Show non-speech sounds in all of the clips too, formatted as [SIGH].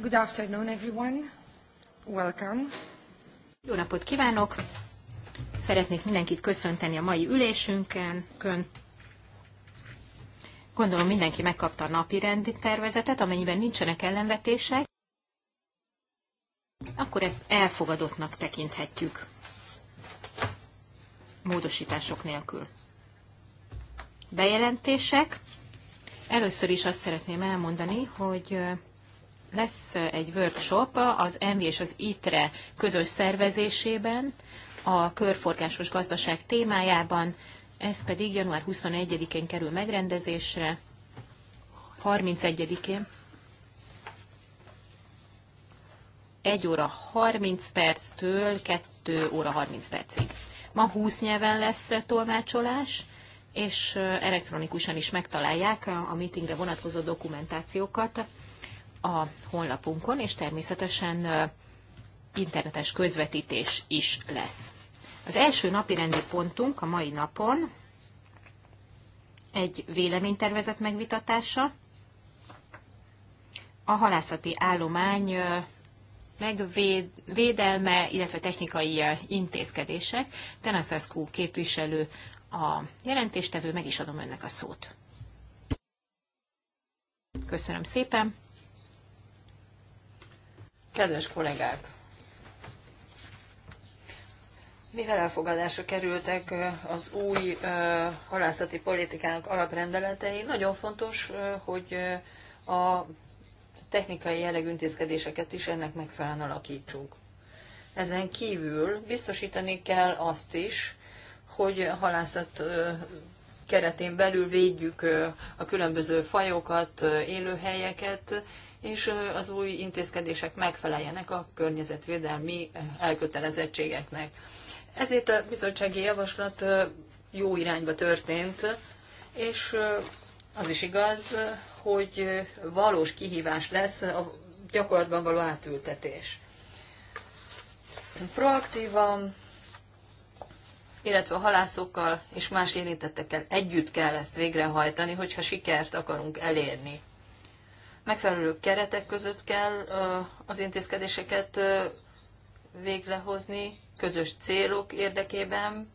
Good afternoon, everyone. Welcome. Jó napot kívánok! Szeretnék mindenkit köszönteni a mai ülésünkön. Gondolom mindenki megkapta a napi rendi tervezetet, amennyiben nincsenek ellenvetések, akkor ezt elfogadottnak tekinthetjük módosítások nélkül. Bejelentések. Először is azt szeretném elmondani, hogy lesz egy workshop az MV és az ITRE közös szervezésében a körforgásos gazdaság témájában, ez pedig január 21-én kerül megrendezésre, 31-én. 1 óra 30 perctől 2 óra 30 percig. Ma 20 nyelven lesz tolmácsolás, és elektronikusan is megtalálják a meetingre vonatkozó dokumentációkat a honlapunkon, és természetesen internetes közvetítés is lesz. Az első napi rendi pontunk a mai napon egy véleménytervezet megvitatása, a halászati állomány megvédelme, illetve technikai intézkedések. Tenaszeszkú képviselő a jelentéstevő, meg is adom önnek a szót. Köszönöm szépen! Kedves kollégák! Mivel elfogadásra kerültek az új halászati politikának alaprendeletei, nagyon fontos, hogy a technikai jellegű intézkedéseket is ennek megfelelően alakítsuk. Ezen kívül biztosítani kell azt is, hogy a halászat keretén belül védjük a különböző fajokat, élőhelyeket, és az új intézkedések megfeleljenek a környezetvédelmi elkötelezettségeknek. Ezért a bizottsági javaslat jó irányba történt, és az is igaz, hogy valós kihívás lesz a gyakorlatban való átültetés. Proaktívan, illetve a halászokkal és más érintettekkel együtt kell ezt végrehajtani, hogyha sikert akarunk elérni megfelelő keretek között kell az intézkedéseket véglehozni, közös célok érdekében,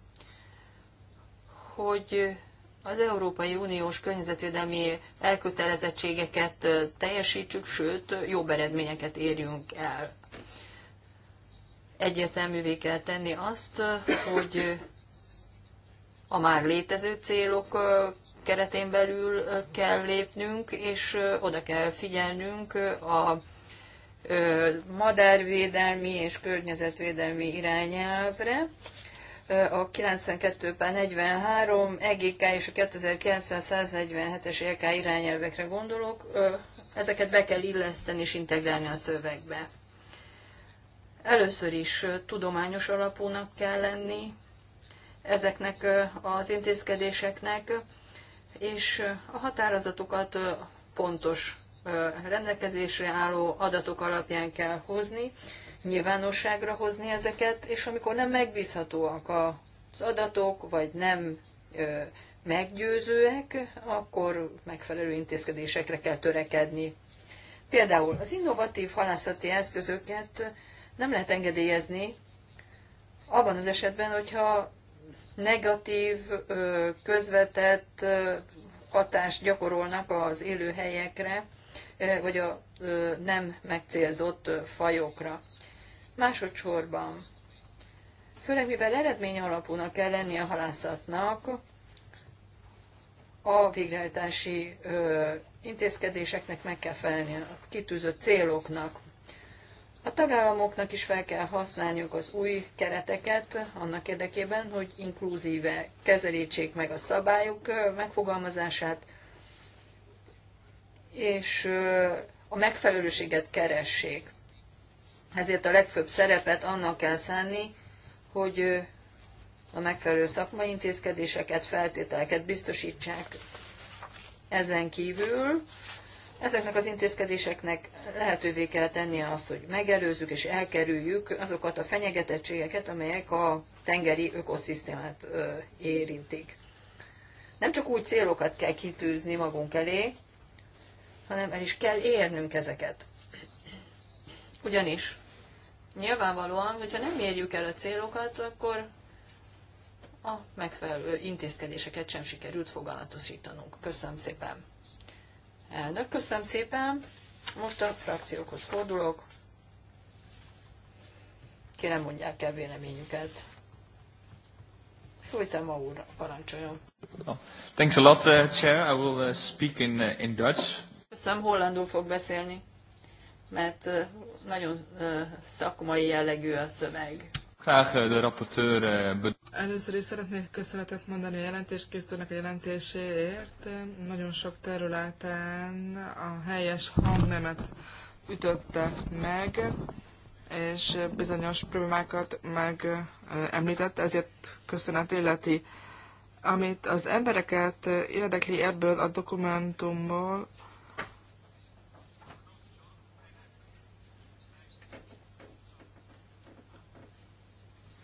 hogy az Európai Uniós környezetvédelmi elkötelezettségeket teljesítsük, sőt, jobb eredményeket érjünk el. Egyértelművé kell tenni azt, hogy a már létező célok keretén belül kell lépnünk, és oda kell figyelnünk a madárvédelmi és környezetvédelmi irányelvre, a 92 43, EGK és a 2090-147-es EK irányelvekre gondolok, ezeket be kell illeszteni és integrálni a szövegbe. Először is tudományos alapúnak kell lenni ezeknek az intézkedéseknek, és a határozatokat pontos rendelkezésre álló adatok alapján kell hozni, nyilvánosságra hozni ezeket, és amikor nem megbízhatóak az adatok, vagy nem meggyőzőek, akkor megfelelő intézkedésekre kell törekedni. Például az innovatív halászati eszközöket nem lehet engedélyezni abban az esetben, hogyha negatív, közvetett hatást gyakorolnak az élőhelyekre, vagy a nem megcélzott fajokra. Másodszorban, főleg mivel eredmény alapúnak kell lenni a halászatnak, a végrehajtási intézkedéseknek meg kell felelni a kitűzött céloknak. A tagállamoknak is fel kell használniuk az új kereteket annak érdekében, hogy inkluzíve kezelítsék meg a szabályok megfogalmazását, és a megfelelőséget keressék. Ezért a legfőbb szerepet annak kell szánni, hogy a megfelelő szakmai intézkedéseket, feltételeket biztosítsák. Ezen kívül Ezeknek az intézkedéseknek lehetővé kell tennie azt, hogy megelőzzük és elkerüljük azokat a fenyegetettségeket, amelyek a tengeri ökoszisztémát érintik. Nem csak úgy célokat kell kitűzni magunk elé, hanem el is kell érnünk ezeket. Ugyanis nyilvánvalóan, hogyha nem érjük el a célokat, akkor a megfelelő intézkedéseket sem sikerült foganatosítanunk. Köszönöm szépen! Elnök, köszönöm szépen. Most a frakciókhoz fordulok. Kérem mondják el véleményüket. Fújtam a úr, parancsoljon. Thanks a lot, uh, Chair. I will uh, speak in, uh, in Dutch. Köszönöm, hollandul fog beszélni, mert uh, nagyon uh, szakmai jellegű a szöveg. Eh, eh, Először is szeretnék köszönetet mondani a jelentéskészítőnek a jelentéséért. Nagyon sok területen a helyes hangnemet ütötte meg, és bizonyos problémákat meg eh, említett, ezért köszönet illeti. Amit az embereket érdekli ebből a dokumentumból,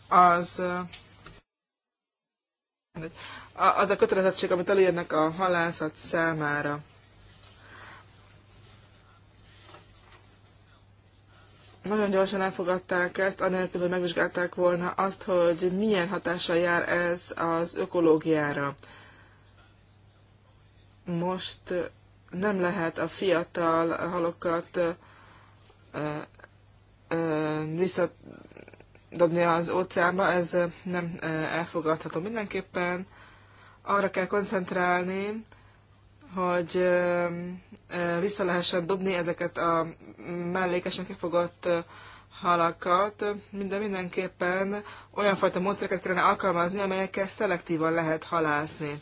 az az a kötelezettség, amit elérnek a halászat számára. Nagyon gyorsan elfogadták ezt, anélkül, hogy megvizsgálták volna azt, hogy milyen hatással jár ez az ökológiára. Most nem lehet a fiatal halokat vissza dobni az óceánba, ez nem elfogadható mindenképpen. Arra kell koncentrálni, hogy vissza lehessen dobni ezeket a mellékesen kifogott halakat, minden mindenképpen olyan fajta módszereket kellene alkalmazni, amelyekkel szelektívan lehet halászni.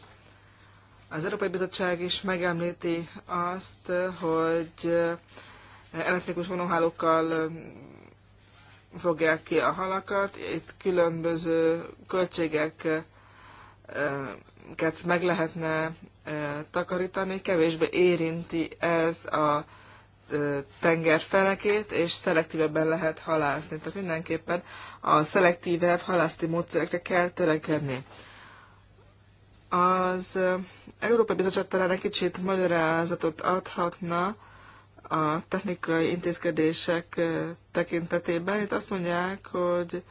Az Európai Bizottság is megemlíti azt, hogy elektrikus vonóhálókkal fogják ki a halakat, itt különböző költségeket eh, meg lehetne eh, takarítani, kevésbé érinti ez a eh, tengerfenekét, és szelektívebben lehet halászni. Tehát mindenképpen a szelektívebb halászti módszerekre kell törekedni. Az Európai Bizottság talán egy kicsit magyarázatot adhatna a technikai intézkedések tekintetében. Itt azt mondják, hogy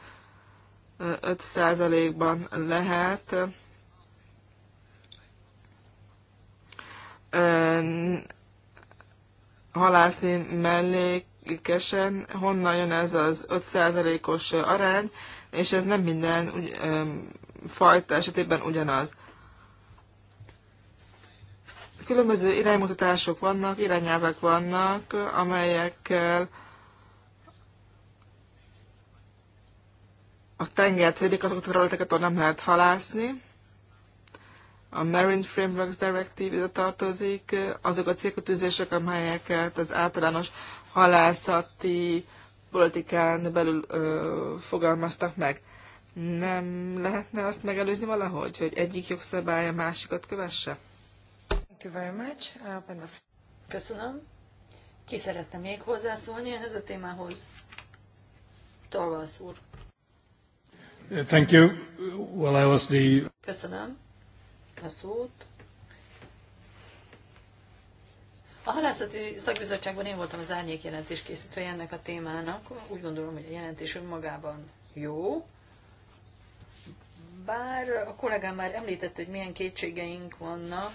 5%-ban lehet halászni mellékesen, honnan jön ez az 5%-os arány, és ez nem minden fajta esetében ugyanaz. Különböző iránymutatások vannak, irányelvek vannak, amelyekkel a tengert védik, azokat a területeket, ahol nem lehet halászni. A Marine Frameworks Directive ide tartozik, azok a célkötőzések, amelyeket az általános halászati politikán belül ö, fogalmaztak meg. Nem lehetne azt megelőzni valahogy, hogy egyik jogszabály a másikat kövesse? Uh, Köszönöm. Ki szeretne még hozzászólni ehhez a témához? Torvalds úr. Uh, thank you. Well, I was the... Köszönöm a szót. A halászati szakbizottságban én voltam az árnyék jelentés készítője ennek a témának. Úgy gondolom, hogy a jelentés önmagában jó. Bár a kollégám már említette, hogy milyen kétségeink vannak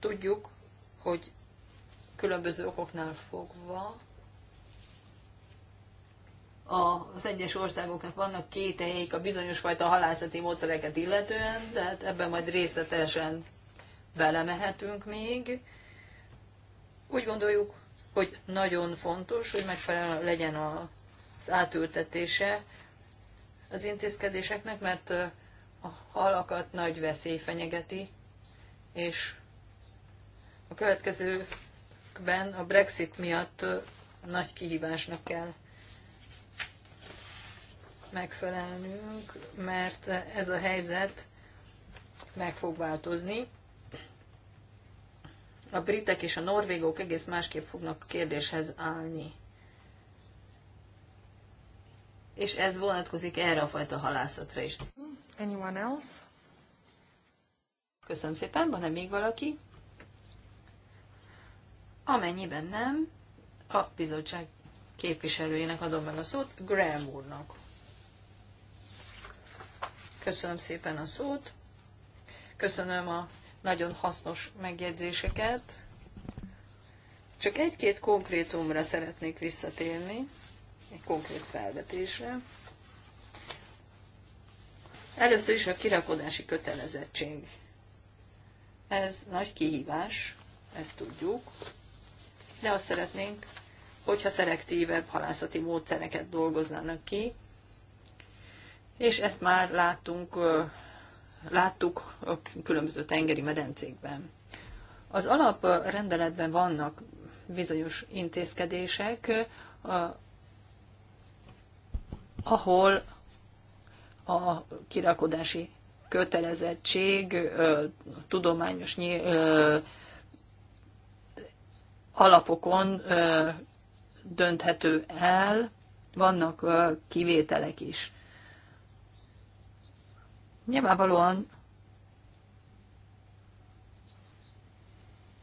Tudjuk, hogy különböző okoknál fogva az egyes országoknak vannak kételjeik a bizonyos fajta halászati módszereket illetően, de hát ebben majd részletesen belemehetünk még. Úgy gondoljuk, hogy nagyon fontos, hogy megfelelően legyen az átültetése az intézkedéseknek, mert a halakat nagy veszély fenyegeti, és a következőkben a Brexit miatt nagy kihívásnak kell megfelelnünk, mert ez a helyzet meg fog változni. A britek és a norvégok egész másképp fognak kérdéshez állni. És ez vonatkozik erre a fajta halászatra is. Anyone else? Köszönöm szépen, van-e még valaki? Amennyiben nem, a bizottság képviselőjének adom meg a szót, Graham úrnak. Köszönöm szépen a szót, köszönöm a nagyon hasznos megjegyzéseket. Csak egy-két konkrétumra szeretnék visszatérni, egy konkrét felvetésre. Először is a kirakodási kötelezettség. Ez nagy kihívás, ezt tudjuk de azt szeretnénk, hogyha szelektívebb halászati módszereket dolgoznának ki, és ezt már láttunk, láttuk a különböző tengeri medencékben. Az alaprendeletben vannak bizonyos intézkedések, ahol a kirakodási kötelezettség tudományos alapokon dönthető el, vannak kivételek is. Nyilvánvalóan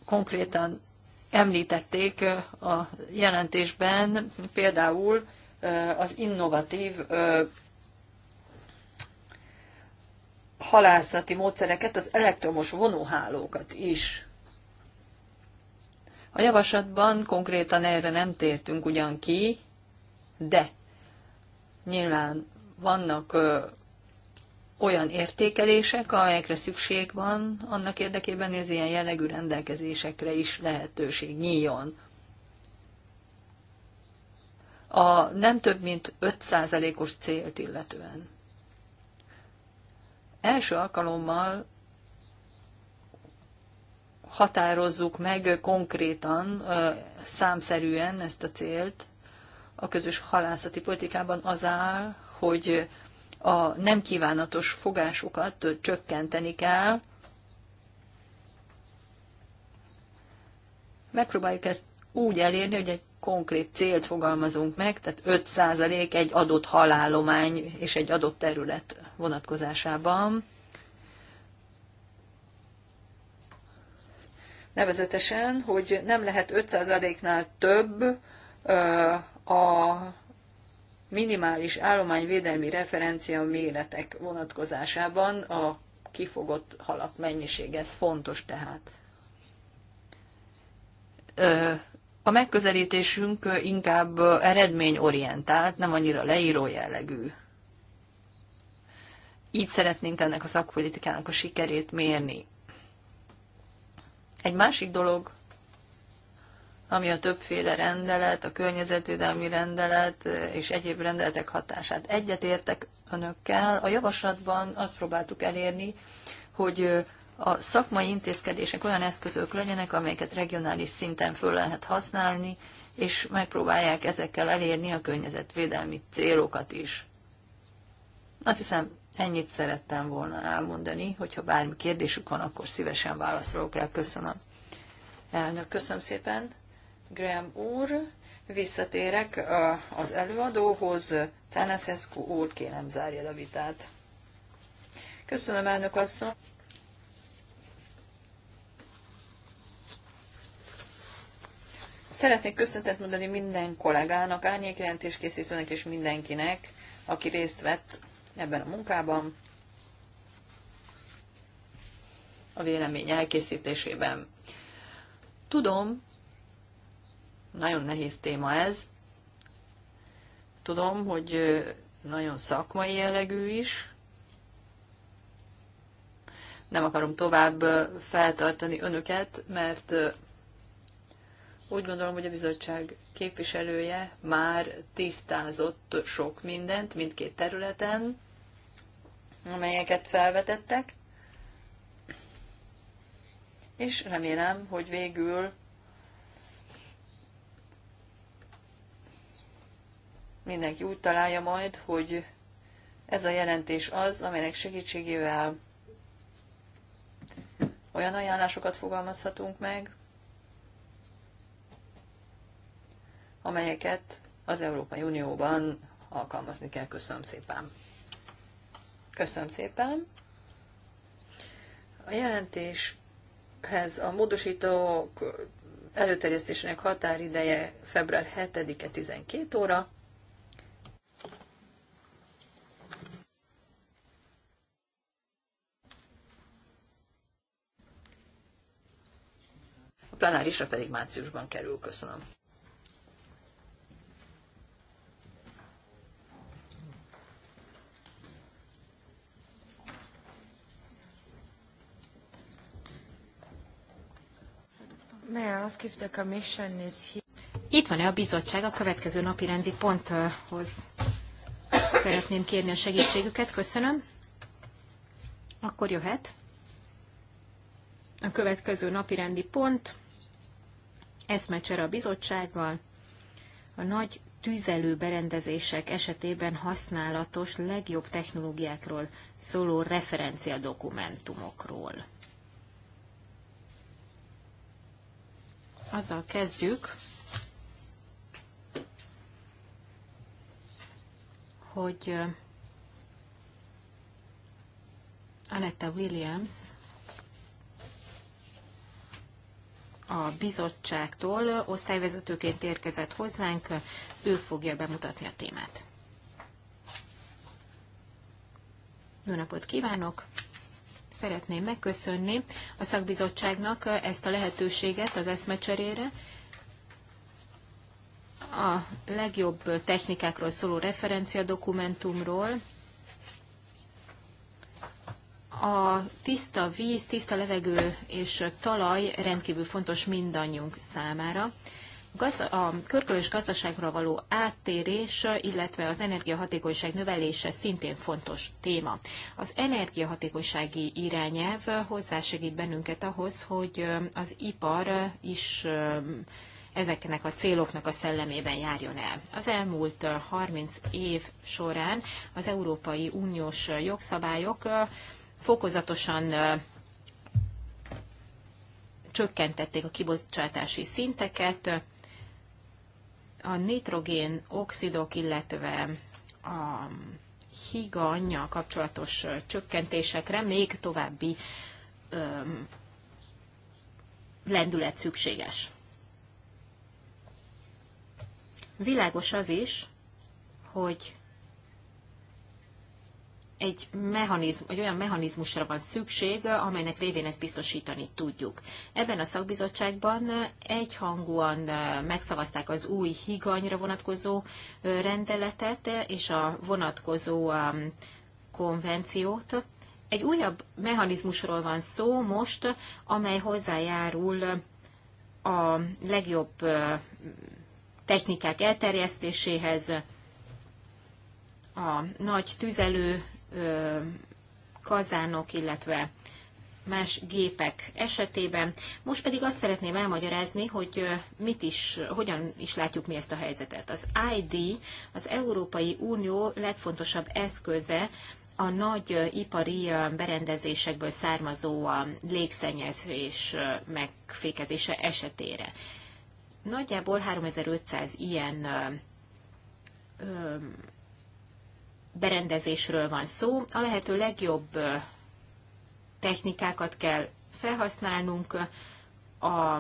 konkrétan említették a jelentésben például az innovatív halászati módszereket, az elektromos vonóhálókat is. A javaslatban konkrétan erre nem tértünk ugyan ki, de nyilván vannak ö, olyan értékelések, amelyekre szükség van, annak érdekében ez ilyen jellegű rendelkezésekre is lehetőség nyíljon. A nem több mint 5%-os célt illetően. Első alkalommal határozzuk meg konkrétan, számszerűen ezt a célt. A közös halászati politikában az áll, hogy a nem kívánatos fogásokat csökkenteni kell. Megpróbáljuk ezt úgy elérni, hogy egy konkrét célt fogalmazunk meg, tehát 5% egy adott halállomány és egy adott terület vonatkozásában. nevezetesen, hogy nem lehet 5%-nál több a minimális állományvédelmi referencia méretek vonatkozásában a kifogott halak mennyiség. Ez fontos tehát. A megközelítésünk inkább eredményorientált, nem annyira leíró jellegű. Így szeretnénk ennek a szakpolitikának a sikerét mérni. Egy másik dolog, ami a többféle rendelet, a környezetvédelmi rendelet és egyéb rendeletek hatását. értek önökkel. A javaslatban azt próbáltuk elérni, hogy a szakmai intézkedések olyan eszközök legyenek, amelyeket regionális szinten föl lehet használni, és megpróbálják ezekkel elérni a környezetvédelmi célokat is. Azt hiszem, Ennyit szerettem volna elmondani, hogyha bármi kérdésük van, akkor szívesen válaszolok rá. Köszönöm. Elnök, köszönöm szépen. Graham úr, visszatérek az előadóhoz. Tanaszeszku úr, kérem zárja a vitát. Köszönöm, elnök asszony. Szeretnék köszöntet mondani minden kollégának, készítőnek és mindenkinek, aki részt vett ebben a munkában, a vélemény elkészítésében. Tudom, nagyon nehéz téma ez, tudom, hogy nagyon szakmai jellegű is, nem akarom tovább feltartani önöket, mert úgy gondolom, hogy a bizottság képviselője már tisztázott sok mindent mindkét területen, amelyeket felvetettek, és remélem, hogy végül mindenki úgy találja majd, hogy ez a jelentés az, amelynek segítségével olyan ajánlásokat fogalmazhatunk meg, amelyeket az Európai Unióban alkalmazni kell. Köszönöm szépen! Köszönöm szépen. A jelentéshez a módosítók előterjesztésének határideje február 7-e 12 óra. A plenárisra pedig márciusban kerül. Köszönöm. Itt van-e a bizottság a következő napi rendi ponthoz? Szeretném kérni a segítségüket, köszönöm. Akkor jöhet a következő napi rendi pont. Eszmecsere a bizottsággal. A nagy tüzelő berendezések esetében használatos legjobb technológiákról szóló referencia dokumentumokról. Azzal kezdjük, hogy Anetta Williams a bizottságtól osztályvezetőként érkezett hozzánk, ő fogja bemutatni a témát. Jó napot kívánok! szeretném megköszönni a szakbizottságnak ezt a lehetőséget az eszmecserére. A legjobb technikákról szóló referencia dokumentumról, a tiszta víz, tiszta levegő és talaj rendkívül fontos mindannyiunk számára a körkörös gazdaságra való áttérés, illetve az energiahatékonyság növelése szintén fontos téma. Az energiahatékonysági irányelv hozzásegít bennünket ahhoz, hogy az ipar is ezeknek a céloknak a szellemében járjon el. Az elmúlt 30 év során az Európai Uniós jogszabályok fokozatosan csökkentették a kibocsátási szinteket, a nitrogén oxidok, illetve a higanya kapcsolatos csökkentésekre még további öm, lendület szükséges. Világos az is, hogy egy, mechanizm, egy olyan mechanizmusra van szükség, amelynek révén ezt biztosítani tudjuk. Ebben a szakbizottságban egyhangúan megszavazták az új higanyra vonatkozó rendeletet és a vonatkozó konvenciót. Egy újabb mechanizmusról van szó most, amely hozzájárul a legjobb technikák elterjesztéséhez, a nagy tüzelő kazánok, illetve más gépek esetében. Most pedig azt szeretném elmagyarázni, hogy mit is, hogyan is látjuk mi ezt a helyzetet. Az ID az Európai Unió legfontosabb eszköze a nagy ipari berendezésekből származó a légszennyezés megfékezése esetére. Nagyjából 3500 ilyen berendezésről van szó. A lehető legjobb technikákat kell felhasználnunk, a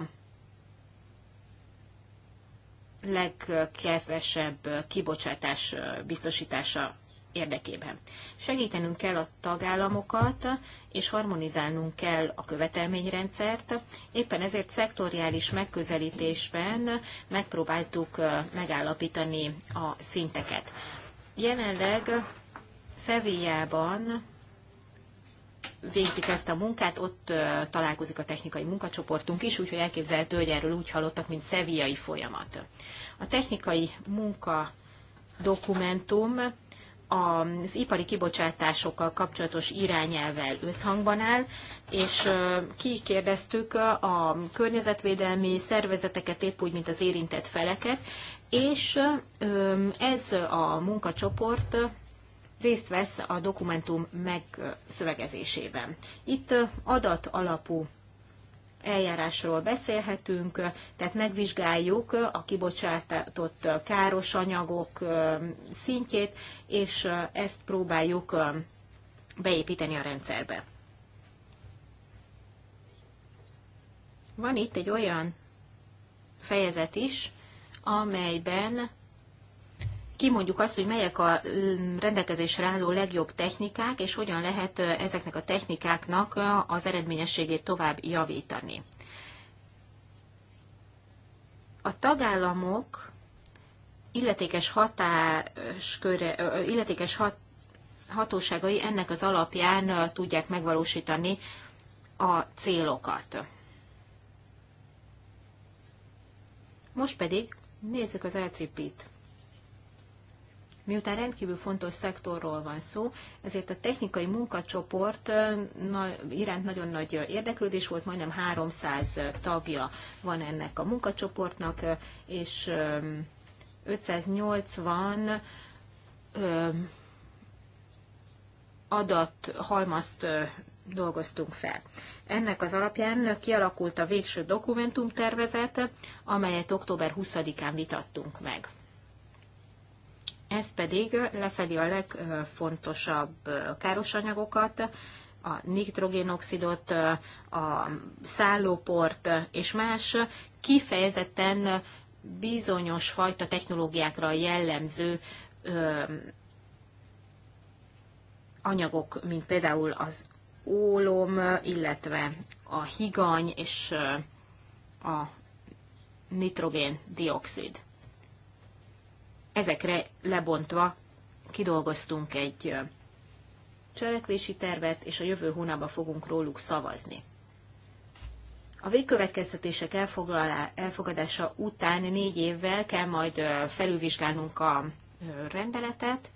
legkevesebb kibocsátás biztosítása érdekében. Segítenünk kell a tagállamokat, és harmonizálnunk kell a követelményrendszert. Éppen ezért szektoriális megközelítésben megpróbáltuk megállapítani a szinteket. Jelenleg Szevijában végzik ezt a munkát, ott találkozik a technikai munkacsoportunk is, úgyhogy elképzelhető, hogy erről úgy hallottak, mint szeviai folyamat. A technikai munka dokumentum az ipari kibocsátásokkal kapcsolatos irányelvel összhangban áll, és kikérdeztük a környezetvédelmi szervezeteket, épp úgy, mint az érintett feleket, és ez a munkacsoport részt vesz a dokumentum megszövegezésében. Itt adat alapú eljárásról beszélhetünk, tehát megvizsgáljuk a kibocsátott káros anyagok szintjét, és ezt próbáljuk beépíteni a rendszerbe. Van itt egy olyan fejezet is, amelyben kimondjuk azt, hogy melyek a rendelkezésre álló legjobb technikák, és hogyan lehet ezeknek a technikáknak az eredményességét tovább javítani. A tagállamok illetékes hatásköre, illetékes hat, hatóságai ennek az alapján tudják megvalósítani a célokat. Most pedig Nézzük az LCP-t. Miután rendkívül fontos szektorról van szó, ezért a technikai munkacsoport iránt nagyon nagy érdeklődés volt, majdnem 300 tagja van ennek a munkacsoportnak, és 580 adathalmazt dolgoztunk fel. Ennek az alapján kialakult a végső tervezete, amelyet október 20-án vitattunk meg. Ez pedig lefedi a legfontosabb káros anyagokat, a nitrogénoxidot, a szállóport és más kifejezetten bizonyos fajta technológiákra jellemző anyagok, mint például az ólom, illetve a higany és a nitrogén dioxid. Ezekre lebontva kidolgoztunk egy cselekvési tervet, és a jövő hónapban fogunk róluk szavazni. A végkövetkeztetések elfogadása után négy évvel kell majd felülvizsgálnunk a rendeletet,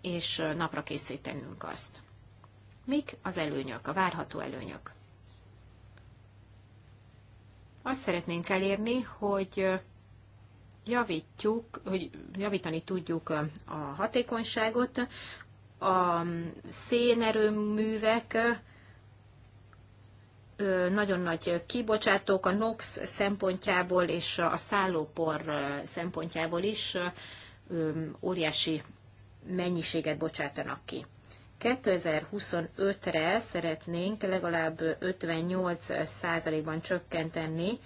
és napra készítenünk azt. Mik az előnyök, a várható előnyök? Azt szeretnénk elérni, hogy javítjuk, hogy javítani tudjuk a hatékonyságot, a szénerőművek nagyon nagy kibocsátók a NOx szempontjából és a szállópor szempontjából is óriási mennyiséget bocsátanak ki. 2025-re szeretnénk legalább 58%-ban csökkenteni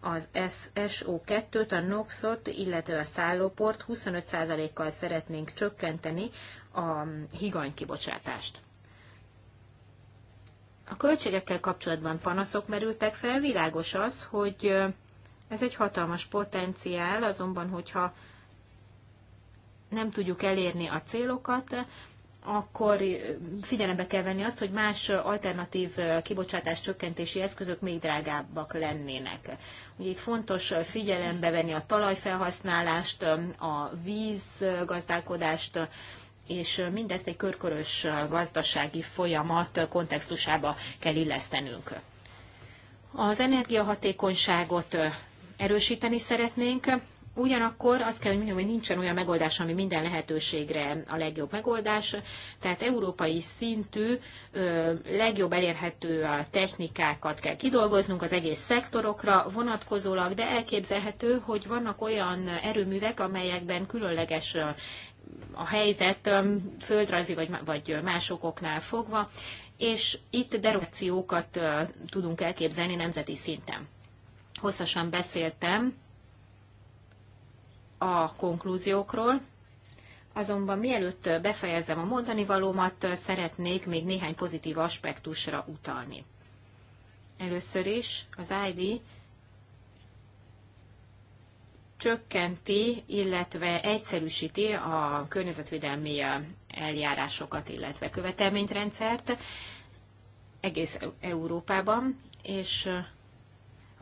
az SO2-t, a NOx-ot, illetve a szállóport 25%-kal szeretnénk csökkenteni a higany kibocsátást. A költségekkel kapcsolatban panaszok merültek fel, világos az, hogy ez egy hatalmas potenciál, azonban hogyha nem tudjuk elérni a célokat, akkor figyelembe kell venni azt, hogy más alternatív kibocsátás csökkentési eszközök még drágábbak lennének. Ugye itt fontos figyelembe venni a talajfelhasználást, a vízgazdálkodást, és mindezt egy körkörös gazdasági folyamat kontextusába kell illesztenünk. Az energiahatékonyságot erősíteni szeretnénk, Ugyanakkor azt kell, hogy mondjam, hogy nincsen olyan megoldás, ami minden lehetőségre a legjobb megoldás. Tehát európai szintű, legjobb elérhető technikákat kell kidolgoznunk az egész szektorokra vonatkozólag, de elképzelhető, hogy vannak olyan erőművek, amelyekben különleges a helyzet földrajzi vagy más okoknál fogva, és itt derogációkat tudunk elképzelni nemzeti szinten. Hosszasan beszéltem a konklúziókról, azonban mielőtt befejezem a mondani valómat, szeretnék még néhány pozitív aspektusra utalni. Először is az ID csökkenti, illetve egyszerűsíti a környezetvédelmi eljárásokat, illetve követelményrendszert egész Európában, és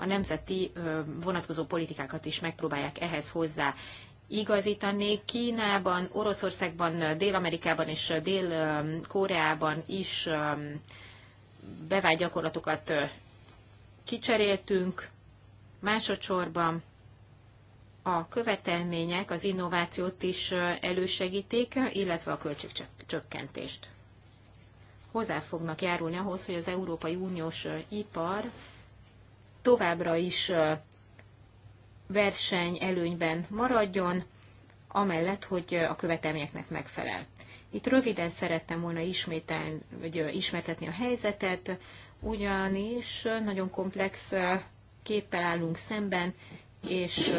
a nemzeti vonatkozó politikákat is megpróbálják ehhez hozzá igazítani. Kínában, Oroszországban, Dél-Amerikában és Dél-Koreában is bevált gyakorlatokat kicseréltünk. Másodszorban a követelmények az innovációt is elősegítik, illetve a költségcsökkentést. Hozzá fognak járulni ahhoz, hogy az Európai Uniós ipar továbbra is verseny előnyben maradjon, amellett, hogy a követelményeknek megfelel. Itt röviden szerettem volna ismételni, vagy ismertetni a helyzetet, ugyanis nagyon komplex képpel állunk szemben, és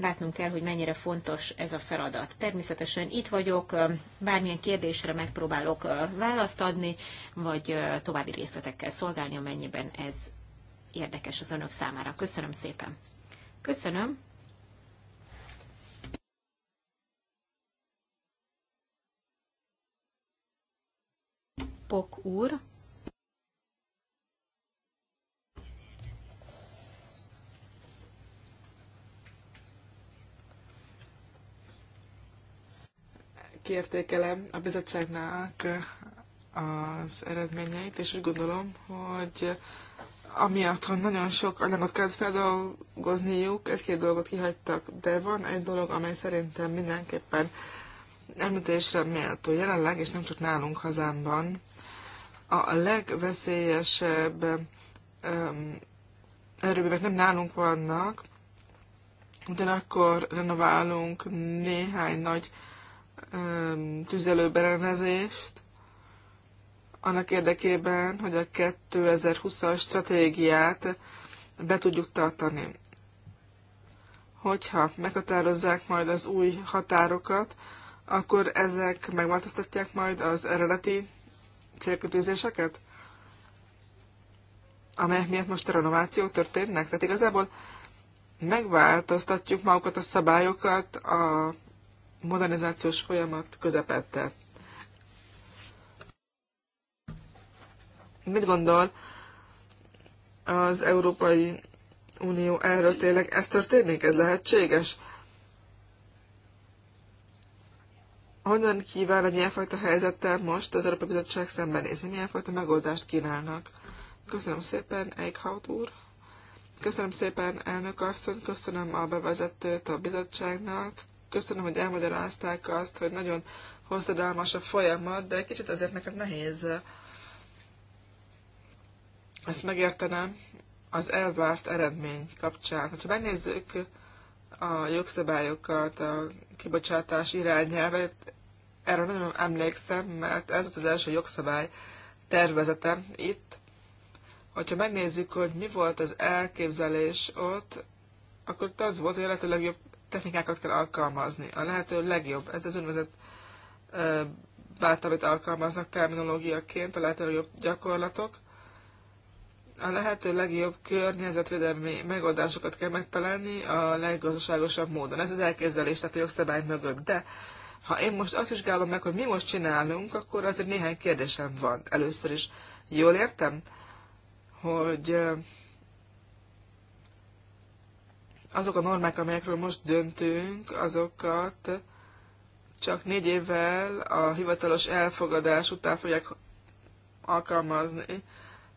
látnunk kell, hogy mennyire fontos ez a feladat. Természetesen itt vagyok, bármilyen kérdésre megpróbálok választ adni, vagy további részletekkel szolgálni, amennyiben ez érdekes az önök számára. Köszönöm szépen. Köszönöm. Pok úr. kiértékelem a bizottságnak az eredményeit, és úgy gondolom, hogy amiatt, hogy nagyon sok anyagot kellett feldolgozniuk, egy-két dolgot kihagytak, de van egy dolog, amely szerintem mindenképpen említésre méltó jelenleg, és nem csak nálunk hazámban, a legveszélyesebb erőművek nem nálunk vannak, ugyanakkor renoválunk néhány nagy tüzelőberendezést, annak érdekében, hogy a 2020-as stratégiát be tudjuk tartani. Hogyha meghatározzák majd az új határokat, akkor ezek megváltoztatják majd az eredeti célkötőzéseket, amelyek miatt most a renovációk történnek. Tehát igazából megváltoztatjuk magukat a szabályokat a modernizációs folyamat közepette. Mit gondol az Európai Unió erről tényleg? Ez történik? Ez lehetséges? Honnan kíván egy ilyenfajta helyzettel most az Európai Bizottság szembenézni? Milyen fajta megoldást kínálnak? Köszönöm szépen, Eichhaut úr. Köszönöm szépen, elnök asszony, köszönöm a bevezetőt a bizottságnak. Köszönöm, hogy elmagyarázták azt, hogy nagyon hosszadalmas a folyamat, de kicsit azért nekem nehéz ezt megértenem az elvárt eredmény kapcsán. Ha megnézzük a jogszabályokat, a kibocsátás irányelvet, erre nagyon emlékszem, mert ez volt az első jogszabály tervezete itt. Hogyha megnézzük, hogy mi volt az elképzelés ott, akkor itt az volt, hogy a lehető legjobb technikákat kell alkalmazni. A lehető legjobb, ez az úgynevezett bátor, amit alkalmaznak terminológiaként, a lehető legjobb gyakorlatok a lehető legjobb környezetvédelmi megoldásokat kell megtalálni a leggazdaságosabb módon. Ez az elképzelés, tehát a jogszabály mögött. De ha én most azt vizsgálom meg, hogy mi most csinálunk, akkor azért néhány kérdésem van. Először is jól értem, hogy azok a normák, amelyekről most döntünk, azokat csak négy évvel a hivatalos elfogadás után fogják alkalmazni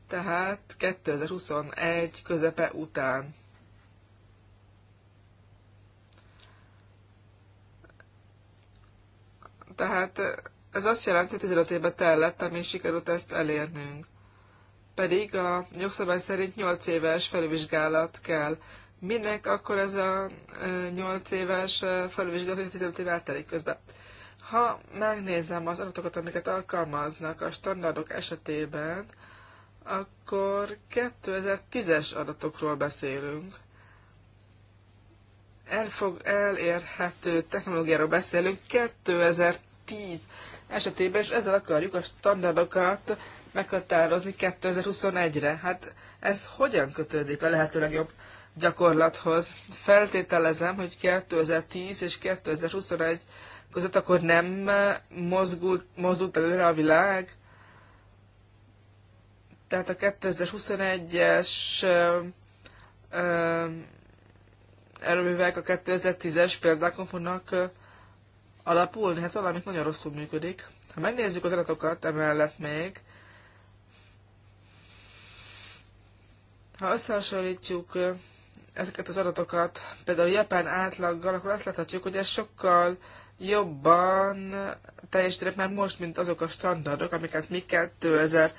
tehát 2021 közepe után. Tehát ez azt jelenti, hogy 15 évben tellett, amíg sikerült ezt elérnünk. Pedig a jogszabály szerint 8 éves felvizsgálat kell. Minek akkor ez a 8 éves felvizsgálat, hogy 15 év eltelik közben? Ha megnézem az adatokat, amiket alkalmaznak a standardok esetében, akkor 2010-es adatokról beszélünk. Elfog, elérhető technológiáról beszélünk 2010 esetében, és ezzel akarjuk a standardokat meghatározni 2021-re. Hát ez hogyan kötődik a lehető legjobb gyakorlathoz? Feltételezem, hogy 2010 és 2021 között akkor nem mozgult, mozgult előre a világ, tehát a 2021-es erőművek a 2010-es példákon fognak alapulni, hát valamit nagyon rosszul működik. Ha megnézzük az adatokat emellett még, ha összehasonlítjuk ezeket az adatokat például japán átlaggal, akkor azt láthatjuk, hogy ez sokkal jobban teljesítenek már most, mint azok a standardok, amiket mi 2000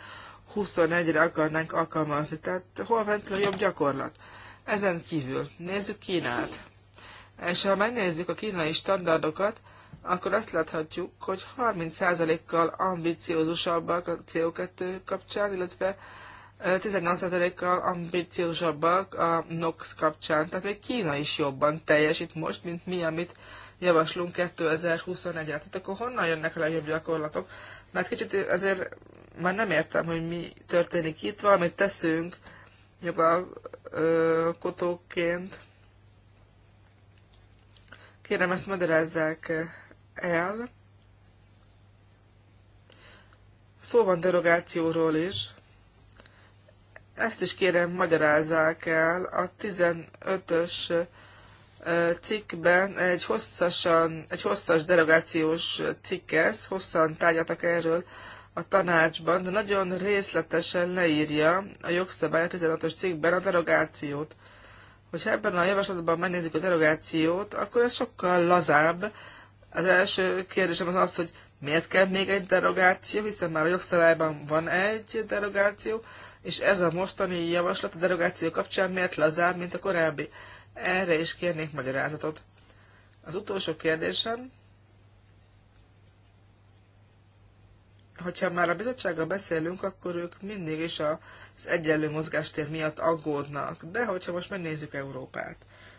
21-re akarnánk alkalmazni. Tehát hol van a jobb gyakorlat? Ezen kívül nézzük Kínát. És ha megnézzük a kínai standardokat, akkor azt láthatjuk, hogy 30%-kal ambiciózusabbak a CO2 kapcsán, illetve 18%-kal ambiciózusabbak a NOx kapcsán. Tehát még Kína is jobban teljesít most, mint mi, amit javaslunk 2021-re. Tehát akkor honnan jönnek a legjobb gyakorlatok? Mert kicsit azért már nem értem, hogy mi történik itt, valamit teszünk jogalkotóként. Kérem, ezt magyarázzák el. Szó van derogációról is. Ezt is kérem, magyarázzák el. A 15-ös cikkben egy, hosszasan, egy hosszas derogációs ez, hosszan tárgyaltak erről a tanácsban, de nagyon részletesen leírja a jogszabály 16-os cikkben a derogációt. Hogyha ebben a javaslatban megnézzük a derogációt, akkor ez sokkal lazább. Az első kérdésem az az, hogy miért kell még egy derogáció, hiszen már a jogszabályban van egy derogáció, és ez a mostani javaslat a derogáció kapcsán miért lazább, mint a korábbi. Erre is kérnék magyarázatot. Az utolsó kérdésem, hogyha már a bizottsággal beszélünk, akkor ők mindig is az egyenlő mozgástér miatt aggódnak. De hogyha most megnézzük Európát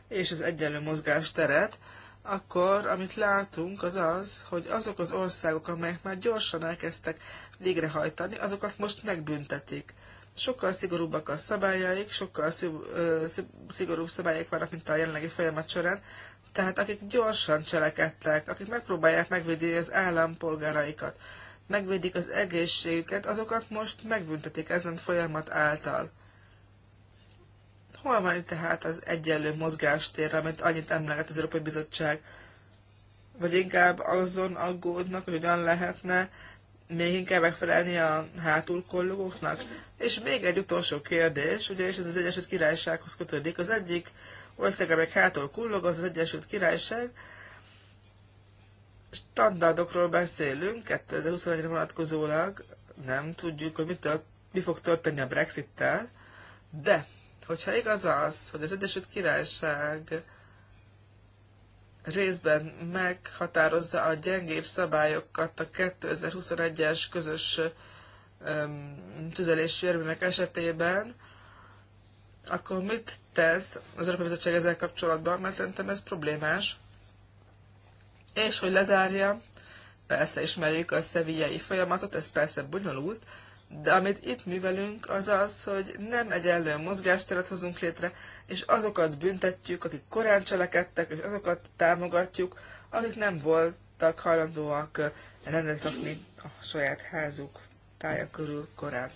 és az egyenlő mozgásteret, akkor amit látunk az az, hogy azok az országok, amelyek már gyorsan elkezdtek végrehajtani, azokat most megbüntetik. Sokkal szigorúbbak a szabályaik, sokkal szigorúbb szabályaik vannak, mint a jelenlegi folyamat során, tehát akik gyorsan cselekedtek, akik megpróbálják megvédeni az állampolgáraikat, megvédik az egészségüket, azokat most megbüntetik ezen folyamat által. Hol van itt tehát az egyenlő mozgástér, amit annyit emleget az Európai Bizottság? Vagy inkább azon aggódnak, hogy hogyan lehetne még inkább megfelelni a hátulkollogóknak? És még egy utolsó kérdés, és ez az Egyesült Királysághoz kötődik. Az egyik ország, amelyik hátul kullog, az az Egyesült Királyság, standardokról beszélünk 2021-re vonatkozólag, nem tudjuk, hogy mi, tört, mi fog történni a Brexit-tel, de hogyha igaz az, hogy az Egyesült Királyság részben meghatározza a gyengébb szabályokat a 2021-es közös tüzelési erőművek esetében, akkor mit tesz az Európai Bizottság ezzel kapcsolatban? Mert szerintem ez problémás. És hogy lezárja, persze ismerjük a szevijai folyamatot, ez persze bonyolult, de amit itt művelünk, az az, hogy nem egyenlően mozgásteret hozunk létre, és azokat büntetjük, akik korán cselekedtek, és azokat támogatjuk, akik nem voltak hajlandóak rendet rakni a saját házuk tája körül korán.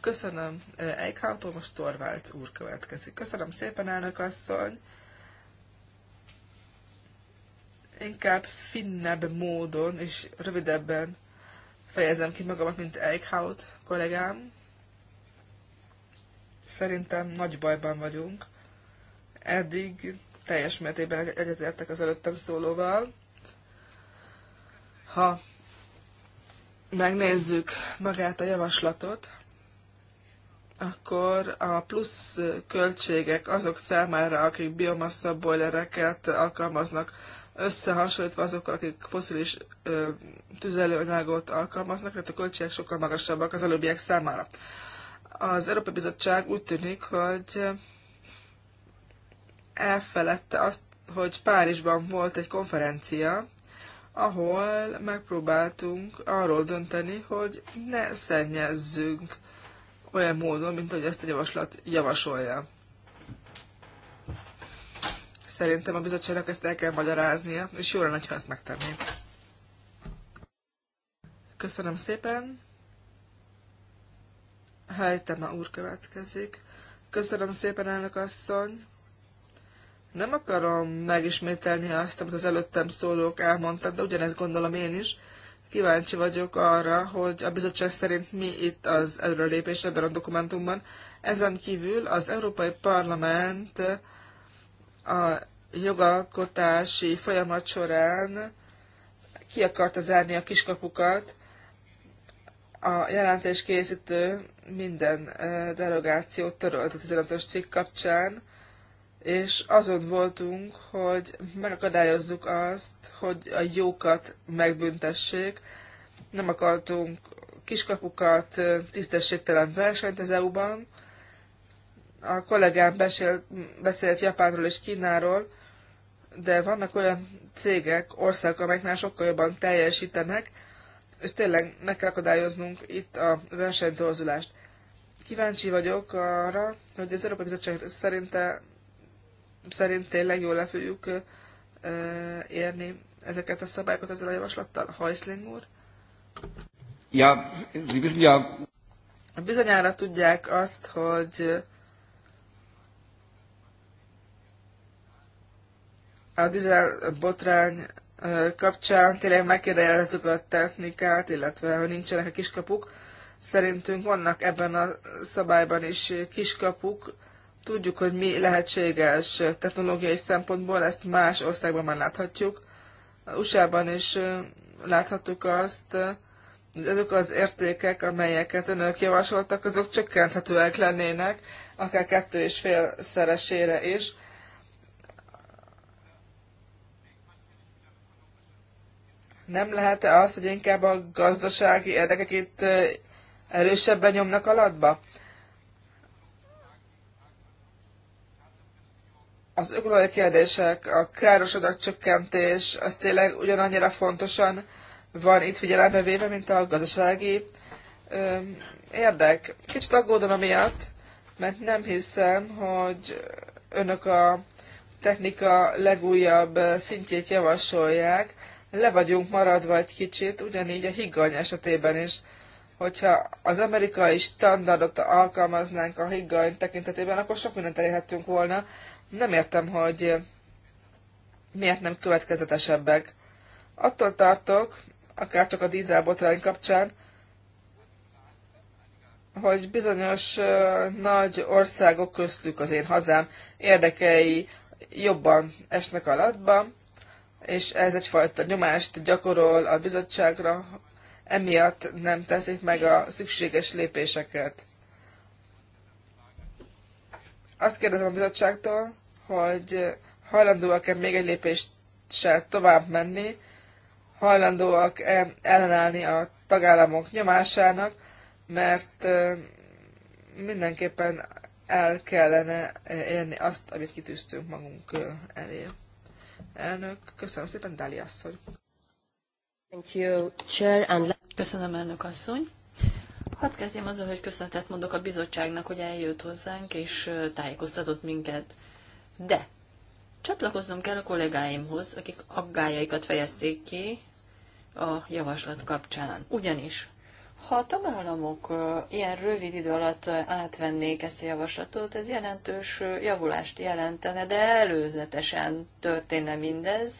Köszönöm eh, Eichhautó, most Torvalds úr következik. Köszönöm szépen, elnök asszony! inkább finnebb módon és rövidebben fejezem ki magamat, mint Eichhout kollégám. Szerintem nagy bajban vagyunk. Eddig teljes mértékben egyetértek az előttem szólóval. Ha megnézzük magát a javaslatot, akkor a plusz költségek azok számára, akik biomassa boilereket alkalmaznak összehasonlítva azokkal, akik foszilis tüzelőanyagot alkalmaznak, tehát a költségek sokkal magasabbak az előbbiek számára. Az Európai Bizottság úgy tűnik, hogy elfeledte azt, hogy Párizsban volt egy konferencia, ahol megpróbáltunk arról dönteni, hogy ne szennyezzünk olyan módon, mint ahogy ezt a javaslat javasolja. Szerintem a bizottságnak ezt el kell magyaráznia, és jó lenne, ha ezt megtenné. Köszönöm szépen. a úr következik. Köszönöm szépen, elnök asszony. Nem akarom megismételni azt, amit az előttem szólók elmondtak, de ugyanezt gondolom én is. Kíváncsi vagyok arra, hogy a bizottság szerint mi itt az előrelépés ebben a dokumentumban. Ezen kívül az Európai Parlament a jogalkotási folyamat során ki akarta zárni a kiskapukat, a jelentés készítő minden derogációt törölt a 15-ös cikk kapcsán, és azon voltunk, hogy megakadályozzuk azt, hogy a jókat megbüntessék. Nem akartunk kiskapukat, tisztességtelen versenyt az EU-ban, a kollégám beszélt, beszélt Japánról és Kínáról, de vannak olyan cégek, országok, amelyek már sokkal jobban teljesítenek, és tényleg meg kell akadályoznunk itt a versenytorzulást. Kíváncsi vagyok arra, hogy az Európai Bizottság szerinte, szerint tényleg jól le fogjuk érni ezeket a szabályokat ezzel a javaslattal? Hajszling úr? Ja, Sie ja... Bizonyára tudják azt, hogy a dizel botrány kapcsán tényleg megkérdejelezzük a technikát, illetve hogy nincsenek a kiskapuk. Szerintünk vannak ebben a szabályban is kiskapuk. Tudjuk, hogy mi lehetséges technológiai szempontból, ezt más országban már láthatjuk. USA-ban is láthattuk azt, hogy azok az értékek, amelyeket önök javasoltak, azok csökkenthetőek lennének, akár kettő és fél szeresére is Nem lehet-e az, hogy inkább a gazdasági érdekek itt erősebben nyomnak alatba? Az ökológiai kérdések, a károsodat csökkentés, az tényleg ugyanannyira fontosan van itt figyelembe véve, mint a gazdasági öm, érdek. Kicsit aggódom amiatt, mert nem hiszem, hogy önök a technika legújabb szintjét javasolják, le vagyunk maradva egy kicsit, ugyanígy a higgany esetében is. Hogyha az amerikai standardot alkalmaznánk a higgany tekintetében, akkor sok mindent elérhettünk volna. Nem értem, hogy miért nem következetesebbek. Attól tartok, akár csak a dízelbotrány kapcsán, hogy bizonyos nagy országok köztük az én hazám érdekei jobban esnek latban, és ez egyfajta nyomást gyakorol a bizottságra, emiatt nem teszik meg a szükséges lépéseket. Azt kérdezem a bizottságtól, hogy hajlandóak-e még egy lépéssel tovább menni, hajlandóak-e ellenállni a tagállamok nyomásának, mert mindenképpen el kellene élni azt, amit kitűztünk magunk elé. Elnök, köszönöm szépen, Dali asszony. Thank you, Chair and... Köszönöm, elnök asszony. Hát kezdjem azzal, hogy köszönetet mondok a bizottságnak, hogy eljött hozzánk és tájékoztatott minket. De csatlakoznom kell a kollégáimhoz, akik aggájaikat fejezték ki a javaslat kapcsán. Ugyanis ha a tagállamok ilyen rövid idő alatt átvennék ezt a javaslatot, ez jelentős javulást jelentene, de előzetesen történne mindez.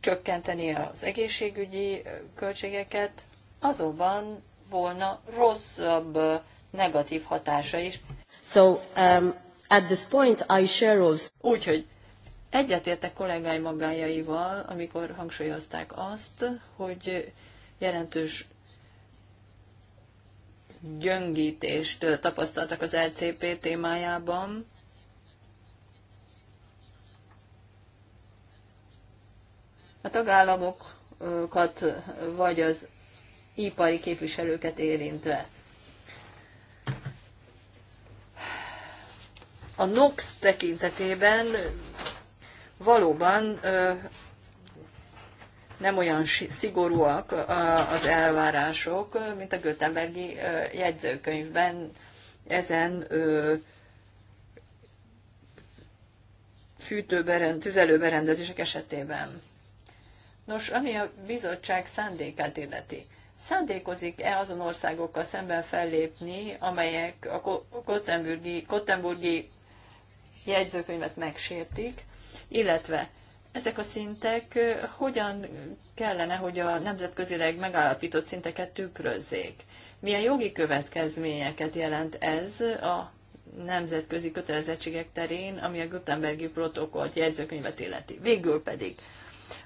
Csökkenteni az egészségügyi költségeket, azonban volna rosszabb negatív hatása is. So, um, at this point I share also... Úgyhogy egyetértek kollégáim magájaival, amikor hangsúlyozták azt, hogy jelentős gyöngítést tapasztaltak az LCP témájában. A tagállamokat vagy az ipari képviselőket érintve. A NOx tekintetében valóban nem olyan szigorúak az elvárások, mint a Göteborgi jegyzőkönyvben ezen fűtőberend, tüzelőberendezések esetében. Nos, ami a bizottság szándékát illeti, szándékozik-e azon országokkal szemben fellépni, amelyek a Kottenburgi, Kottenburgi jegyzőkönyvet megsértik, illetve ezek a szintek hogyan kellene, hogy a nemzetközileg megállapított szinteket tükrözzék? Milyen jogi következményeket jelent ez a nemzetközi kötelezettségek terén, ami a Gutenbergi protokollt jegyzőkönyvet illeti? Végül pedig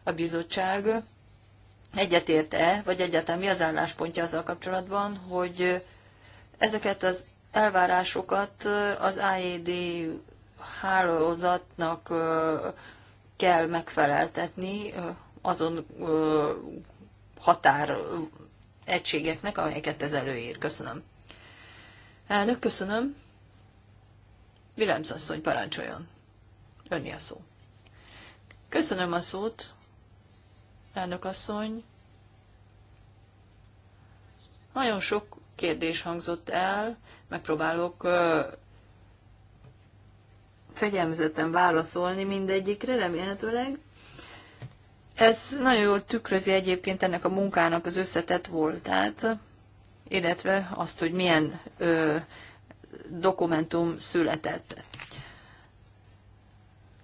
a bizottság egyetért-e, vagy egyáltalán mi az álláspontja azzal kapcsolatban, hogy ezeket az elvárásokat az IED hálózatnak kell megfeleltetni azon határ egységeknek, amelyeket ez előír. Köszönöm. Elnök, köszönöm. Vilemsz asszony, parancsoljon. Önni a szó. Köszönöm a szót, elnök asszony. Nagyon sok kérdés hangzott el, megpróbálok fegyelmezetten válaszolni mindegyikre, remélhetőleg. Ez nagyon jól tükrözi egyébként ennek a munkának az összetett voltát, illetve azt, hogy milyen ö, dokumentum született.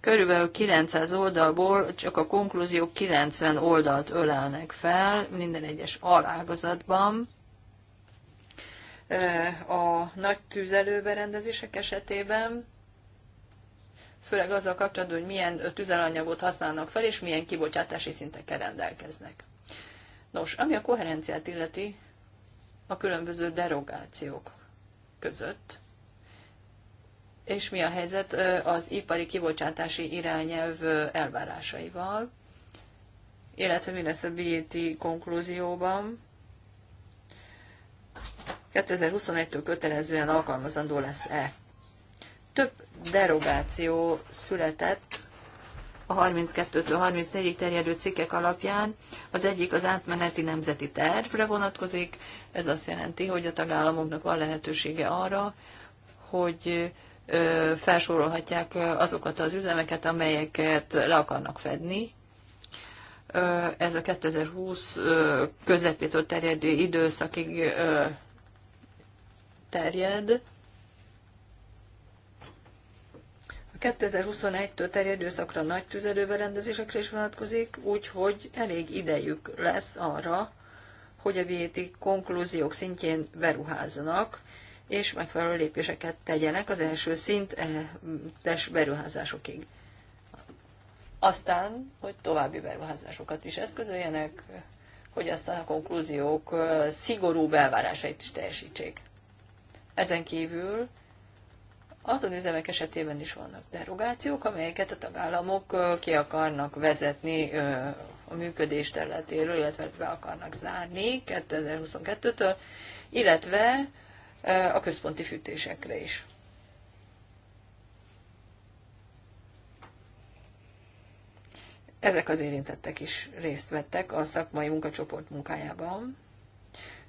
Körülbelül 900 oldalból csak a konklúzió 90 oldalt ölelnek fel minden egyes alágazatban. A nagy tüzelőberendezések esetében főleg azzal kapcsolatban, hogy milyen tüzelanyagot használnak fel, és milyen kibocsátási szintekkel rendelkeznek. Nos, ami a koherenciát illeti a különböző derogációk között, és mi a helyzet az ipari kibocsátási irányelv elvárásaival, illetve mi lesz a BIT e konklúzióban. 2021-től kötelezően alkalmazandó lesz-e több derogáció született a 32-től 34-ig terjedő cikkek alapján. Az egyik az átmeneti nemzeti tervre vonatkozik, ez azt jelenti, hogy a tagállamoknak van lehetősége arra, hogy felsorolhatják azokat az üzemeket, amelyeket le akarnak fedni. Ez a 2020 közepétől terjedő időszakig terjed. 2021-től terjedő szakra nagy tüzelőberendezésekre is vonatkozik, úgyhogy elég idejük lesz arra, hogy a VAT konklúziók szintjén beruházzanak, és megfelelő lépéseket tegyenek az első szintes eh, beruházásokig. Aztán, hogy további beruházásokat is eszközöljenek, hogy aztán a konklúziók eh, szigorú belvárásait is teljesítsék. Ezen kívül azon üzemek esetében is vannak derogációk, amelyeket a tagállamok ki akarnak vezetni a működés területéről, illetve be akarnak zárni 2022-től, illetve a központi fűtésekre is. Ezek az érintettek is részt vettek a szakmai munkacsoport munkájában.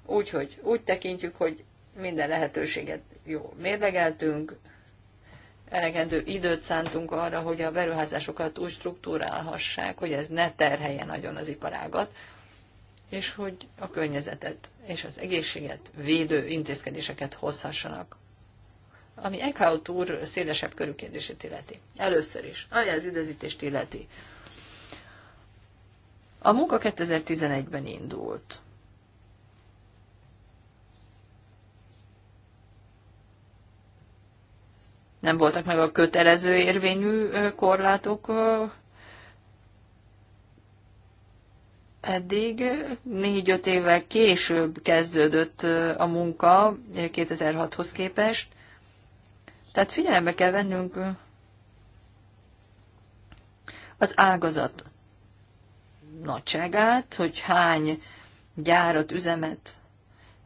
Úgyhogy úgy tekintjük, hogy minden lehetőséget jó mérlegeltünk, elegendő időt szántunk arra, hogy a beruházásokat úgy struktúrálhassák, hogy ez ne terhelje nagyon az iparágat, és hogy a környezetet és az egészséget védő intézkedéseket hozhassanak. Ami Eckhout úr szélesebb körű kérdését illeti. Először is, ami az üdezítést illeti. A munka 2011-ben indult. nem voltak meg a kötelező érvényű korlátok eddig. Négy-öt évvel később kezdődött a munka 2006-hoz képest. Tehát figyelembe kell vennünk az ágazat nagyságát, hogy hány gyárat, üzemet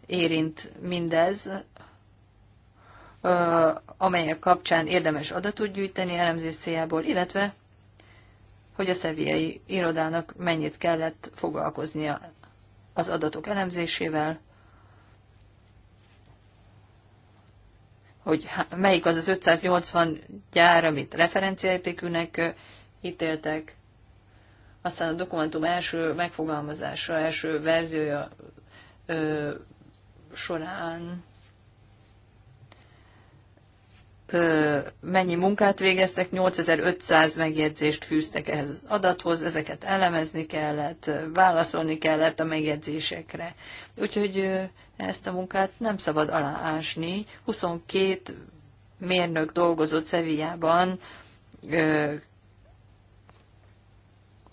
érint mindez, amelyek kapcsán érdemes adatot gyűjteni elemzés céljából, illetve hogy a szeviai irodának mennyit kellett foglalkoznia az adatok elemzésével, hogy melyik az az 580 gyár, amit referenciaértékűnek ítéltek, aztán a dokumentum első megfogalmazása, első verziója ö, során mennyi munkát végeztek, 8500 megjegyzést fűztek ehhez az adathoz, ezeket elemezni kellett, válaszolni kellett a megjegyzésekre. Úgyhogy ezt a munkát nem szabad aláásni. 22 mérnök dolgozott Szevijában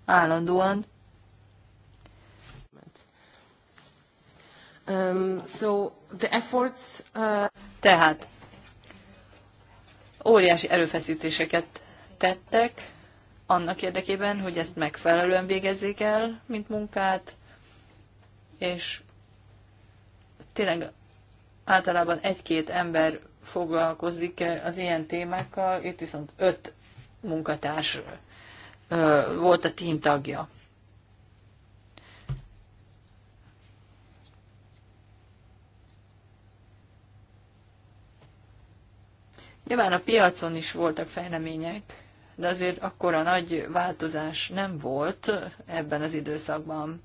állandóan. Um, so the efforts, uh... Tehát Óriási erőfeszítéseket tettek annak érdekében, hogy ezt megfelelően végezzék el, mint munkát, és tényleg általában egy-két ember foglalkozik az ilyen témákkal, itt viszont öt munkatárs volt a tím tagja. Nyilván a piacon is voltak fejlemények, de azért akkor a nagy változás nem volt ebben az időszakban.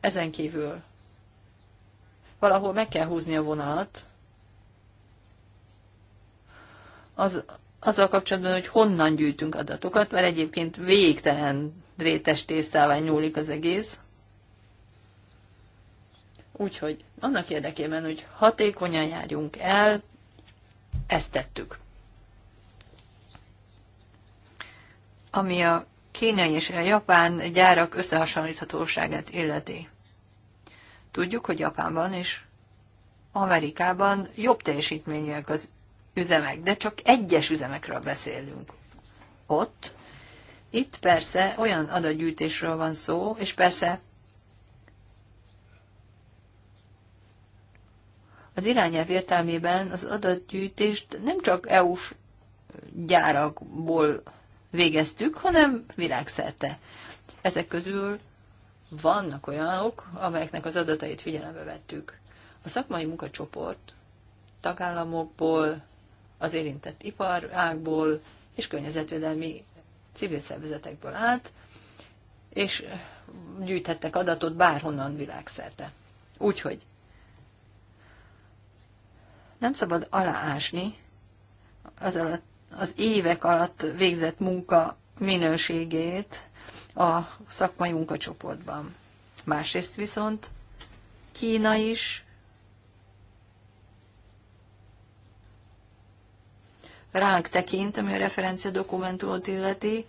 Ezen kívül valahol meg kell húzni a vonalat, az, azzal kapcsolatban, hogy honnan gyűjtünk adatokat, mert egyébként végtelen rétes tésztává nyúlik az egész. Úgyhogy annak érdekében, hogy hatékonyan járjunk el, ezt tettük. ami a kínai és a japán gyárak összehasonlíthatóságát illeti. Tudjuk, hogy Japánban és Amerikában jobb teljesítményűek az üzemek, de csak egyes üzemekről beszélünk. Ott, itt persze olyan adatgyűjtésről van szó, és persze az irányelv értelmében az adatgyűjtést nem csak EU-s gyárakból végeztük, hanem világszerte. Ezek közül vannak olyanok, amelyeknek az adatait figyelembe vettük. A szakmai munkacsoport tagállamokból, az érintett iparágból és környezetvédelmi civil szervezetekből állt, és gyűjthettek adatot bárhonnan világszerte. Úgyhogy nem szabad aláásni az alatt az évek alatt végzett munka minőségét a szakmai munkacsoportban. Másrészt viszont Kína is ránk tekint, ami a referencia dokumentumot illeti,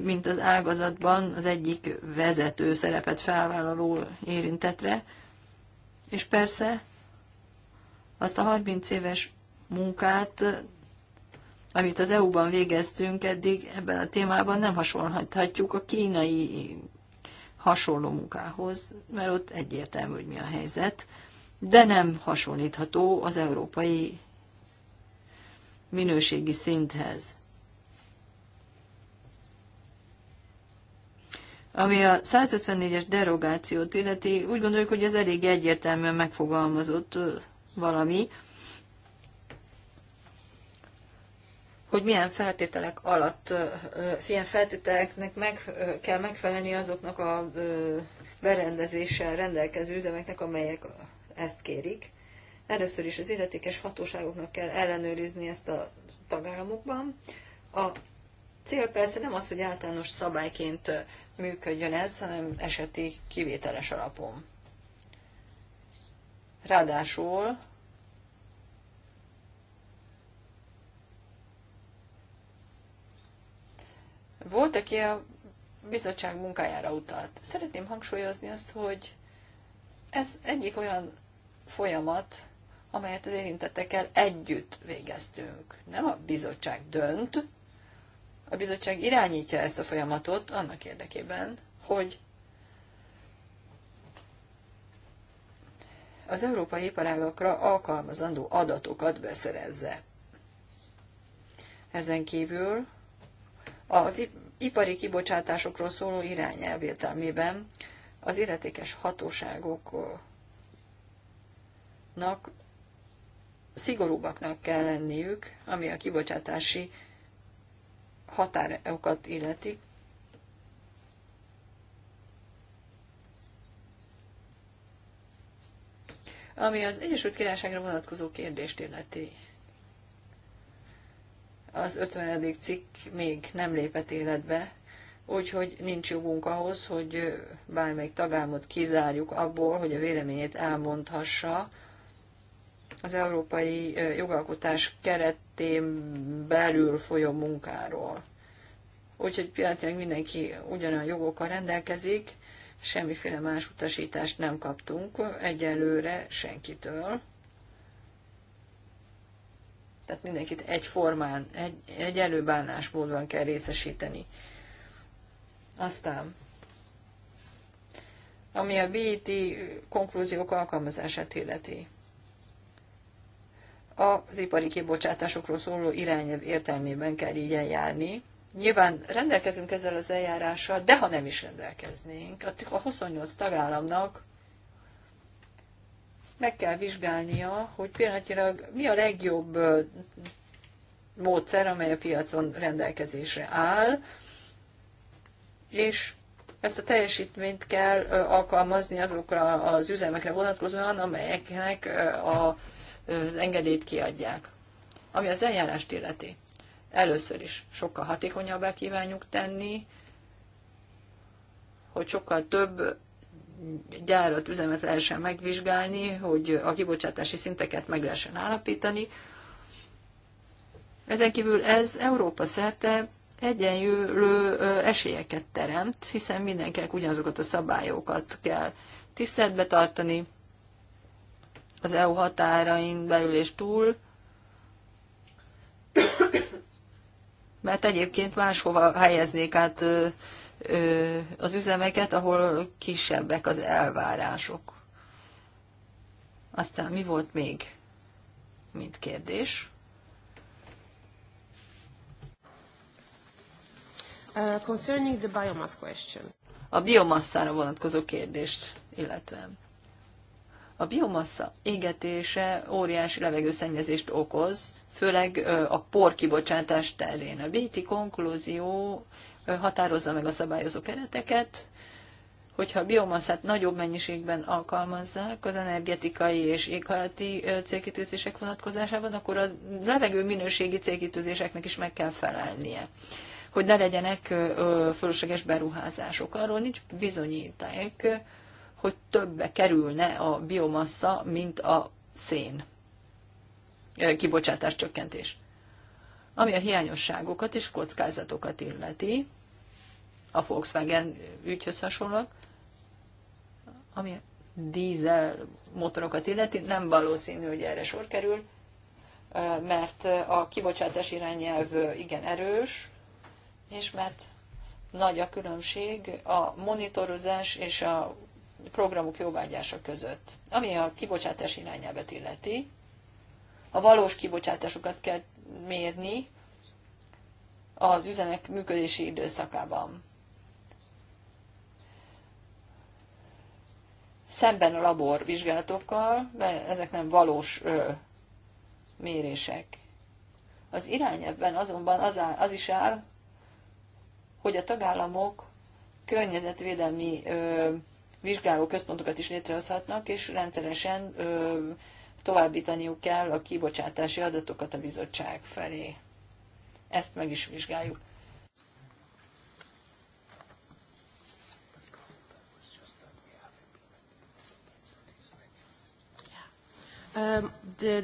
mint az ágazatban az egyik vezető szerepet felvállaló érintetre. És persze azt a 30 éves munkát amit az EU-ban végeztünk eddig ebben a témában, nem hasonlíthatjuk a kínai hasonló munkához, mert ott egyértelmű, hogy mi a helyzet, de nem hasonlítható az európai minőségi szinthez. Ami a 154-es derogációt illeti, úgy gondoljuk, hogy ez elég egyértelműen megfogalmazott valami, hogy milyen feltételek alatt, milyen feltételeknek meg, kell megfelelni azoknak a berendezéssel rendelkező üzemeknek, amelyek ezt kérik. Először is az illetékes hatóságoknak kell ellenőrizni ezt a tagállamokban. A cél persze nem az, hogy általános szabályként működjön ez, hanem eseti kivételes alapon. Ráadásul Volt, aki a bizottság munkájára utalt. Szeretném hangsúlyozni azt, hogy ez egyik olyan folyamat, amelyet az érintettekkel együtt végeztünk. Nem a bizottság dönt, a bizottság irányítja ezt a folyamatot annak érdekében, hogy az európai iparágakra alkalmazandó adatokat beszerezze. Ezen kívül az ipari kibocsátásokról szóló irányelv értelmében az illetékes hatóságoknak szigorúbbaknak kell lenniük, ami a kibocsátási határokat illeti. Ami az Egyesült Királyságra vonatkozó kérdést illeti az 50. cikk még nem lépett életbe, úgyhogy nincs jogunk ahhoz, hogy bármelyik tagállamot kizárjuk abból, hogy a véleményét elmondhassa. Az európai jogalkotás keretén belül folyó munkáról. Úgyhogy pillanatilag mindenki ugyanolyan jogokkal rendelkezik, semmiféle más utasítást nem kaptunk egyelőre senkitől. Tehát mindenkit egyformán, egy, egy előbánásmódban kell részesíteni. Aztán, ami a BIT e konklúziók alkalmazását illeti. Az ipari kibocsátásokról szóló irányelv értelmében kell így eljárni, Nyilván rendelkezünk ezzel az eljárással, de ha nem is rendelkeznénk, a 28 tagállamnak meg kell vizsgálnia, hogy pillanatilag mi a legjobb módszer, amely a piacon rendelkezésre áll, és ezt a teljesítményt kell alkalmazni azokra az üzemekre vonatkozóan, amelyeknek az engedélyt kiadják. Ami az eljárást illeti. Először is sokkal hatékonyabbá kívánjuk tenni, hogy sokkal több gyárat, üzemet lehessen megvizsgálni, hogy a kibocsátási szinteket meg lehessen állapítani. Ezen kívül ez Európa szerte egyenlő esélyeket teremt, hiszen mindenkinek ugyanazokat a szabályokat kell tiszteletbe tartani az EU határain belül és túl, mert egyébként máshova helyeznék át az üzemeket, ahol kisebbek az elvárások. Aztán mi volt még, mint kérdés? Uh, concerning the biomass question. A biomasszára vonatkozó kérdést, illetve a biomassa égetése óriási levegőszennyezést okoz, főleg a por kibocsátás terén. A BT konklúzió határozza meg a szabályozó kereteket, hogyha a biomaszát nagyobb mennyiségben alkalmazzák az energetikai és éghajlati célkitűzések vonatkozásában, akkor a levegő minőségi célkitűzéseknek is meg kell felelnie hogy ne legyenek fölösleges beruházások. Arról nincs bizonyíték, hogy többe kerülne a biomassa, mint a szén kibocsátás csökkentés ami a hiányosságokat és kockázatokat illeti, a Volkswagen ügyhöz hasonlóan, ami a dízel motorokat illeti, nem valószínű, hogy erre sor kerül, mert a kibocsátás irányelv igen erős, és mert nagy a különbség a monitorozás és a programok jóvágyása között. Ami a kibocsátás irányelvet illeti, a valós kibocsátásokat kell mérni az üzemek működési időszakában. Szemben a labor vizsgálatokkal, mert ezek nem valós ö, mérések. Az irányebben azonban az, áll, az is áll, hogy a tagállamok környezetvédelmi ö, vizsgáló központokat is létrehozhatnak, és rendszeresen ö, továbbítaniuk kell a kibocsátási adatokat a bizottság felé. Ezt meg is vizsgáljuk. Um, the,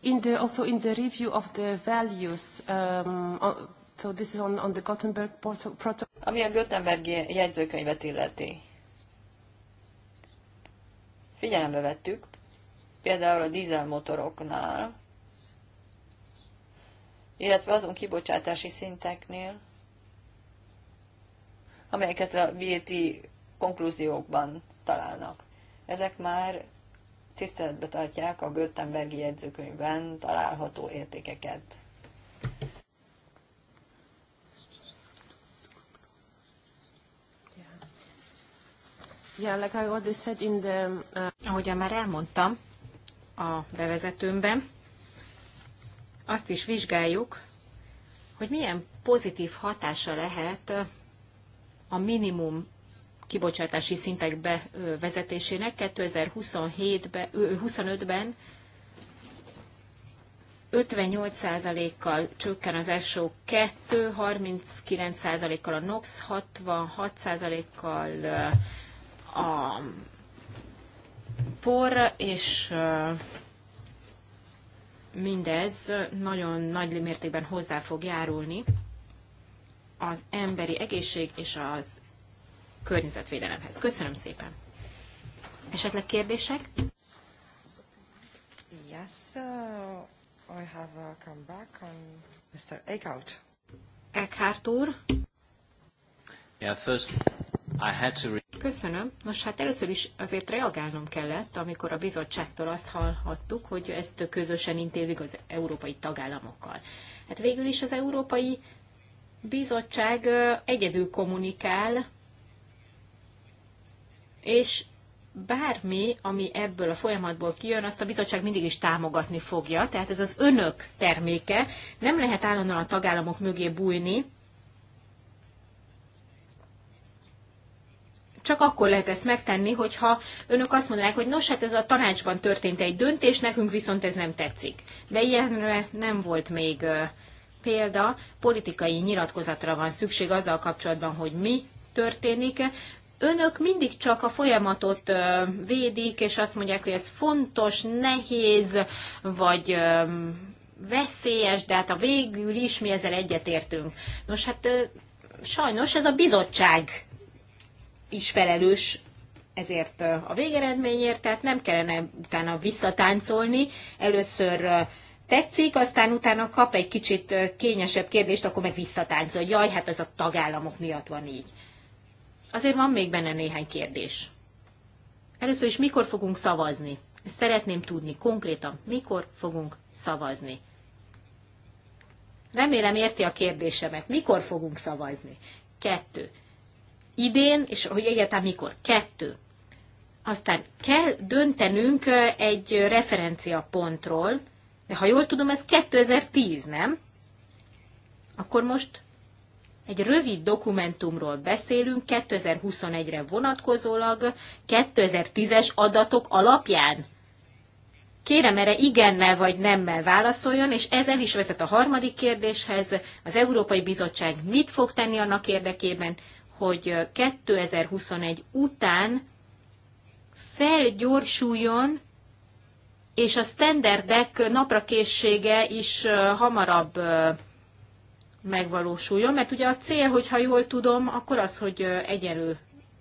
in the, also in the review of the values, um, uh, so this is on, on the Gothenburg protocol. Ami a Göteborgi jegyzőkönyvet illeti. Figyelembe vettük például a dízelmotoroknál, illetve azon kibocsátási szinteknél, amelyeket a VT konklúziókban találnak. Ezek már tiszteletbe tartják a Göttenbergi jegyzőkönyvben található értékeket. Yeah, uh, Ahogyan már elmondtam, a bevezetőmben, azt is vizsgáljuk, hogy milyen pozitív hatása lehet a minimum kibocsátási szintek bevezetésének 2025-ben 58%-kal csökken az SO2, 39%-kal a NOx, 66%-kal a por, és mindez nagyon nagy mértékben hozzá fog járulni az emberi egészség és az környezetvédelemhez. Köszönöm szépen! Esetleg kérdések? Yes, uh, I have uh, come back on Mr. Eckhart. Eckhart úr. Yeah, first, Köszönöm. Nos, hát először is azért reagálnom kellett, amikor a bizottságtól azt hallhattuk, hogy ezt közösen intézik az európai tagállamokkal. Hát végül is az Európai Bizottság egyedül kommunikál, és bármi, ami ebből a folyamatból kijön, azt a bizottság mindig is támogatni fogja. Tehát ez az önök terméke. Nem lehet állandóan a tagállamok mögé bújni, csak akkor lehet ezt megtenni, hogyha önök azt mondanák, hogy nos, hát ez a tanácsban történt egy döntés, nekünk viszont ez nem tetszik. De ilyenre nem volt még példa, politikai nyilatkozatra van szükség azzal kapcsolatban, hogy mi történik. Önök mindig csak a folyamatot védik, és azt mondják, hogy ez fontos, nehéz, vagy veszélyes, de hát a végül is mi ezzel egyetértünk. Nos, hát sajnos ez a bizottság is felelős ezért a végeredményért, tehát nem kellene utána visszatáncolni. Először tetszik, aztán utána kap egy kicsit kényesebb kérdést, akkor meg visszatáncol. Jaj, hát ez a tagállamok miatt van így. Azért van még benne néhány kérdés. Először is mikor fogunk szavazni? Ezt szeretném tudni konkrétan, mikor fogunk szavazni. Remélem érti a kérdésemet. Mikor fogunk szavazni? Kettő idén, és hogy egyáltalán mikor kettő. Aztán kell döntenünk egy referenciapontról, de ha jól tudom, ez 2010, nem? Akkor most egy rövid dokumentumról beszélünk 2021-re vonatkozólag 2010-es adatok alapján. Kérem erre igennel vagy nemmel válaszoljon, és ez el is vezet a harmadik kérdéshez. Az Európai Bizottság mit fog tenni annak érdekében, hogy 2021 után felgyorsuljon, és a standardek naprakészsége is hamarabb megvalósuljon, mert ugye a cél, hogyha jól tudom, akkor az, hogy egyenlő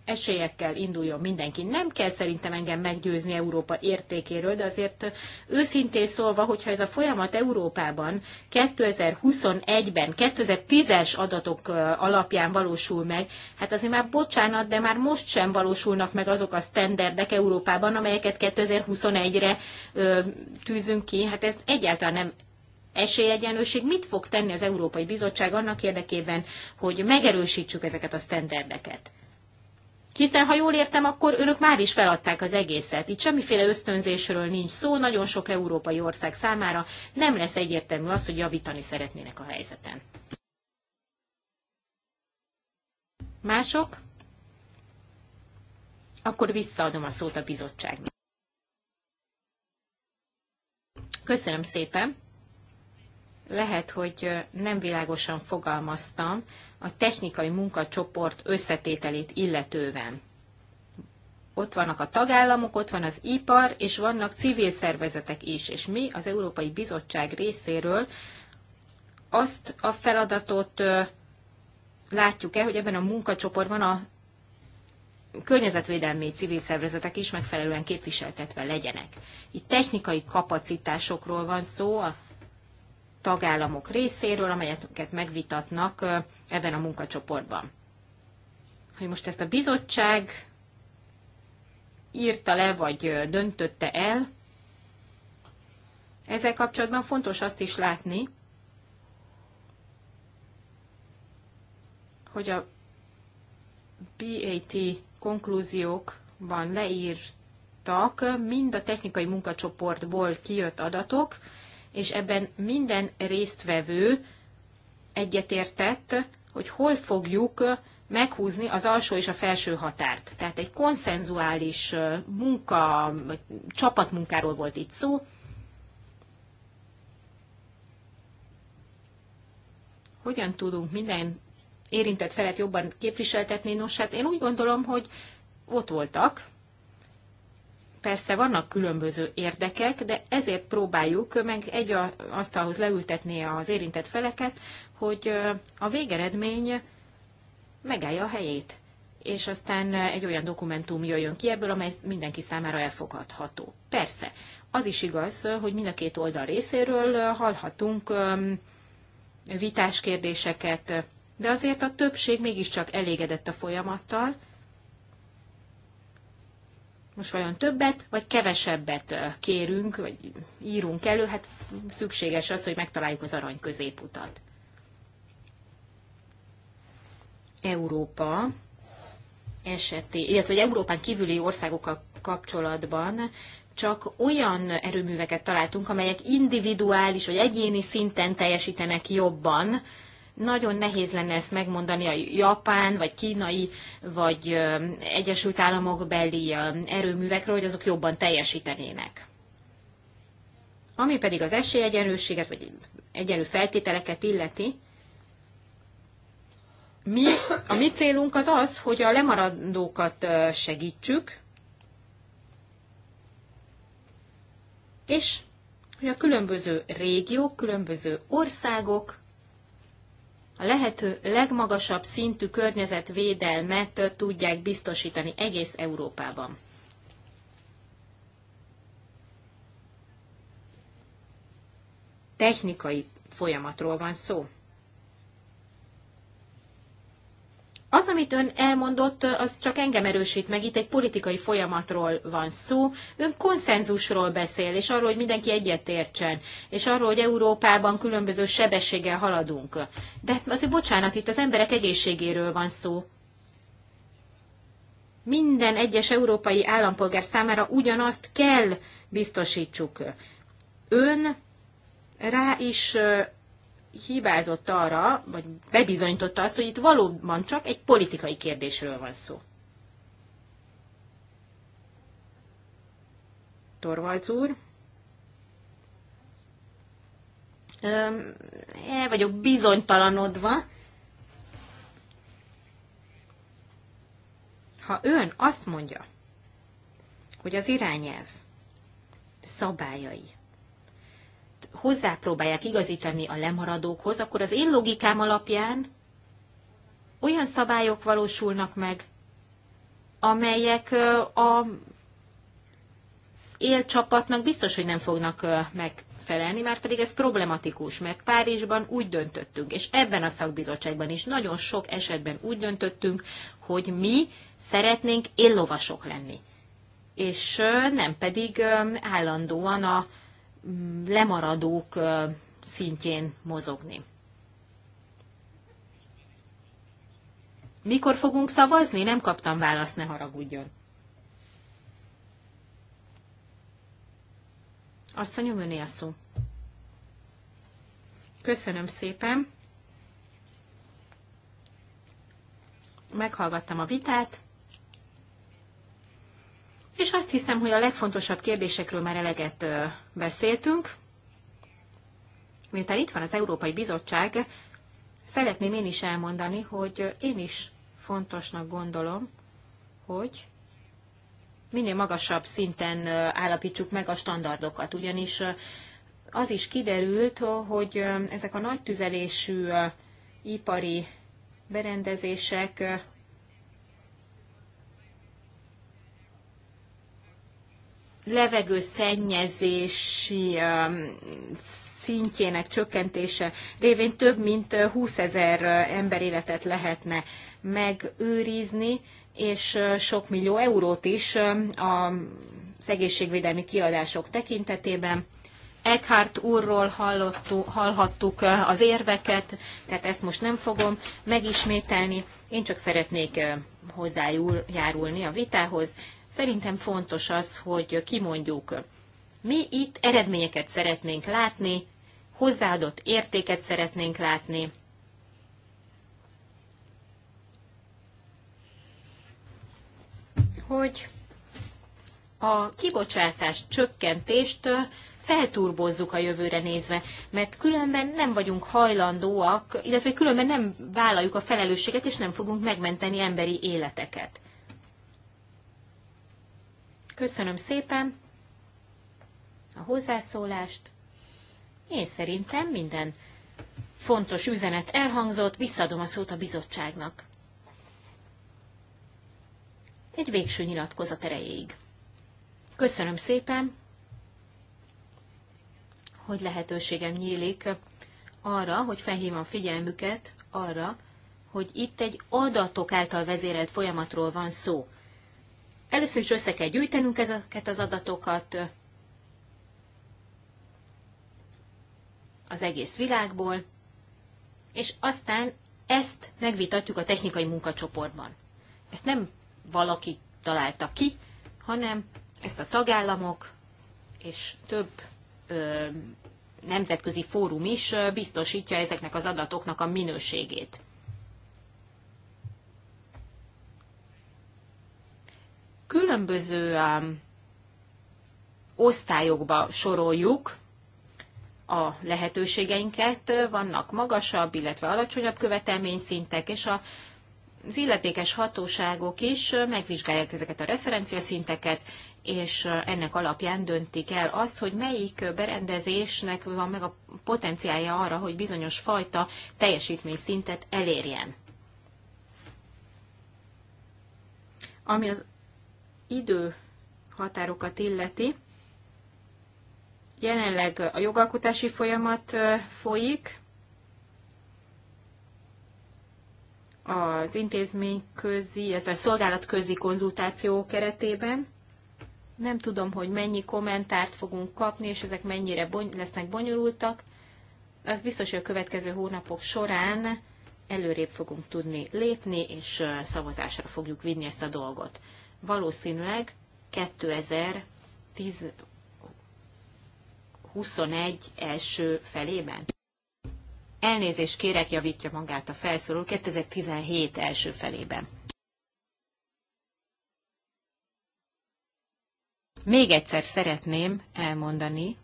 esélyekkel induljon mindenki. Nem kell szerintem engem meggyőzni Európa értékéről, de azért őszintén szólva, hogyha ez a folyamat Európában 2021-ben, 2010-es adatok alapján valósul meg, hát azért már bocsánat, de már most sem valósulnak meg azok a sztenderdek Európában, amelyeket 2021-re tűzünk ki. Hát ez egyáltalán nem esélyegyenlőség, mit fog tenni az Európai Bizottság annak érdekében, hogy megerősítsük ezeket a sztenderdeket? Hiszen, ha jól értem, akkor önök már is feladták az egészet. Itt semmiféle ösztönzésről nincs szó, nagyon sok európai ország számára nem lesz egyértelmű az, hogy javítani szeretnének a helyzeten. Mások? Akkor visszaadom a szót a bizottságnak. Köszönöm szépen! Lehet, hogy nem világosan fogalmaztam, a technikai munkacsoport összetételét illetően. Ott vannak a tagállamok, ott van az ipar, és vannak civil szervezetek is, és mi az Európai Bizottság részéről azt a feladatot látjuk el, hogy ebben a munkacsoportban a környezetvédelmi civil szervezetek is megfelelően képviseltetve legyenek. Itt technikai kapacitásokról van szó, a tagállamok részéről, amelyeket megvitatnak ebben a munkacsoportban. Hogy most ezt a bizottság írta le, vagy döntötte el, ezzel kapcsolatban fontos azt is látni, hogy a BAT konklúziókban leírtak mind a technikai munkacsoportból kijött adatok, és ebben minden résztvevő egyetértett, hogy hol fogjuk meghúzni az alsó és a felső határt. Tehát egy konszenzuális munka, csapatmunkáról volt itt szó. Hogyan tudunk minden érintett felet jobban képviseltetni? Nos, hát én úgy gondolom, hogy ott voltak persze vannak különböző érdekek, de ezért próbáljuk meg egy asztalhoz leültetni az érintett feleket, hogy a végeredmény megállja a helyét, és aztán egy olyan dokumentum jöjjön ki ebből, amely mindenki számára elfogadható. Persze, az is igaz, hogy mind a két oldal részéről hallhatunk vitás kérdéseket, de azért a többség mégiscsak elégedett a folyamattal, most vajon többet, vagy kevesebbet kérünk, vagy írunk elő, hát szükséges az, hogy megtaláljuk az arany középutat. Európa eseté, illetve hogy Európán kívüli országokkal kapcsolatban csak olyan erőműveket találtunk, amelyek individuális vagy egyéni szinten teljesítenek jobban, nagyon nehéz lenne ezt megmondani a japán, vagy kínai, vagy Egyesült Államok beli erőművekről, hogy azok jobban teljesítenének. Ami pedig az esélyegyenlőséget, vagy egyenlő feltételeket illeti, mi, a mi célunk az az, hogy a lemaradókat segítsük, és hogy a különböző régiók, különböző országok a lehető legmagasabb szintű környezetvédelmet tudják biztosítani egész Európában. Technikai folyamatról van szó. Az, amit ön elmondott, az csak engem erősít meg, itt egy politikai folyamatról van szó. Ön konszenzusról beszél, és arról, hogy mindenki egyetértsen, és arról, hogy Európában különböző sebességgel haladunk. De hát azért bocsánat, itt az emberek egészségéről van szó. Minden egyes európai állampolgár számára ugyanazt kell biztosítsuk. Ön rá is hibázott arra, vagy bebizonyította azt, hogy itt valóban csak egy politikai kérdésről van szó. Torvalds úr. Öm, el vagyok bizonytalanodva. Ha ön azt mondja, hogy az irányelv szabályai hozzá próbálják igazítani a lemaradókhoz, akkor az én logikám alapján olyan szabályok valósulnak meg, amelyek a élcsapatnak biztos, hogy nem fognak megfelelni, már pedig ez problematikus, mert Párizsban úgy döntöttünk, és ebben a szakbizottságban is nagyon sok esetben úgy döntöttünk, hogy mi szeretnénk éllovasok lenni, és nem pedig állandóan a lemaradók szintjén mozogni. Mikor fogunk szavazni? Nem kaptam választ, ne haragudjon. Asszonyom, öné a szó. Köszönöm szépen. Meghallgattam a vitát. És azt hiszem, hogy a legfontosabb kérdésekről már eleget beszéltünk. Miután itt van az Európai Bizottság, szeretném én is elmondani, hogy én is fontosnak gondolom, hogy minél magasabb szinten állapítsuk meg a standardokat. Ugyanis az is kiderült, hogy ezek a nagy tüzelésű ipari berendezések levegőszennyezési um, szintjének csökkentése révén több mint 20 uh, ezer uh, életet lehetne megőrizni, és uh, sok millió eurót is um, az egészségvédelmi kiadások tekintetében. Eckhart úrról hallottuk, hallhattuk az érveket, tehát ezt most nem fogom megismételni. Én csak szeretnék hozzájárulni a vitához, Szerintem fontos az, hogy kimondjuk, mi itt eredményeket szeretnénk látni, hozzáadott értéket szeretnénk látni. Hogy a kibocsátás csökkentést felturbozzuk a jövőre nézve, mert különben nem vagyunk hajlandóak, illetve különben nem vállaljuk a felelősséget, és nem fogunk megmenteni emberi életeket. Köszönöm szépen a hozzászólást. Én szerintem minden fontos üzenet elhangzott, visszadom a szót a bizottságnak. Egy végső nyilatkozat erejéig. Köszönöm szépen, hogy lehetőségem nyílik arra, hogy felhívom a figyelmüket arra, hogy itt egy adatok által vezérelt folyamatról van szó. Először is össze kell gyűjtenünk ezeket az adatokat az egész világból, és aztán ezt megvitatjuk a technikai munkacsoportban. Ezt nem valaki találta ki, hanem ezt a tagállamok és több ö, nemzetközi fórum is biztosítja ezeknek az adatoknak a minőségét. különböző osztályokba soroljuk a lehetőségeinket, vannak magasabb, illetve alacsonyabb követelményszintek, és a az illetékes hatóságok is megvizsgálják ezeket a referenciaszinteket, és ennek alapján döntik el azt, hogy melyik berendezésnek van meg a potenciálja arra, hogy bizonyos fajta teljesítményszintet elérjen. Ami az idő határokat illeti, jelenleg a jogalkotási folyamat folyik, az közi, illetve közi konzultáció keretében. Nem tudom, hogy mennyi kommentárt fogunk kapni, és ezek mennyire bony- lesznek bonyolultak. Az biztos, hogy a következő hónapok során előrébb fogunk tudni lépni, és szavazásra fogjuk vinni ezt a dolgot valószínűleg 2021 első felében. Elnézést kérek, javítja magát a felszóló 2017 első felében. Még egyszer szeretném elmondani,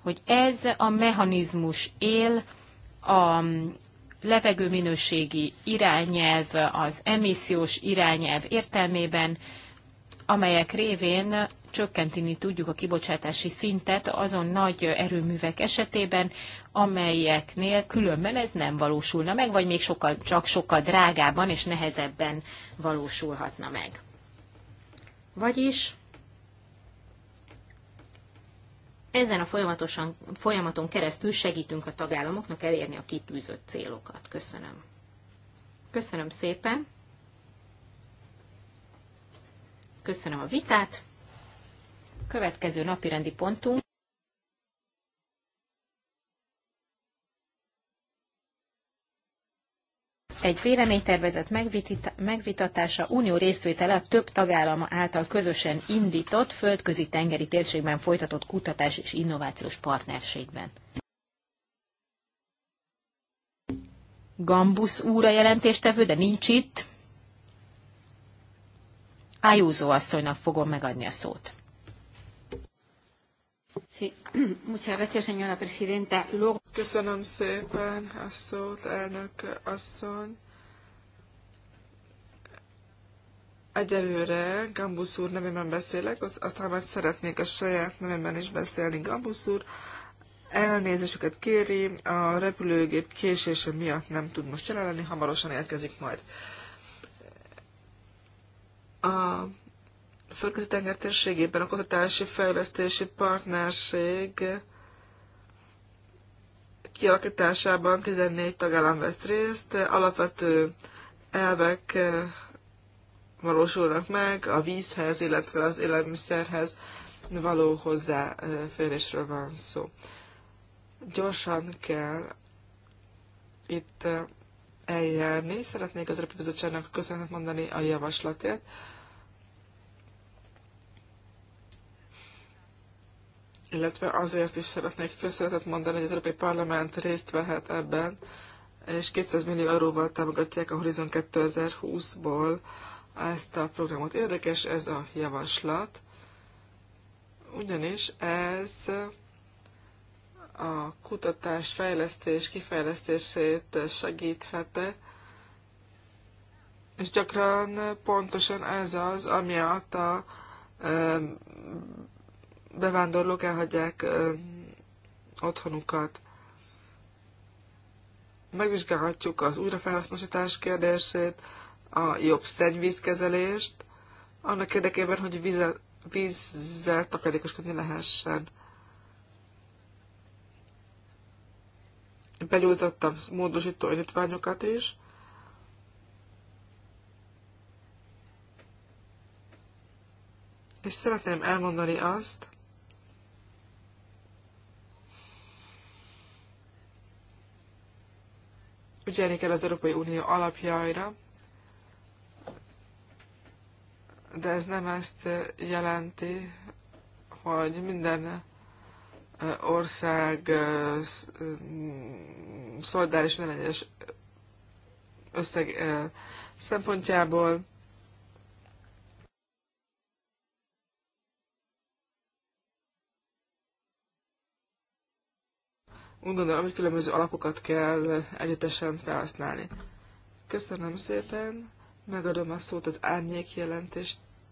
hogy ez a mechanizmus él a levegőminőségi irányelv, az emissziós irányelv értelmében, amelyek révén csökkenteni tudjuk a kibocsátási szintet azon nagy erőművek esetében, amelyeknél különben ez nem valósulna meg, vagy még sokkal, csak sokkal drágában és nehezebben valósulhatna meg. Vagyis ezen a folyamatosan, folyamaton keresztül segítünk a tagállamoknak elérni a kitűzött célokat. Köszönöm. Köszönöm szépen. Köszönöm a vitát. Következő napi rendi pontunk. Egy véleménytervezet megvitatása unió részvétele a több tagállam által közösen indított földközi tengeri térségben folytatott kutatás és innovációs partnerségben. Gambusz úr jelentéstevő, de nincs itt. Ájúzó asszonynak fogom megadni a szót. [CLEARS THROAT] Köszönöm szépen a szót, elnök asszony. Egyelőre Gambusz úr nevében beszélek, aztán majd szeretnék a saját nevemben is beszélni. Gambusz úr elnézésüket kéri, a repülőgép késése miatt nem tud most jelenni, hamarosan érkezik majd. A földközi tenger térségében a kutatási fejlesztési partnerség kialakításában 14 tagállam vesz részt, alapvető elvek eh, valósulnak meg, a vízhez, illetve az élelmiszerhez való hozzáférésről van szó. Gyorsan kell itt eh, eljárni. Szeretnék az Bizottságnak köszönet mondani a javaslatért. illetve azért is szeretnék köszönetet mondani, hogy az Európai Parlament részt vehet ebben, és 200 millió euróval támogatják a Horizon 2020-ból ezt a programot. Érdekes ez a javaslat, ugyanis ez a kutatás, fejlesztés, kifejlesztését segíthette, és gyakran pontosan ez az, ami a bevándorlók elhagyják otthonukat. Megvizsgálhatjuk az újrafelhasznosítás kérdését, a jobb szennyvízkezelést, annak érdekében, hogy vízzel, vízzel takarékoskodni lehessen. Begyújtottam módosító indítványokat is. És szeretném elmondani azt, ügyelni kell az Európai Unió alapjaira, de ez nem ezt jelenti, hogy minden ország szolidáris minden egyes összeg szempontjából Úgy gondolom, hogy különböző alapokat kell együttesen felhasználni. Köszönöm szépen, megadom a szót az árnyék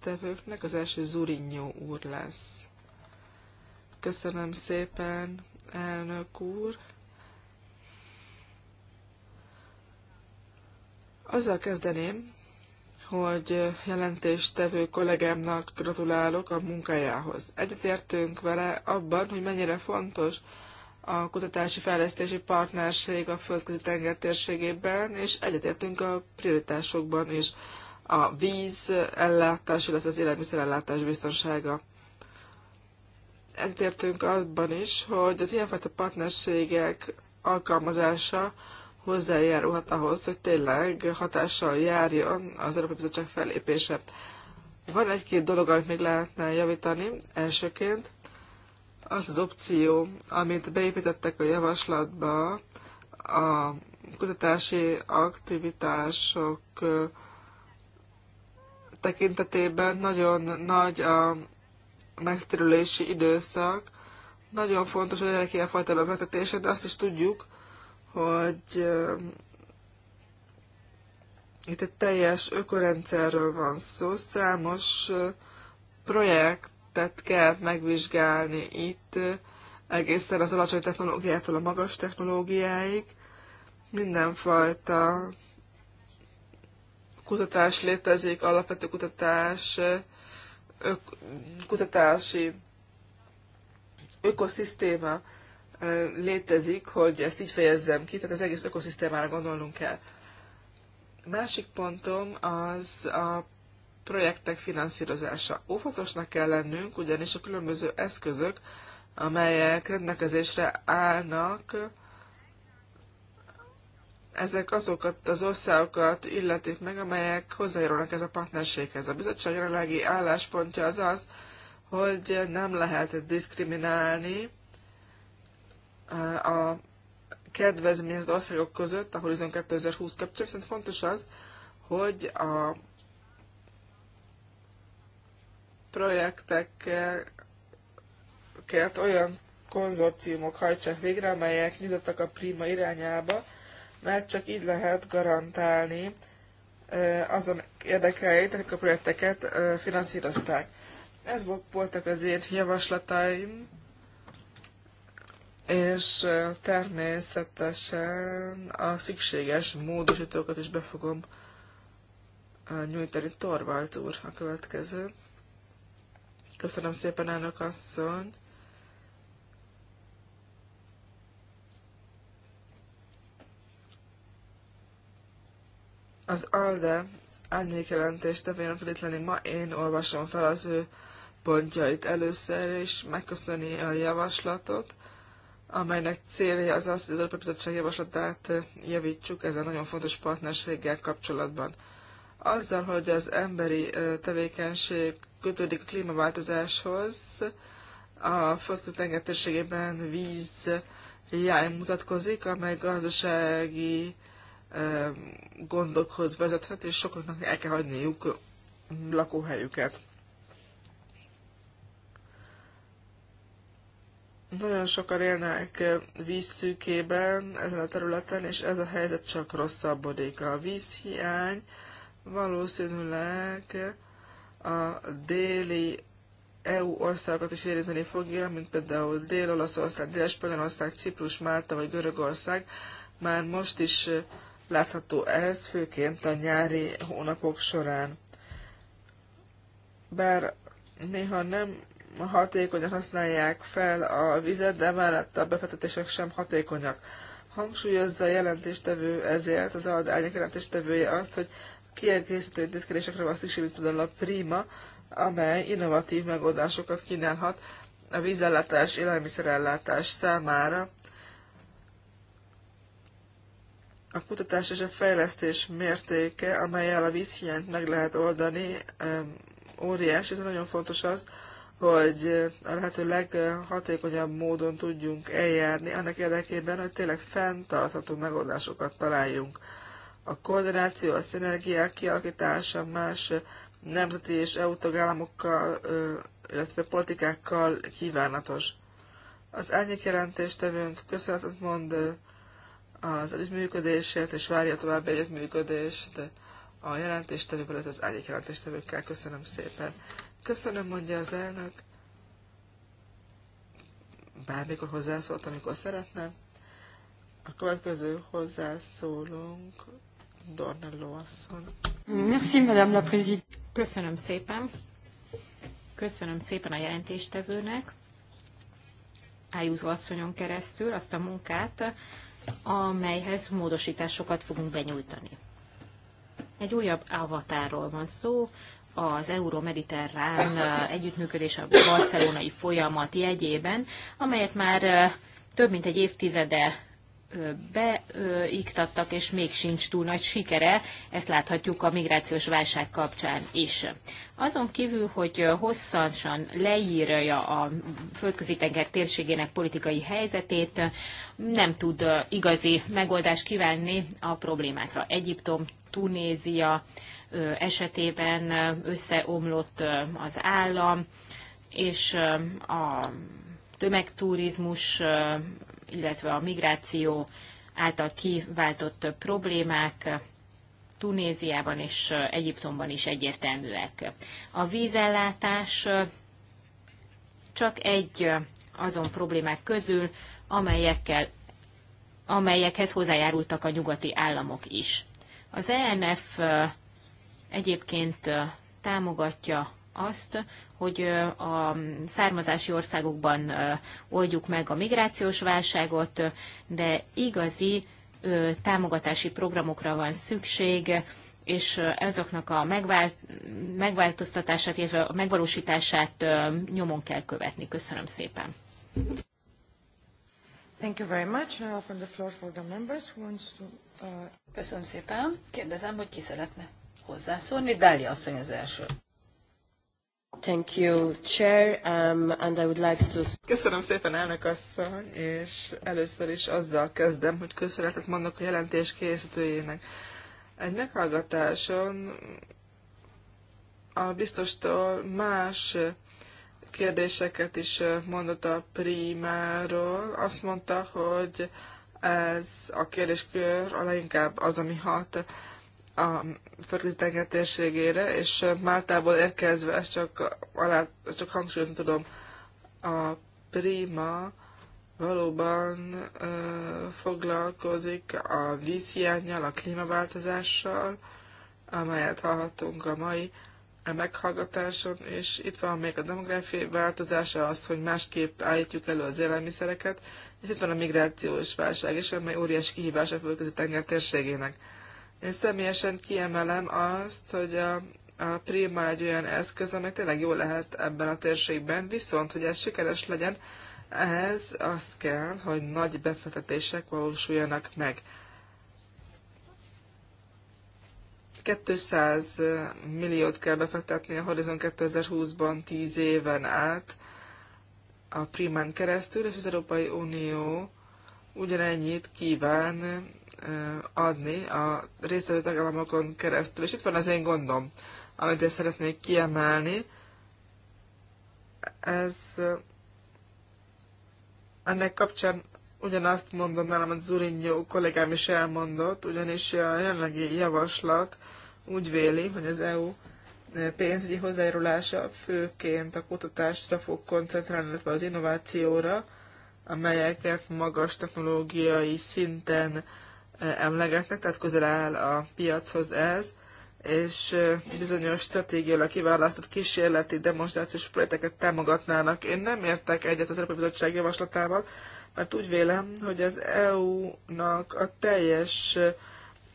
tevőknek, az első Zurinyó úr lesz. Köszönöm szépen, elnök úr. Azzal kezdeném, hogy jelentéstevő kollégámnak gratulálok a munkájához. Egyetértünk vele abban, hogy mennyire fontos a kutatási fejlesztési partnerség a földközi tenger térségében, és egyetértünk a prioritásokban is a víz ellátás, illetve az élelmiszerellátás biztonsága. Egyetértünk abban is, hogy az ilyenfajta partnerségek alkalmazása hozzájárulhat ahhoz, hogy tényleg hatással járjon az Európai Bizottság fellépése. Van egy-két dolog, amit még lehetne javítani. Elsőként az az opció, amit beépítettek a javaslatba, a kutatási aktivitások tekintetében nagyon nagy a megterülési időszak. Nagyon fontos, hogy legyenek ilyen fajta befektetések, de azt is tudjuk, hogy itt egy teljes ökorendszerről van szó, számos projekt szintet kell megvizsgálni itt, egészen az alacsony technológiától a magas technológiáig. Mindenfajta kutatás létezik, alapvető kutatás, ök, kutatási ökoszisztéma létezik, hogy ezt így fejezzem ki, tehát az egész ökoszisztémára gondolnunk kell. Másik pontom az a projektek finanszírozása. Óvatosnak kell lennünk, ugyanis a különböző eszközök, amelyek rendelkezésre állnak, ezek azokat az országokat illetik meg, amelyek hozzájárulnak ez a partnerséghez. A bizottság jelenlegi álláspontja az az, hogy nem lehet diszkriminálni eh, a kedvezményezett országok között a Horizon 2020 kapcsolatban, viszont fontos az, hogy a projekteket olyan konzorciumok hajtsák végre, amelyek nyitottak a prima irányába, mert csak így lehet garantálni azon érdekeit, akik a projekteket finanszírozták. Ez voltak az én javaslataim, és természetesen a szükséges módosítókat is be fogom nyújtani. Torvalds úr a következő. Köszönöm szépen, elnök asszony. Az ALDE árnyék jelentést tevén feltétlenül ma én olvasom fel az ő pontjait először, és megköszöni a javaslatot, amelynek célja az az, hogy az Európai Bizottság javaslatát javítsuk ezen nagyon fontos partnerséggel kapcsolatban. Azzal, hogy az emberi tevékenység kötődik a klímaváltozáshoz, a fosztott engedtességében víz hiány mutatkozik, amely gazdasági gondokhoz vezethet, és sokaknak el kell hagyniuk lakóhelyüket. Nagyon sokan élnek vízszűkében ezen a területen, és ez a helyzet csak rosszabbodik. A vízhiány valószínűleg a déli EU országokat is érinteni fogja, mint például Dél-Olaszország, Dél-Spanyolország, Ciprus, Málta vagy Görögország. Már most is látható ez, főként a nyári hónapok során. Bár néha nem hatékonyan használják fel a vizet, de mellett a befektetések sem hatékonyak. Hangsúlyozza a jelentéstevő ezért, az adányok jelentéstevője azt, hogy kiegészítő intézkedésekre van szükség, mint például a Prima, amely innovatív megoldásokat kínálhat a vízellátás, élelmiszerellátás számára. A kutatás és a fejlesztés mértéke, amelyel a vízhiányt meg lehet oldani, óriás, ez nagyon fontos az, hogy a lehető leghatékonyabb módon tudjunk eljárni, annak érdekében, hogy tényleg fenntartható megoldásokat találjunk a koordináció, a szinergiák kialakítása más nemzeti és EU tagállamokkal, illetve politikákkal kívánatos. Az elnyék jelentéstevőnk köszönetet mond az együttműködésért, és várja további együttműködést a jelentést illetve az elnyék jelentéstevőkkel. Köszönöm szépen. Köszönöm, mondja az elnök. Bármikor hozzászólt, amikor szeretne. A következő hozzászólunk asszony. Merci, Madame la Présidente. Köszönöm szépen. Köszönöm szépen a jelentéstevőnek, Ájúzó asszonyon keresztül azt a munkát, amelyhez módosításokat fogunk benyújtani. Egy újabb avatáról van szó, az Euró-Mediterrán együttműködés a barcelonai folyamat jegyében, amelyet már több mint egy évtizede beiktattak, és még sincs túl nagy sikere, ezt láthatjuk a migrációs válság kapcsán is. Azon kívül, hogy hosszasan leírja a földközi tenger térségének politikai helyzetét, nem tud igazi megoldást kívánni a problémákra. Egyiptom, Tunézia esetében összeomlott az állam, és a tömegturizmus illetve a migráció által kiváltott problémák Tunéziában és Egyiptomban is egyértelműek. A vízellátás csak egy azon problémák közül, amelyekkel, amelyekhez hozzájárultak a nyugati államok is. Az ENF egyébként támogatja azt, hogy a származási országokban oldjuk meg a migrációs válságot, de igazi támogatási programokra van szükség, és ezoknak a megvált, megváltoztatását, illetve a megvalósítását nyomon kell követni. Köszönöm szépen. Thank you very much. I open the floor for the members who wants to, uh... Köszönöm szépen. Kérdezem, hogy ki szeretne hozzászólni. Dália asszony az első. Thank you, Chair, um, and I would like to... Köszönöm szépen, elnök asszony, és először is azzal kezdem, hogy köszönetet mondok a jelentés készítőjének. Egy meghallgatáson a biztostól más kérdéseket is mondott a primáról. Azt mondta, hogy ez a kérdéskör a leginkább az, ami hat a földközi térségére, és Máltából érkezve ezt csak, alá, ezt csak hangsúlyozni tudom, a Prima valóban ö, foglalkozik a vízhiányjal, a klímaváltozással, amelyet hallhattunk a mai a meghallgatáson, és itt van még a demográfiai változása, az, hogy másképp állítjuk elő az élelmiszereket, és itt van a migrációs válság és amely óriási kihívás a földközi tenger térségének én személyesen kiemelem azt, hogy a, a Prima egy olyan eszköz, amely tényleg jó lehet ebben a térségben, viszont, hogy ez sikeres legyen, ehhez az kell, hogy nagy befektetések valósuljanak meg. 200 milliót kell befektetni a Horizon 2020-ban 10 éven át a Primán keresztül, és az Európai Unió ugyanennyit kíván adni a résztvevő tagállamokon keresztül. És itt van az én gondom, amit én szeretnék kiemelni. Ez ennek kapcsán ugyanazt mondom el, amit Zurinyó kollégám is elmondott, ugyanis a jelenlegi javaslat úgy véli, hogy az EU pénzügyi hozzájárulása főként a kutatásra fog koncentrálni, illetve az innovációra, amelyeket magas technológiai szinten emlegetnek, tehát közel áll a piachoz ez, és bizonyos stratégiailag kiválasztott kísérleti demonstrációs projekteket támogatnának. Én nem értek egyet az Európai Bizottság javaslatával, mert úgy vélem, hogy az EU-nak a teljes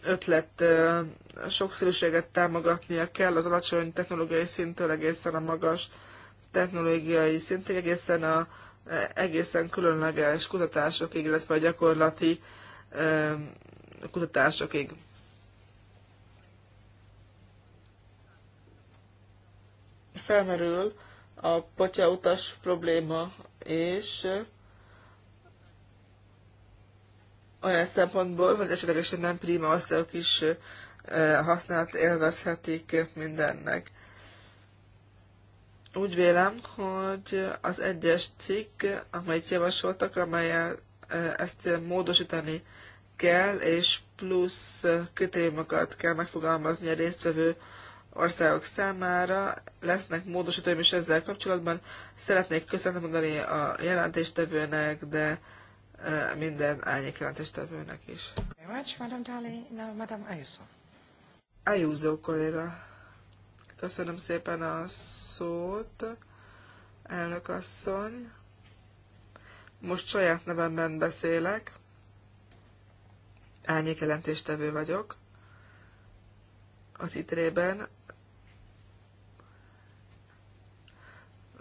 ötlet sokszínűséget támogatnia kell az alacsony technológiai szintől egészen a magas technológiai szintig, egészen a egészen különleges kutatásokig, illetve a gyakorlati kutatásokig. Felmerül a potyautas probléma, és olyan szempontból, hogy esetlegesen nem prima osztályok is használt élvezhetik mindennek. Úgy vélem, hogy az egyes cikk, amelyet javasoltak, amelyet ezt módosítani kell, és plusz kritériumokat kell megfogalmazni a résztvevő országok számára. Lesznek módosítóim is ezzel kapcsolatban. Szeretnék köszönet mondani a jelentéstevőnek, de e, minden álnyék jelentéstevőnek is. Ayuso kolléga. Köszönöm szépen a szót, elnök asszony. Most saját nevemben beszélek árnyék jelentéstevő vagyok az ITRE-ben.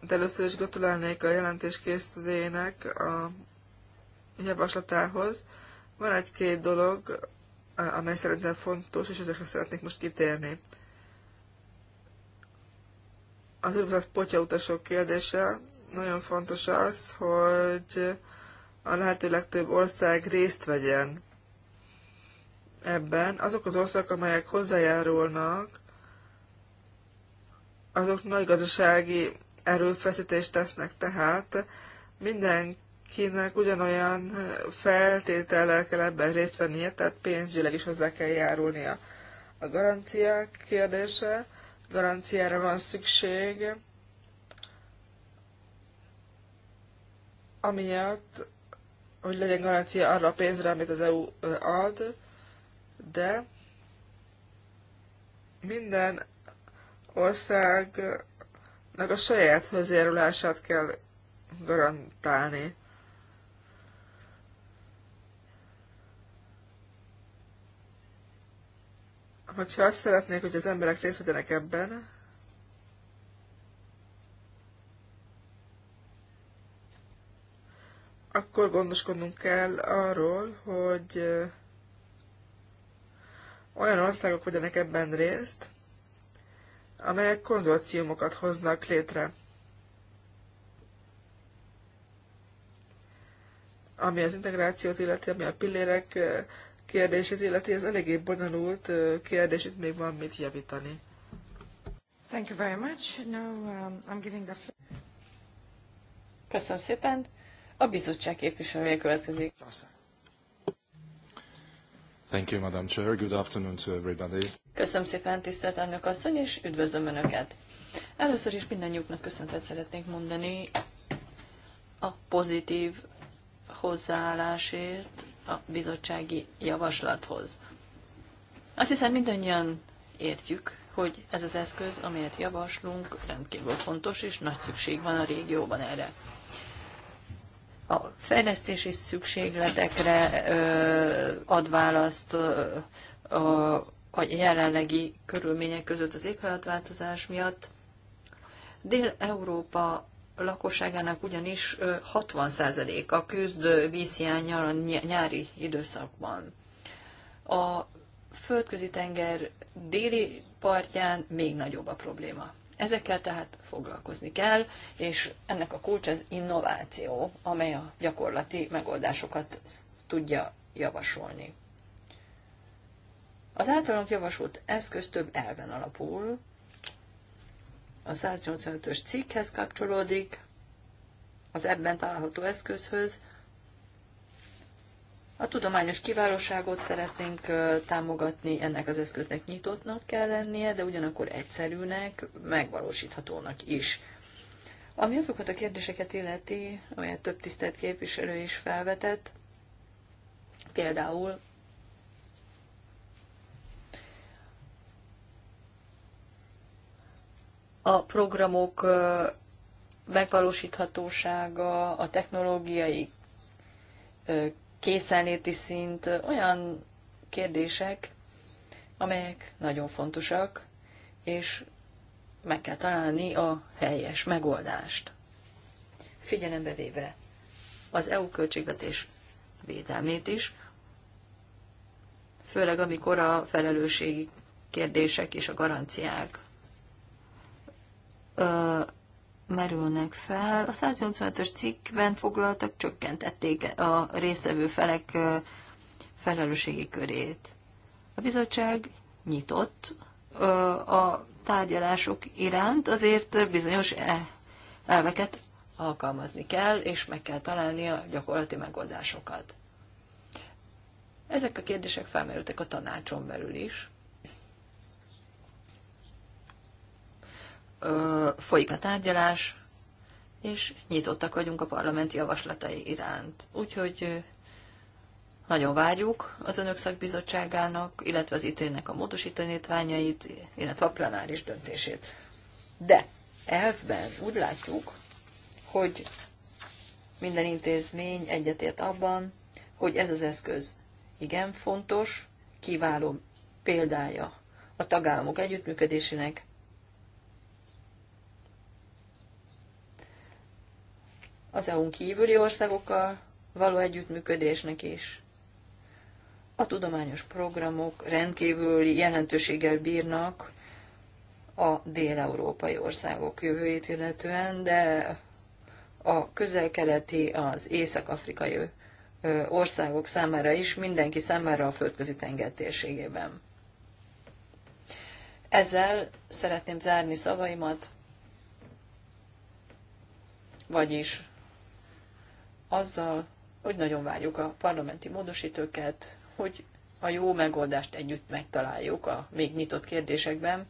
De először is gratulálnék a jelentés készítőjének a javaslatához. Van egy-két dolog, amely szerintem fontos, és ezekre szeretnék most kitérni. Az úgynevezett potyautasok kérdése nagyon fontos az, hogy a lehető legtöbb ország részt vegyen ebben, azok az országok, amelyek hozzájárulnak, azok nagy gazdasági erőfeszítést tesznek, tehát mindenkinek ugyanolyan feltétellel kell ebben részt vennie, tehát pénzügyileg is hozzá kell járulnia. A garanciák kérdése, garanciára van szükség, amiatt, hogy legyen garancia arra a pénzre, amit az EU ad, de minden országnak a saját hozzájárulását kell garantálni. Hogyha azt szeretnék, hogy az emberek részt vegyenek ebben, akkor gondoskodnunk kell arról, hogy olyan országok vegyenek ebben részt, amelyek konzorciumokat hoznak létre. Ami az integrációt illeti, ami a pillérek kérdését illeti, ez eléggé bonyolult kérdés, itt még van mit javítani. Thank you very much. Now, um, I'm giving the floor. Köszönöm szépen. A bizottság képviselője következik. Köszönöm. Thank you, Madam Chair. Good afternoon to everybody. Köszönöm szépen, tisztelt elnök asszony, és üdvözlöm Önöket. Először is mindannyiuknak köszöntet szeretnék mondani a pozitív hozzáállásért a bizottsági javaslathoz. Azt hiszem mindannyian értjük, hogy ez az eszköz, amelyet javaslunk, rendkívül fontos, és nagy szükség van a régióban erre a fejlesztési szükségletekre ad választ a jelenlegi körülmények között az éghajlatváltozás miatt. Dél-Európa lakosságának ugyanis 60%-a küzd vízhiányjal a nyári időszakban. A földközi tenger déli partján még nagyobb a probléma. Ezekkel tehát foglalkozni kell, és ennek a kulcs az innováció, amely a gyakorlati megoldásokat tudja javasolni. Az általunk javasolt eszköz több elven alapul. A 185-ös cikkhez kapcsolódik, az ebben található eszközhöz, a tudományos kiválóságot szeretnénk támogatni, ennek az eszköznek nyitottnak kell lennie, de ugyanakkor egyszerűnek, megvalósíthatónak is. Ami azokat a kérdéseket illeti, amelyet több tisztelt képviselő is felvetett, például a programok megvalósíthatósága, a technológiai készenléti szint, olyan kérdések, amelyek nagyon fontosak, és meg kell találni a helyes megoldást. Figyelembe véve az EU költségvetés védelmét is, főleg amikor a felelősségi kérdések és a garanciák merülnek fel. A 185-ös cikkben foglaltak csökkentették a résztvevő felek felelősségi körét. A bizottság nyitott a tárgyalások iránt, azért bizonyos e- elveket alkalmazni kell, és meg kell találni a gyakorlati megoldásokat. Ezek a kérdések felmerültek a tanácson belül is. folyik a tárgyalás, és nyitottak vagyunk a parlamenti javaslatai iránt. Úgyhogy nagyon várjuk az Önök szakbizottságának, illetve az ítélnek a módosítanítványait, illetve a plenáris döntését. De elfben úgy látjuk, hogy minden intézmény egyetért abban, hogy ez az eszköz igen fontos, kiváló példája a tagállamok együttműködésének, az EU-n kívüli országokkal való együttműködésnek is. A tudományos programok rendkívüli jelentőséggel bírnak a dél-európai országok jövőjét illetően, de a közel-keleti, az észak-afrikai országok számára is, mindenki számára a földközi tenger térségében. Ezzel szeretném zárni szavaimat, vagyis azzal, hogy nagyon várjuk a parlamenti módosítőket, hogy a jó megoldást együtt megtaláljuk a még nyitott kérdésekben,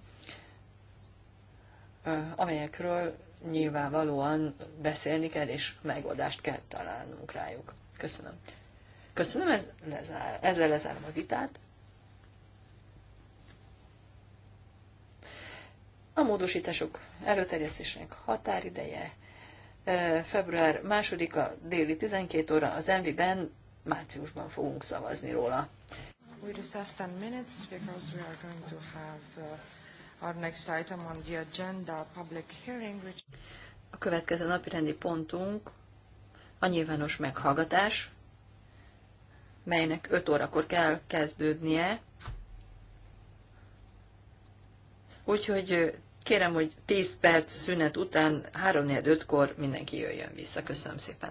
amelyekről nyilvánvalóan beszélni kell, és megoldást kell találnunk rájuk. Köszönöm. Köszönöm, ez lezár, ezzel lezárom a vitát. A módosítások előterjesztésének határideje február 2-a déli 12 óra az MV-ben, márciusban fogunk szavazni róla. We 10 minutes because we are going to have uh, our next item on the agenda, public hearing, which... A következő napi rendi pontunk a nyilvános meghallgatás, melynek 5 órakor kell kezdődnie. Úgyhogy Kérem, hogy 10 perc szünet után 3 4 5 kor mindenki jöjjön vissza. Köszönöm szépen.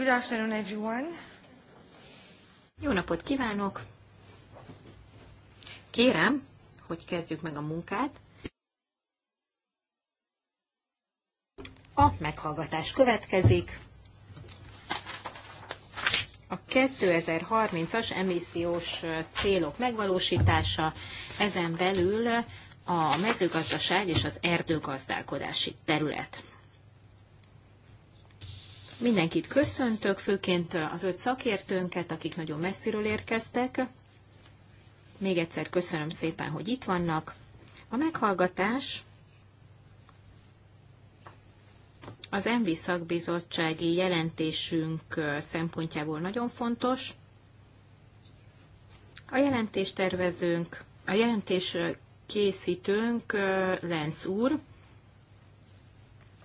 Good afternoon, everyone. Jó napot kívánok! Kérem, hogy kezdjük meg a munkát. A meghallgatás következik. A 2030-as emissziós célok megvalósítása, ezen belül a mezőgazdaság és az erdőgazdálkodási terület. Mindenkit köszöntök, főként az öt szakértőnket, akik nagyon messziről érkeztek. Még egyszer köszönöm szépen, hogy itt vannak. A meghallgatás az ENVI szakbizottsági jelentésünk szempontjából nagyon fontos. A jelentéstervezőnk, a jelentés készítőnk Lenz úr,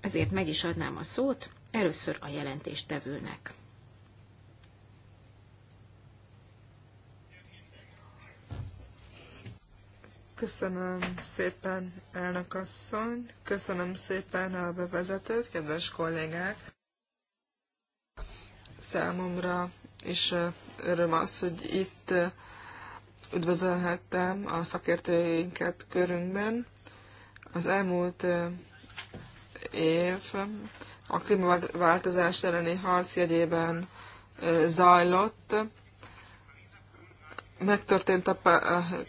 ezért meg is adnám a szót, Először a jelentéstevőnek. Köszönöm szépen, elnök asszony, köszönöm szépen a bevezetőt, kedves kollégák. Számomra is öröm az, hogy itt üdvözölhettem a szakértőinket körünkben. Az elmúlt év a klímaváltozás elleni harc jegyében zajlott. Megtörtént a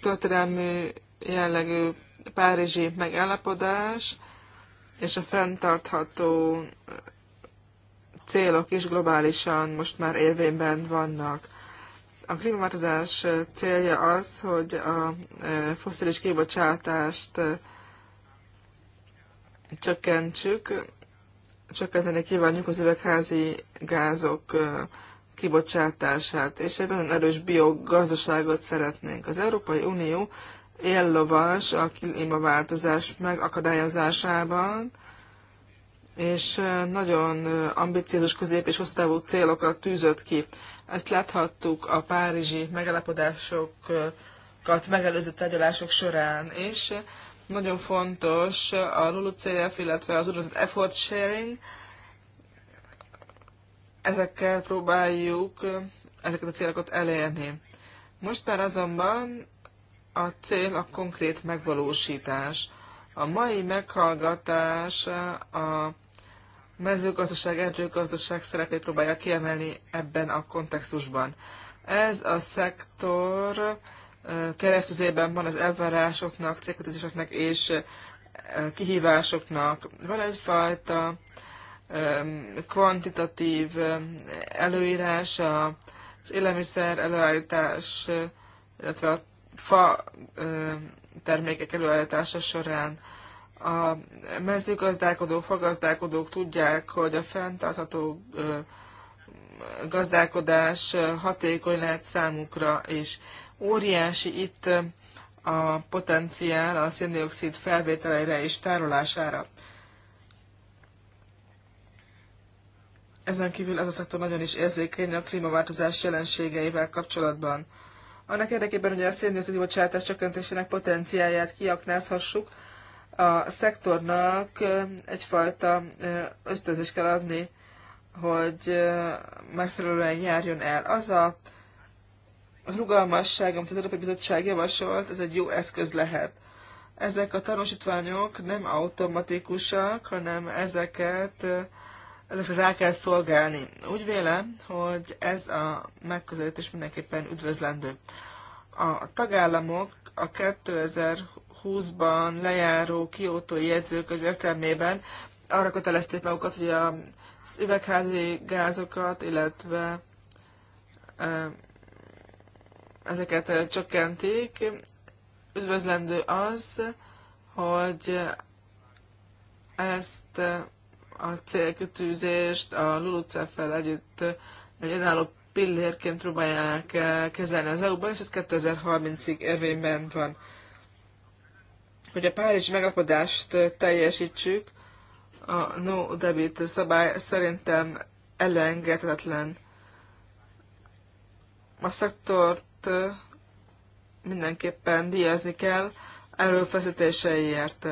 történelmű jellegű párizsi megállapodás, és a fenntartható célok is globálisan most már érvényben vannak. A klímaváltozás célja az, hogy a foszilis kibocsátást csökkentsük, csökkenteni kívánjuk az üvegházi gázok kibocsátását, és egy nagyon erős biogazdaságot szeretnénk. Az Európai Unió éllovas a klímaváltozás megakadályozásában, és nagyon ambiciózus közép- és hosszú célokat tűzött ki. Ezt láthattuk a párizsi megállapodásokat megelőző tárgyalások során, és nagyon fontos a LULUCF, illetve az úgynevezett effort sharing. Ezekkel próbáljuk ezeket a célokat elérni. Most már azonban a cél a konkrét megvalósítás. A mai meghallgatás a mezőgazdaság, erdőgazdaság szerepét próbálja kiemelni ebben a kontextusban. Ez a szektor keresztüzében van az elvárásoknak, célkötözéseknek és kihívásoknak. Van egyfajta kvantitatív előírás az élelmiszer előállítás, illetve a fa termékek előállítása során. A mezőgazdálkodók, fagazdálkodók tudják, hogy a fenntartható gazdálkodás hatékony lehet számukra, és Óriási itt a potenciál a széndiokszid felvételeire és tárolására. Ezen kívül ez a szektor nagyon is érzékeny a klímaváltozás jelenségeivel kapcsolatban. Annak érdekében, hogy a széndiokszid bocsátás csökkentésének potenciáját kiaknázhassuk, a szektornak egyfajta ösztönzést kell adni, hogy megfelelően járjon el. Az a rugalmasság, amit az Európai Bizottság javasolt, ez egy jó eszköz lehet. Ezek a tanúsítványok nem automatikusak, hanem ezeket ezekre rá kell szolgálni. Úgy vélem, hogy ez a megközelítés mindenképpen üdvözlendő. A tagállamok a 2020-ban lejáró kiótói jegyzőkönyv értelmében arra kötelezték magukat, hogy az üvegházi gázokat, illetve ezeket csökkentik. Üdvözlendő az, hogy ezt a célkütőzést a LULUCEF-fel együtt egy önálló pillérként próbálják kezelni az EU-ban, és ez 2030-ig érvényben van. Hogy a Párizsi megapodást teljesítsük, a no debit szabály szerintem elengedhetetlen. A szektor mindenképpen díjazni kell erőfeszítéseiért.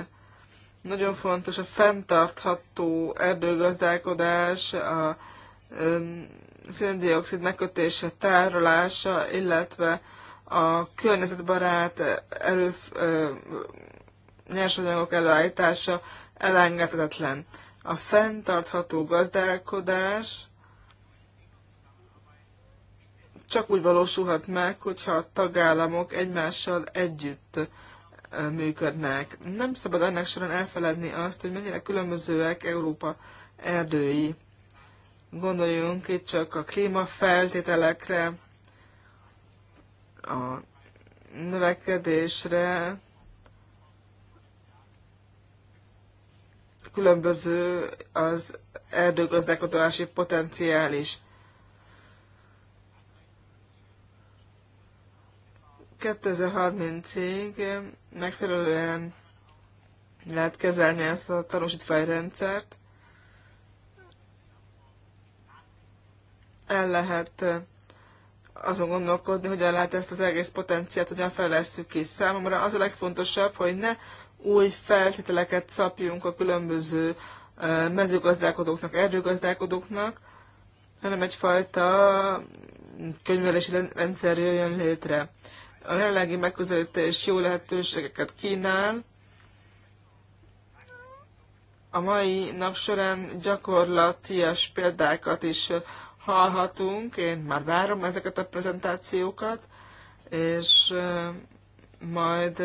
Nagyon fontos a fenntartható erdőgazdálkodás, a széndiokszid megkötése, tárolása, illetve a környezetbarát erő, nyersanyagok előállítása elengedhetetlen. A fenntartható gazdálkodás csak úgy valósulhat meg, hogyha a tagállamok egymással együtt működnek. Nem szabad ennek során elfeledni azt, hogy mennyire különbözőek Európa erdői. Gondoljunk itt csak a klímafeltételekre, a növekedésre, különböző az erdőgazdálkodási potenciális. 2030-ig megfelelően lehet kezelni ezt a tanúsítványrendszert. El lehet azon gondolkodni, hogyan lehet ezt az egész potenciát, hogyan fejlesszük ki számomra. Az a legfontosabb, hogy ne új feltételeket szapjunk a különböző mezőgazdálkodóknak, erdőgazdálkodóknak, hanem egyfajta könyvelési rendszer jöjjön létre. A jelenlegi megközelítés jó lehetőségeket kínál. A mai nap során gyakorlatias példákat is hallhatunk. Én már várom ezeket a prezentációkat, és majd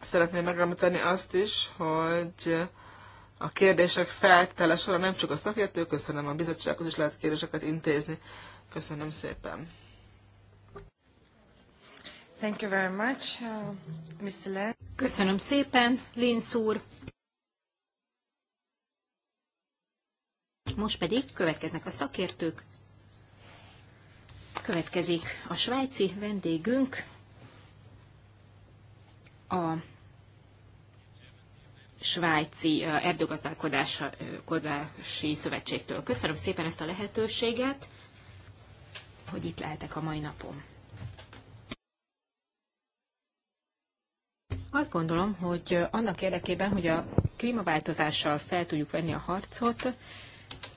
szeretném megemlíteni azt is, hogy a kérdések feltele során nem csak a szakértők, köszönöm a bizottsághoz is lehet kérdéseket intézni. Köszönöm szépen. Thank you very much, uh, Mr. Köszönöm szépen, Linz úr. Most pedig következnek a szakértők. Következik a svájci vendégünk, a svájci erdőgazdálkodási szövetségtől. Köszönöm szépen ezt a lehetőséget, hogy itt lehetek a mai napon. Azt gondolom, hogy annak érdekében, hogy a klímaváltozással fel tudjuk venni a harcot,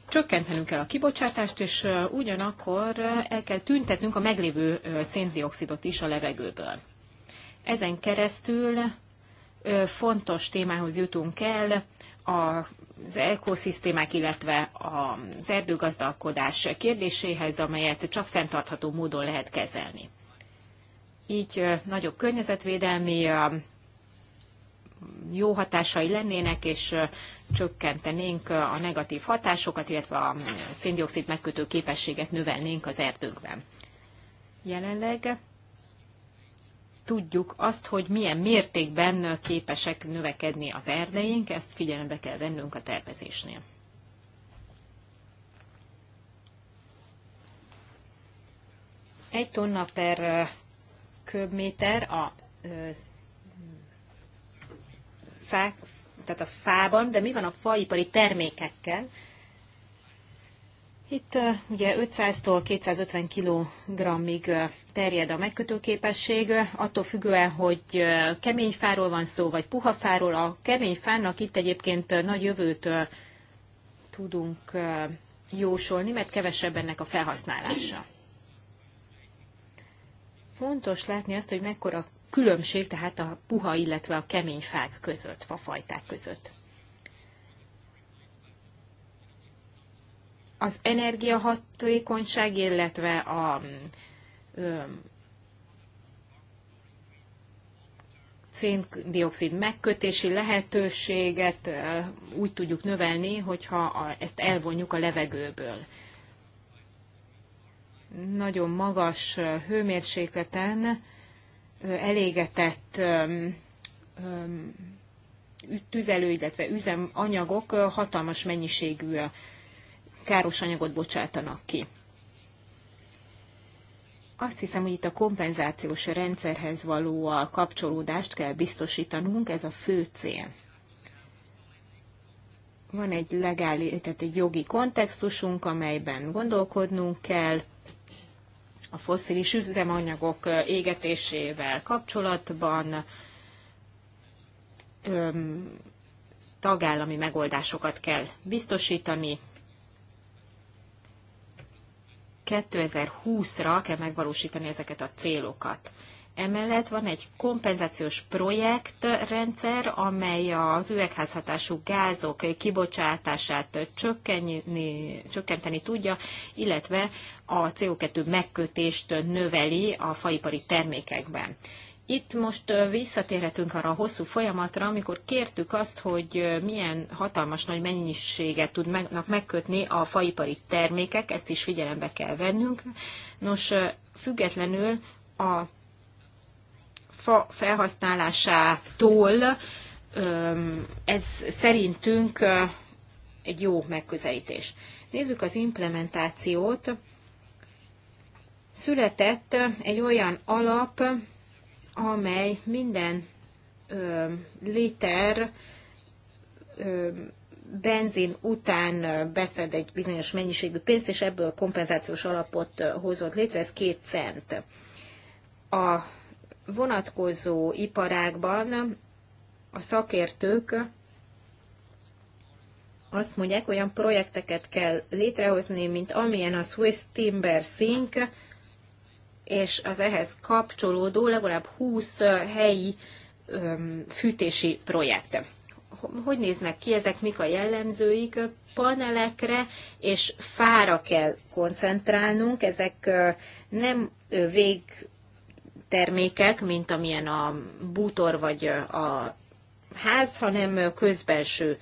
csökkentenünk kell a kibocsátást, és ugyanakkor el kell tüntetnünk a meglévő széndiokszidot is a levegőből. Ezen keresztül fontos témához jutunk el, az ekoszisztémák, illetve az erdőgazdalkodás kérdéséhez, amelyet csak fenntartható módon lehet kezelni. Így nagyobb környezetvédelmi jó hatásai lennének, és csökkentenénk a negatív hatásokat, illetve a széndiokszid megkötő képességet növelnénk az erdőkben. Jelenleg tudjuk azt, hogy milyen mértékben képesek növekedni az erdeink, ezt figyelembe kell vennünk a tervezésnél. Egy tonna per köbméter a fák, tehát a fában, de mi van a faipari termékekkel? Itt ugye 500-tól 250 kg-ig terjed a megkötőképesség, attól függően, hogy kemény fáról van szó, vagy puha fáról. A kemény fának itt egyébként nagy jövőt tudunk jósolni, mert kevesebb ennek a felhasználása. Fontos látni azt, hogy mekkora különbség tehát a puha, illetve a kemény fák között, fafajták között. Az energiahatékonyság, illetve a mm, ö, széndiokszid megkötési lehetőséget úgy tudjuk növelni, hogyha a, ezt elvonjuk a levegőből. Nagyon magas hőmérsékleten elégetett tüzelő, illetve üzemanyagok hatalmas mennyiségű káros anyagot bocsátanak ki. Azt hiszem, hogy itt a kompenzációs rendszerhez való a kapcsolódást kell biztosítanunk, ez a fő cél. Van egy legális, tehát egy jogi kontextusunk, amelyben gondolkodnunk kell, a fosszilis üzemanyagok égetésével kapcsolatban öm, tagállami megoldásokat kell biztosítani. 2020-ra kell megvalósítani ezeket a célokat. Emellett van egy kompenzációs projektrendszer, amely az üvegházhatású gázok kibocsátását csökkenteni, csökkenteni tudja, illetve a CO2 megkötést növeli a faipari termékekben. Itt most visszatérhetünk arra a hosszú folyamatra, amikor kértük azt, hogy milyen hatalmas nagy mennyiséget tudnak megkötni a faipari termékek, ezt is figyelembe kell vennünk. Nos, függetlenül a fa felhasználásától ez szerintünk egy jó megközelítés. Nézzük az implementációt. Született egy olyan alap, amely minden liter benzin után beszed egy bizonyos mennyiségű pénzt, és ebből kompenzációs alapot hozott létre, ez két cent. A vonatkozó iparágban a szakértők azt mondják, olyan projekteket kell létrehozni, mint amilyen a Swiss Timber Sink, és az ehhez kapcsolódó legalább 20 helyi fűtési projekt. Hogy néznek ki ezek, mik a jellemzőik? Panelekre és fára kell koncentrálnunk, ezek nem vég termékek, mint amilyen a bútor vagy a ház, hanem közbelső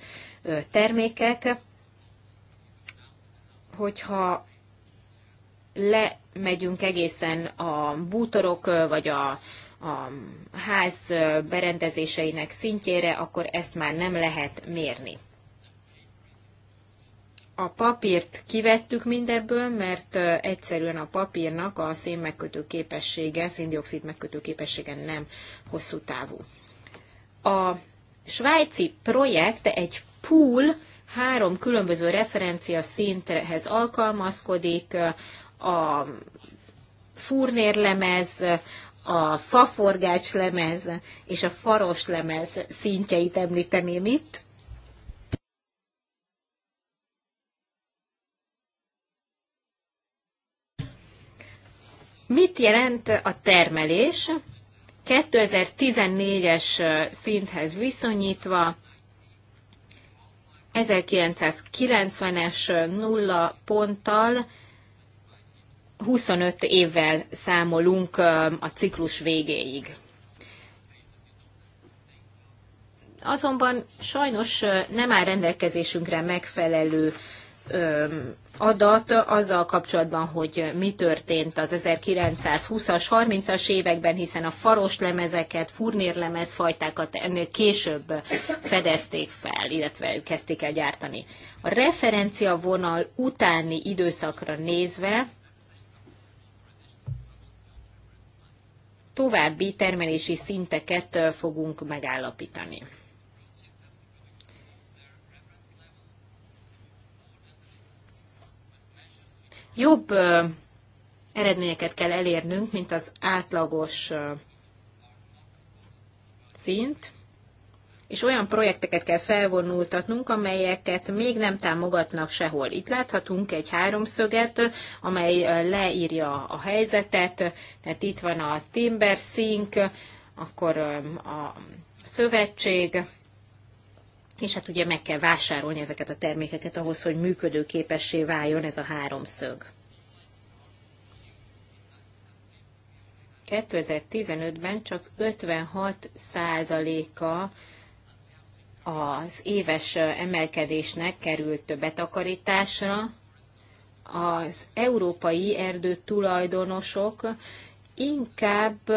termékek. Hogyha lemegyünk egészen a bútorok vagy a, a ház berendezéseinek szintjére, akkor ezt már nem lehet mérni a papírt kivettük mindebből, mert egyszerűen a papírnak a szén megkötő képessége, széndiokszid megkötő képessége nem hosszú távú. A svájci projekt egy pool, három különböző referencia szintrehez alkalmazkodik, a furnérlemez, a faforgácslemez és a faroslemez szintjeit említeném itt. Mit jelent a termelés 2014-es szinthez viszonyítva? 1990-es nulla ponttal 25 évvel számolunk a ciklus végéig. Azonban sajnos nem áll rendelkezésünkre megfelelő adat azzal kapcsolatban, hogy mi történt az 1920-as, 30-as években, hiszen a faros lemezeket, furnérlemezfajtákat ennél később fedezték fel, illetve kezdték el gyártani. A referencia vonal utáni időszakra nézve további termelési szinteket fogunk megállapítani. jobb eredményeket kell elérnünk, mint az átlagos szint, és olyan projekteket kell felvonultatnunk, amelyeket még nem támogatnak sehol. Itt láthatunk egy háromszöget, amely leírja a helyzetet, tehát itt van a Timber Sink, akkor a szövetség, és hát ugye meg kell vásárolni ezeket a termékeket ahhoz, hogy működőképessé váljon ez a háromszög. 2015-ben csak 56%-a az éves emelkedésnek került betakarításra, az európai erdőtulajdonosok inkább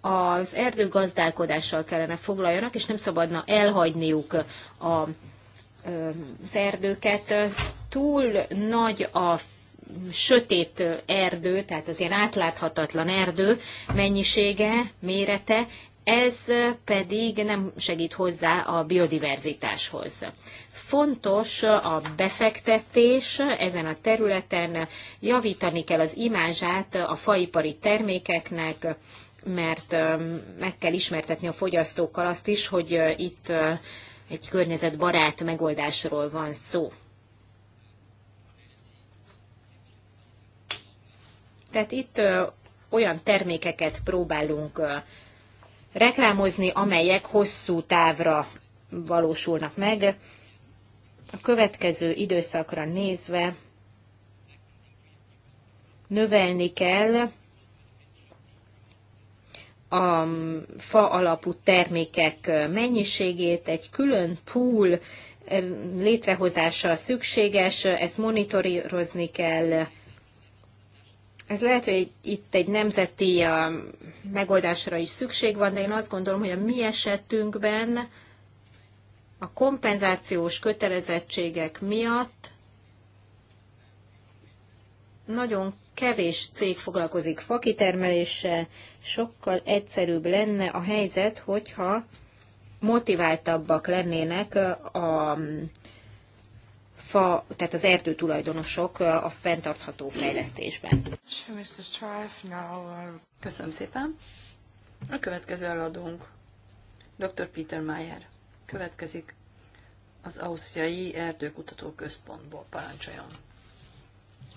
az erdőgazdálkodással kellene foglaljanak, és nem szabadna elhagyniuk a az erdőket. Túl nagy a sötét erdő, tehát az ilyen átláthatatlan erdő mennyisége, mérete, ez pedig nem segít hozzá a biodiverzitáshoz. Fontos a befektetés ezen a területen, javítani kell az imázsát a faipari termékeknek, mert um, meg kell ismertetni a fogyasztókkal azt is, hogy uh, itt uh, egy környezetbarát megoldásról van szó. Tehát itt uh, olyan termékeket próbálunk reklámozni, amelyek hosszú távra valósulnak meg, a következő időszakra nézve növelni kell a fa alapú termékek mennyiségét, egy külön pool létrehozása szükséges, ezt monitorozni kell. Ez lehet, hogy itt egy nemzeti megoldásra is szükség van, de én azt gondolom, hogy a mi esetünkben a kompenzációs kötelezettségek miatt nagyon kevés cég foglalkozik fakitermeléssel, sokkal egyszerűbb lenne a helyzet, hogyha motiváltabbak lennének a fa, tehát az erdő tulajdonosok a fenntartható fejlesztésben. Köszönöm szépen. A következő eladónk, dr. Peter Mayer. Következik az Ausztriai Erdőkutató Központból. Parancsoljon!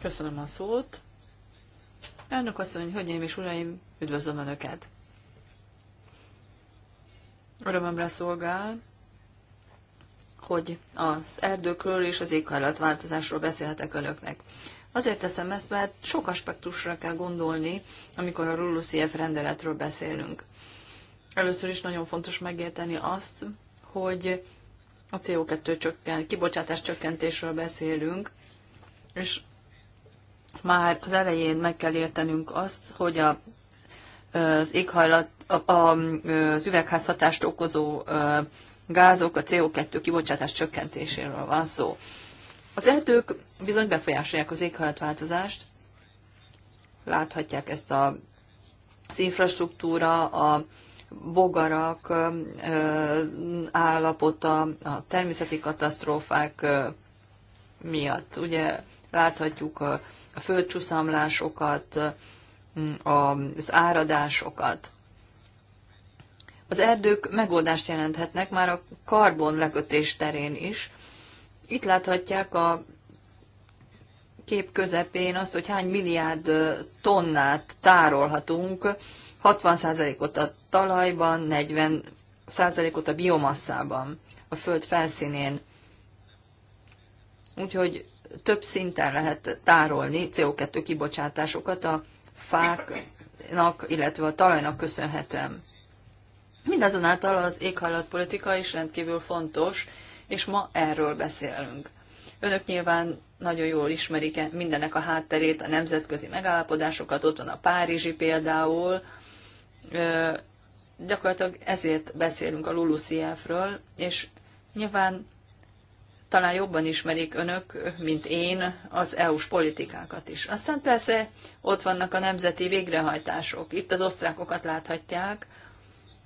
Köszönöm a szót. Elnök asszony, hölgyeim és uraim, üdvözlöm Önöket! Örömömre szolgál, hogy az erdőkről és az éghajlatváltozásról beszélhetek Önöknek. Azért teszem ezt, mert sok aspektusra kell gondolni, amikor a RULUCF rendeletről beszélünk. Először is nagyon fontos megérteni azt, hogy a CO2 csökken, kibocsátás csökkentésről beszélünk, és már az elején meg kell értenünk azt, hogy a, az éghajlat, a, a, az üvegházhatást okozó gázok, a CO2 kibocsátás csökkentéséről van szó. Az erdők bizony befolyásolják az éghajlatváltozást, láthatják ezt a, az infrastruktúra, a bogarak állapota a természeti katasztrófák miatt. Ugye láthatjuk a földcsuszamlásokat, az áradásokat. Az erdők megoldást jelenthetnek már a karbon lekötés terén is. Itt láthatják a kép közepén azt, hogy hány milliárd tonnát tárolhatunk, 60%-ot a talajban, 40 százalékot a biomasszában, a föld felszínén. Úgyhogy több szinten lehet tárolni CO2 kibocsátásokat a fáknak, illetve a talajnak köszönhetően. Mindazonáltal az éghajlatpolitika is rendkívül fontos, és ma erről beszélünk. Önök nyilván nagyon jól ismerik e mindennek a hátterét, a nemzetközi megállapodásokat, ott van a Párizsi például, Gyakorlatilag ezért beszélünk a LULUCF-ről, és nyilván talán jobban ismerik önök, mint én, az EU-s politikákat is. Aztán persze ott vannak a nemzeti végrehajtások. Itt az osztrákokat láthatják,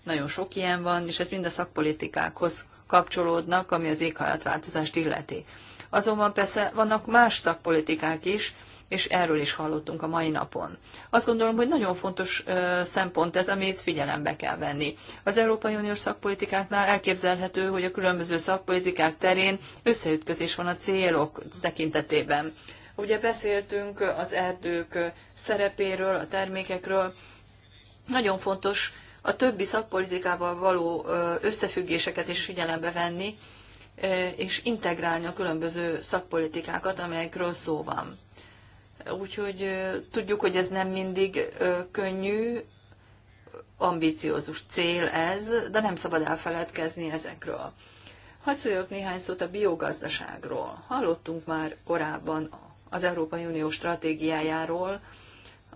nagyon sok ilyen van, és ez mind a szakpolitikákhoz kapcsolódnak, ami az éghajlatváltozást illeti. Azonban persze vannak más szakpolitikák is, és erről is hallottunk a mai napon. Azt gondolom, hogy nagyon fontos szempont ez, amit figyelembe kell venni. Az Európai Uniós szakpolitikáknál elképzelhető, hogy a különböző szakpolitikák terén összeütközés van a célok tekintetében. Ugye beszéltünk az erdők szerepéről, a termékekről. Nagyon fontos a többi szakpolitikával való összefüggéseket is figyelembe venni, és integrálni a különböző szakpolitikákat, amelyekről szó van. Úgyhogy tudjuk, hogy ez nem mindig könnyű, ambiciózus cél ez, de nem szabad elfeledkezni ezekről. Hadd szóljak néhány szót a biogazdaságról. Hallottunk már korábban az Európai Unió stratégiájáról,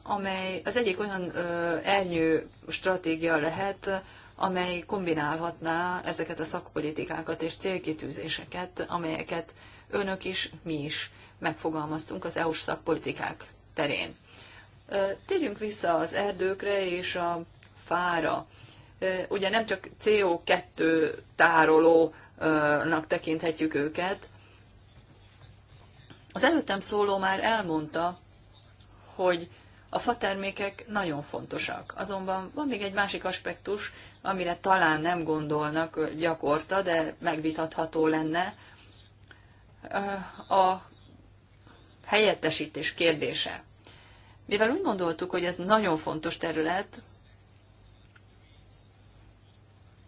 amely az egyik olyan elnyő stratégia lehet, amely kombinálhatná ezeket a szakpolitikákat és célkitűzéseket, amelyeket önök is, mi is megfogalmaztunk az EU-s szakpolitikák terén. Térjünk vissza az erdőkre és a fára. Ugye nem csak CO2 tárolónak tekinthetjük őket. Az előttem szóló már elmondta, hogy a fatermékek nagyon fontosak. Azonban van még egy másik aspektus, amire talán nem gondolnak gyakorta, de megvitatható lenne. A helyettesítés kérdése. Mivel úgy gondoltuk, hogy ez nagyon fontos terület,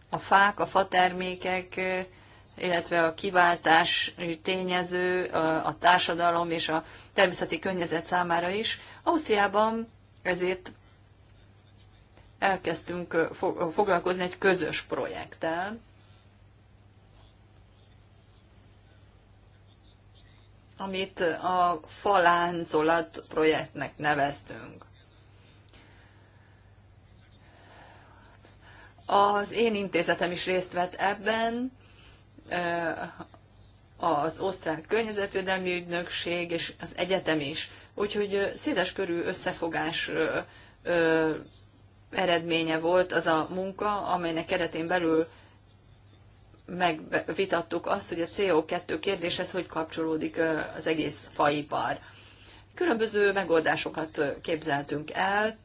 a fák, a fatermékek, illetve a kiváltás tényező a társadalom és a természeti környezet számára is. Ausztriában ezért elkezdtünk foglalkozni egy közös projekttel, amit a faláncolat projektnek neveztünk. Az én intézetem is részt vett ebben, az osztrák környezetvédelmi ügynökség és az egyetem is. Úgyhogy széles körű összefogás eredménye volt az a munka, amelynek keretén belül megvitattuk azt, hogy a CO2 kérdéshez hogy kapcsolódik az egész faipar. Különböző megoldásokat képzeltünk el.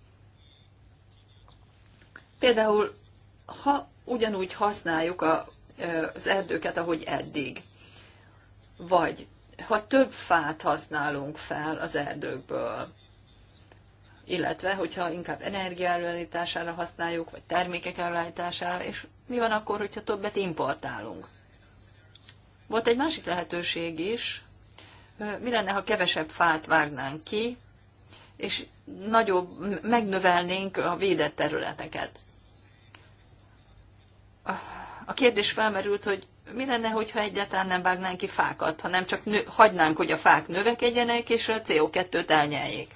Például, ha ugyanúgy használjuk a, az erdőket, ahogy eddig, vagy ha több fát használunk fel az erdőkből, illetve hogyha inkább energia használjuk, vagy termékek előállítására, és mi van akkor, hogyha többet importálunk. Volt egy másik lehetőség is, mi lenne, ha kevesebb fát vágnánk ki, és nagyobb, megnövelnénk a védett területeket. A kérdés felmerült, hogy mi lenne, hogyha egyáltalán nem vágnánk ki fákat, hanem csak nő, hagynánk, hogy a fák növekedjenek, és a CO2-t elnyeljék.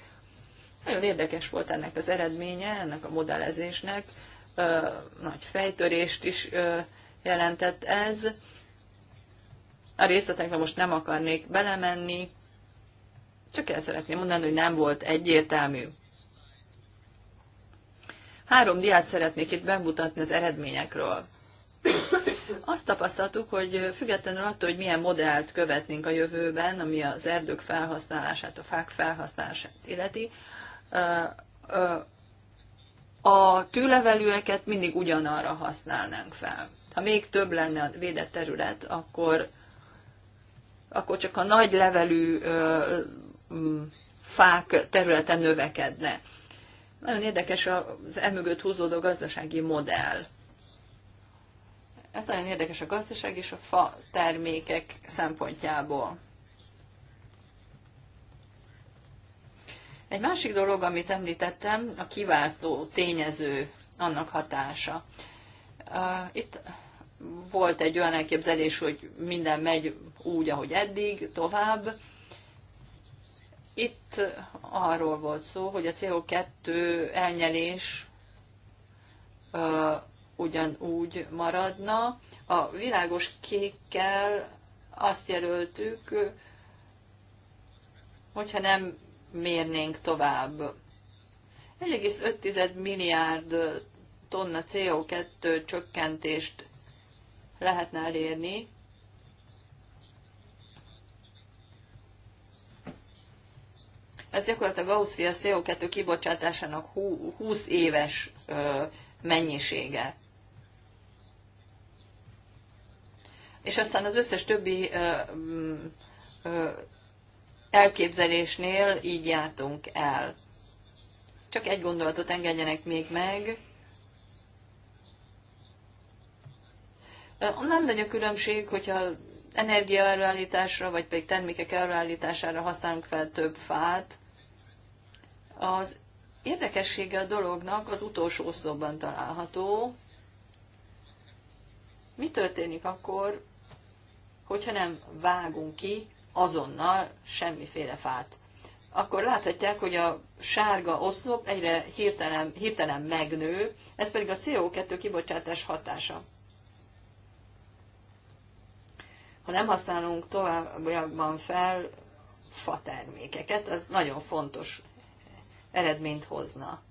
Nagyon érdekes volt ennek az eredménye, ennek a modellezésnek ö, nagy fejtörést is ö, jelentett ez. A részletekben most nem akarnék belemenni, csak el szeretném mondani, hogy nem volt egyértelmű. Három diát szeretnék itt bemutatni az eredményekről. Azt tapasztaltuk, hogy függetlenül attól, hogy milyen modellt követnénk a jövőben, ami az erdők felhasználását, a fák felhasználását illeti, a tűlevelőeket mindig ugyanarra használnánk fel. Ha még több lenne a védett terület, akkor, akkor csak a nagy levelű ö, fák területe növekedne. Nagyon érdekes az emögött húzódó gazdasági modell. Ez nagyon érdekes a gazdaság és a fa termékek szempontjából. Egy másik dolog, amit említettem, a kiváltó tényező, annak hatása. Itt volt egy olyan elképzelés, hogy minden megy úgy, ahogy eddig, tovább. Itt arról volt szó, hogy a CO2 elnyelés ugyanúgy maradna. A világos kékkel azt jelöltük, hogyha nem mérnénk tovább. 1,5 milliárd tonna CO2 csökkentést lehetne elérni, ez gyakorlatilag Ausztria CO2 kibocsátásának 20 éves mennyisége. És aztán az összes többi elképzelésnél így jártunk el. Csak egy gondolatot engedjenek még meg. Nem nagy a különbség, hogyha energia előállításra, vagy pedig termékek előállítására használunk fel több fát. Az érdekessége a dolognak az utolsó oszlopban található. Mi történik akkor, hogyha nem vágunk ki azonnal semmiféle fát. Akkor láthatják, hogy a sárga oszlop egyre hirtelen, hirtelen megnő, ez pedig a CO2 kibocsátás hatása. Ha nem használunk továbbiakban fel fa termékeket, az nagyon fontos eredményt hozna.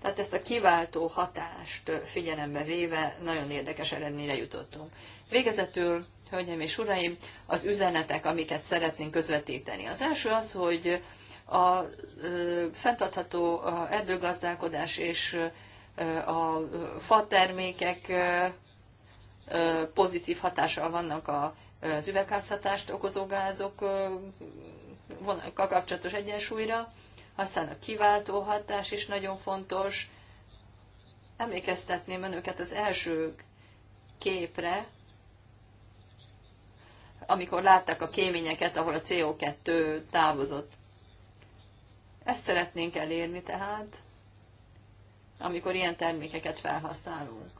Tehát ezt a kiváltó hatást figyelembe véve nagyon érdekes eredményre jutottunk. Végezetül, hölgyeim és uraim, az üzenetek, amiket szeretnénk közvetíteni. Az első az, hogy a fenntartható erdőgazdálkodás és a fa termékek pozitív hatással vannak az üvegházhatást okozó gázok kapcsolatos egyensúlyra, aztán a kiváltó hatás is nagyon fontos. Emlékeztetném önöket az első képre, amikor látták a kéményeket, ahol a CO2 távozott. Ezt szeretnénk elérni tehát, amikor ilyen termékeket felhasználunk.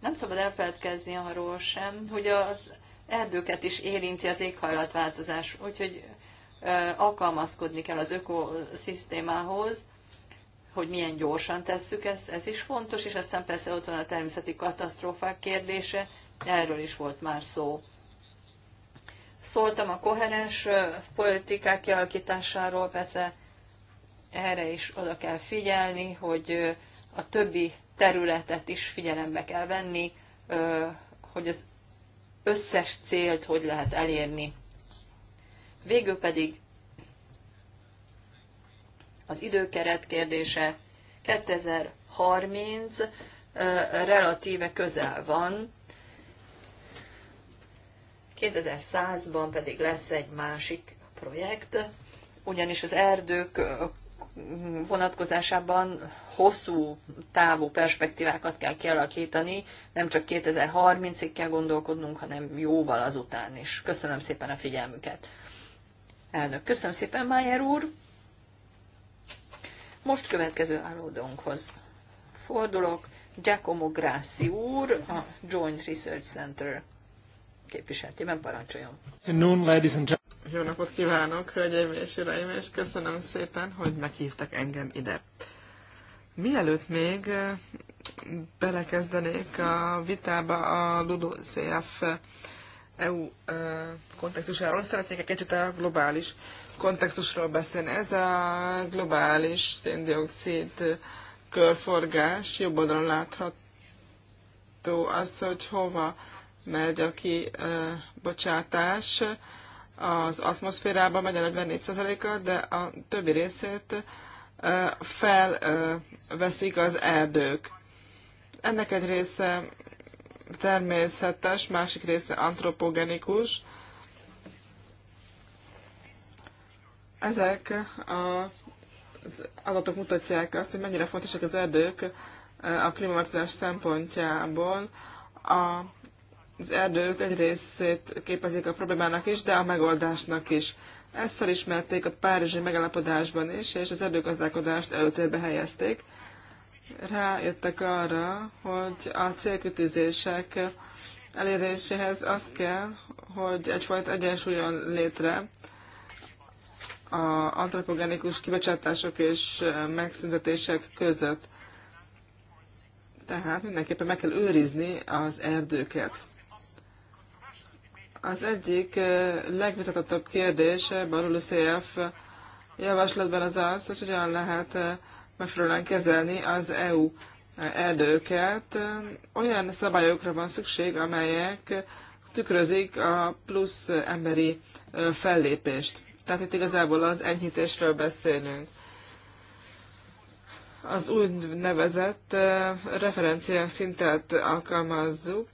Nem szabad elfeledkezni arról sem, hogy az erdőket is érinti az éghajlatváltozás, úgyhogy alkalmazkodni kell az ökoszisztémához, hogy milyen gyorsan tesszük ezt, ez is fontos, és aztán persze ott van a természeti katasztrófák kérdése, erről is volt már szó. Szóltam a koherens politikák kialakításáról, persze erre is oda kell figyelni, hogy a többi területet is figyelembe kell venni, hogy az összes célt hogy lehet elérni. Végül pedig az időkeret kérdése 2030 relatíve közel van, 2100-ban pedig lesz egy másik projekt, ugyanis az erdők vonatkozásában hosszú távú perspektívákat kell kialakítani, nem csak 2030-ig kell gondolkodnunk, hanem jóval azután is. Köszönöm szépen a figyelmüket. Elnök, köszönöm szépen, Májer úr. Most következő állódónkhoz fordulok. Giacomo Grassi úr, a Joint Research Center képviseltében parancsoljon. Jó napot kívánok, hölgyeim és uraim, és köszönöm szépen, hogy meghívtak engem ide. Mielőtt még belekezdenék a vitába a LULUCF EU kontextusáról, szeretnék egy kicsit a globális kontextusról beszélni. Ez a globális széndiokszid körforgás, jobb oldalon látható az, hogy hova megy a kibocsátás az atmoszférában, megy a 44%-a, de a többi részét felveszik az erdők. Ennek egy része természetes, másik része antropogenikus. Ezek az adatok mutatják azt, hogy mennyire fontosak az erdők a klímaváltozás szempontjából. A az erdők egy részét képezik a problémának is, de a megoldásnak is. Ezt felismerték a párizsi megállapodásban is, és az erdőgazdálkodást előtérbe helyezték. Rájöttek arra, hogy a célkütőzések eléréséhez az kell, hogy egyfajta egyensúly jön létre a antropogenikus kibocsátások és megszüntetések között. Tehát mindenképpen meg kell őrizni az erdőket. Az egyik eh, legvitatottabb kérdés Barul CF javaslatban az az, hogy hogyan lehet eh, megfelelően kezelni az EU eh, erdőket. Olyan szabályokra van szükség, amelyek tükrözik a plusz emberi fellépést. Tehát itt igazából az enyhítésről beszélünk. Az úgynevezett referencia szintet alkalmazzuk,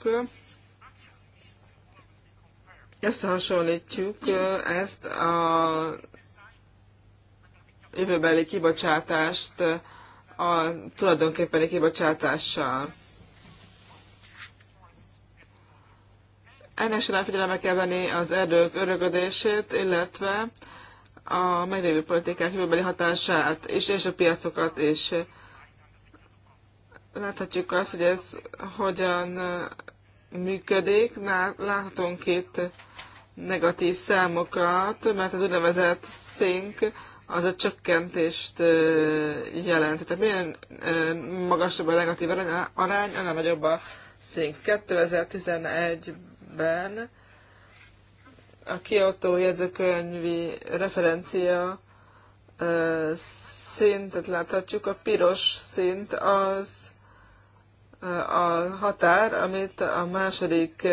összehasonlítjuk ezt a jövőbeli kibocsátást a tulajdonképpeni kibocsátással. Ennek során figyelembe kell venni az erdők öröködését, illetve a meglévő politikák jövőbeli hatását is, és a piacokat is. Láthatjuk azt, hogy ez hogyan működik. Láthatunk itt negatív számokat, mert az úgynevezett szink az a csökkentést jelent. Tehát milyen magasabb a negatív arány, annál nagyobb a szink. 2011-ben a Kyoto jegyzőkönyvi referencia szintet láthatjuk. A piros szint az a határ, amit a második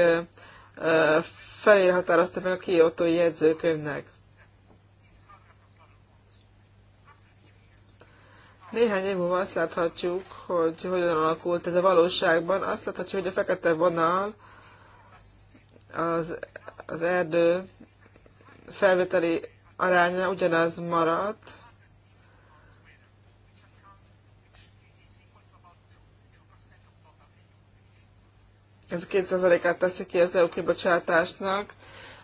felére határozta meg a kiótói jegyzőkönyvnek. Néhány év múlva azt láthatjuk, hogy hogyan alakult ez a valóságban. Azt láthatjuk, hogy a fekete vonal az, az erdő felvételi aránya ugyanaz maradt, ez 2%-át teszi ki az EU kibocsátásnak.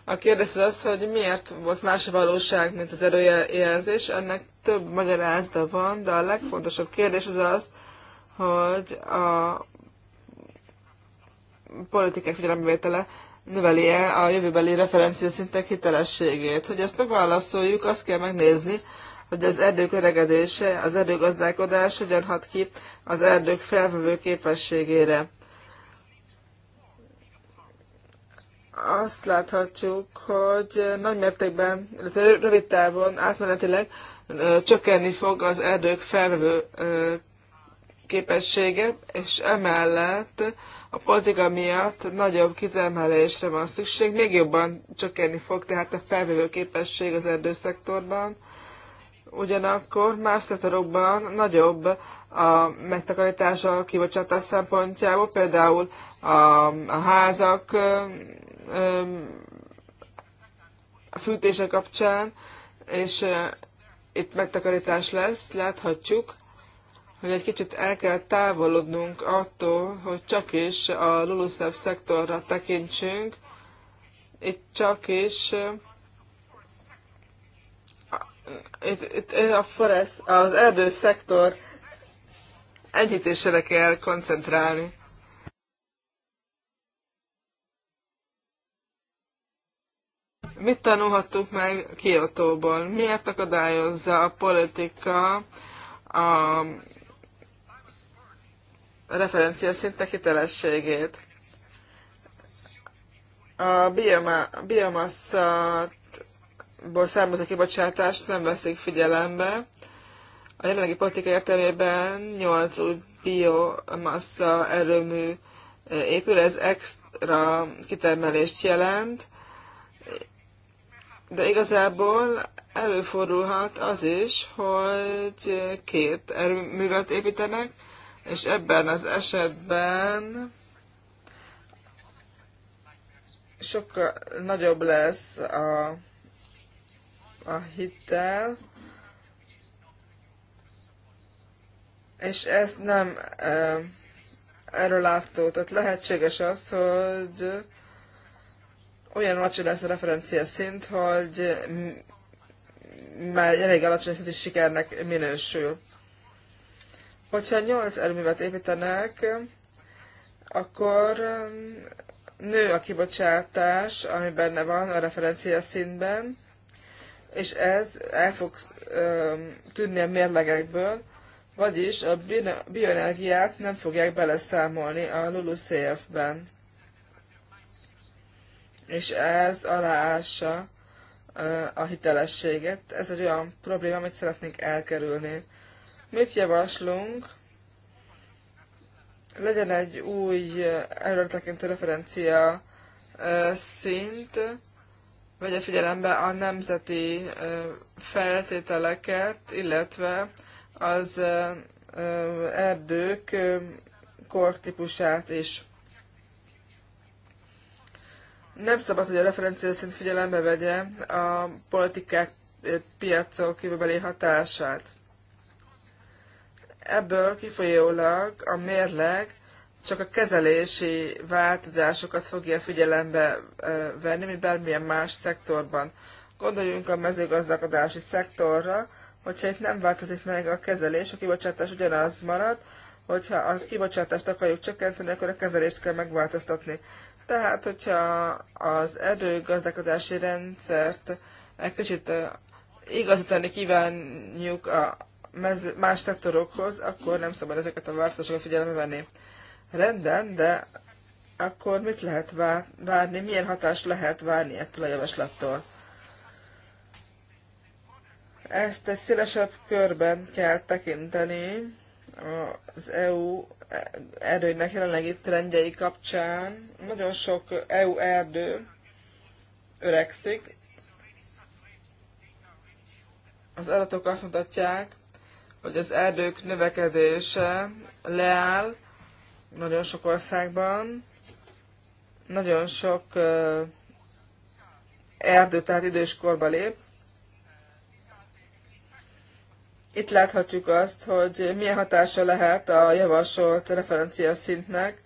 A kérdés az az, hogy miért volt más a valóság, mint az erőjelzés. Ennek több magyarázda van, de a legfontosabb kérdés az az, hogy a politikák figyelembevétele növeli -e a jövőbeli szintek hitelességét. Hogy ezt megválaszoljuk, azt kell megnézni, hogy az erdők öregedése, az erdőgazdálkodás hogyan hat ki az erdők felvevő képességére. azt láthatjuk, hogy nagy mértékben, rövid távon, átmenetileg csökkenni fog az erdők felvevő képessége, és emellett a politika miatt nagyobb kitermelésre van szükség, még jobban csökkenni fog tehát a felvevő képesség az erdőszektorban. Ugyanakkor más szektorokban nagyobb a megtakarítása a kibocsátás szempontjából, például a, a házak fűtése kapcsán, és itt megtakarítás lesz, láthatjuk, hogy egy kicsit el kell távolodnunk attól, hogy csak is a LULUSZEV szektorra tekintsünk, itt csak is itt, itt a forest, az szektor enyhítésére kell koncentrálni. Mit tanulhattuk meg Kiotóból? Miért akadályozza a politika a referencia szinte hitelességét? A biomasszatból származó kibocsátást nem veszik figyelembe. A jelenlegi politika értelmében 8 új biomassa erőmű épül, ez extra kitermelést jelent, de igazából előfordulhat az is, hogy két erőművet építenek, és ebben az esetben sokkal nagyobb lesz a, a hitel, és ezt nem erről látó. Tehát lehetséges az, hogy olyan alacsony lesz a referencia szint, hogy már elég alacsony szintű sikernek minősül. Hogyha 8 erőművet építenek, akkor um, nő a kibocsátás, ami benne van a referencia szintben, és ez el fog um, tűnni a mérlegekből, vagyis a bioenergiát nem fogják beleszámolni a LULUCF-ben és ez aláássa a hitelességet. Ez egy olyan probléma, amit szeretnénk elkerülni. Mit javaslunk? Legyen egy új előretekintő referencia szint, vegye figyelembe a nemzeti feltételeket, illetve az erdők kortípusát is. Nem szabad, hogy a szint figyelembe vegye a politikák eh, piacok jövőbeli hatását. Ebből kifolyólag a mérleg csak a kezelési változásokat fogja figyelembe eh, venni, mint bármilyen más szektorban. Gondoljunk a mezőgazdálkodási szektorra, hogyha itt nem változik meg a kezelés, a kibocsátás ugyanaz marad, hogyha a kibocsátást akarjuk csökkenteni, akkor a kezelést kell megváltoztatni. Tehát, hogyha az erőgazdálkodási rendszert egy kicsit igazítani kívánjuk a más szektorokhoz, akkor nem szabad ezeket a választásokat figyelembe venni. Rendben, de akkor mit lehet várni, milyen hatás lehet várni ettől a javaslattól? Ezt egy szélesebb körben kell tekinteni az EU erőnek jelenlegi trendjei kapcsán. Nagyon sok EU erdő öregszik. Az adatok azt mutatják, hogy az erdők növekedése leáll nagyon sok országban. Nagyon sok erdő, tehát időskorba lép. Itt láthatjuk azt, hogy milyen hatása lehet a javasolt referencia szintnek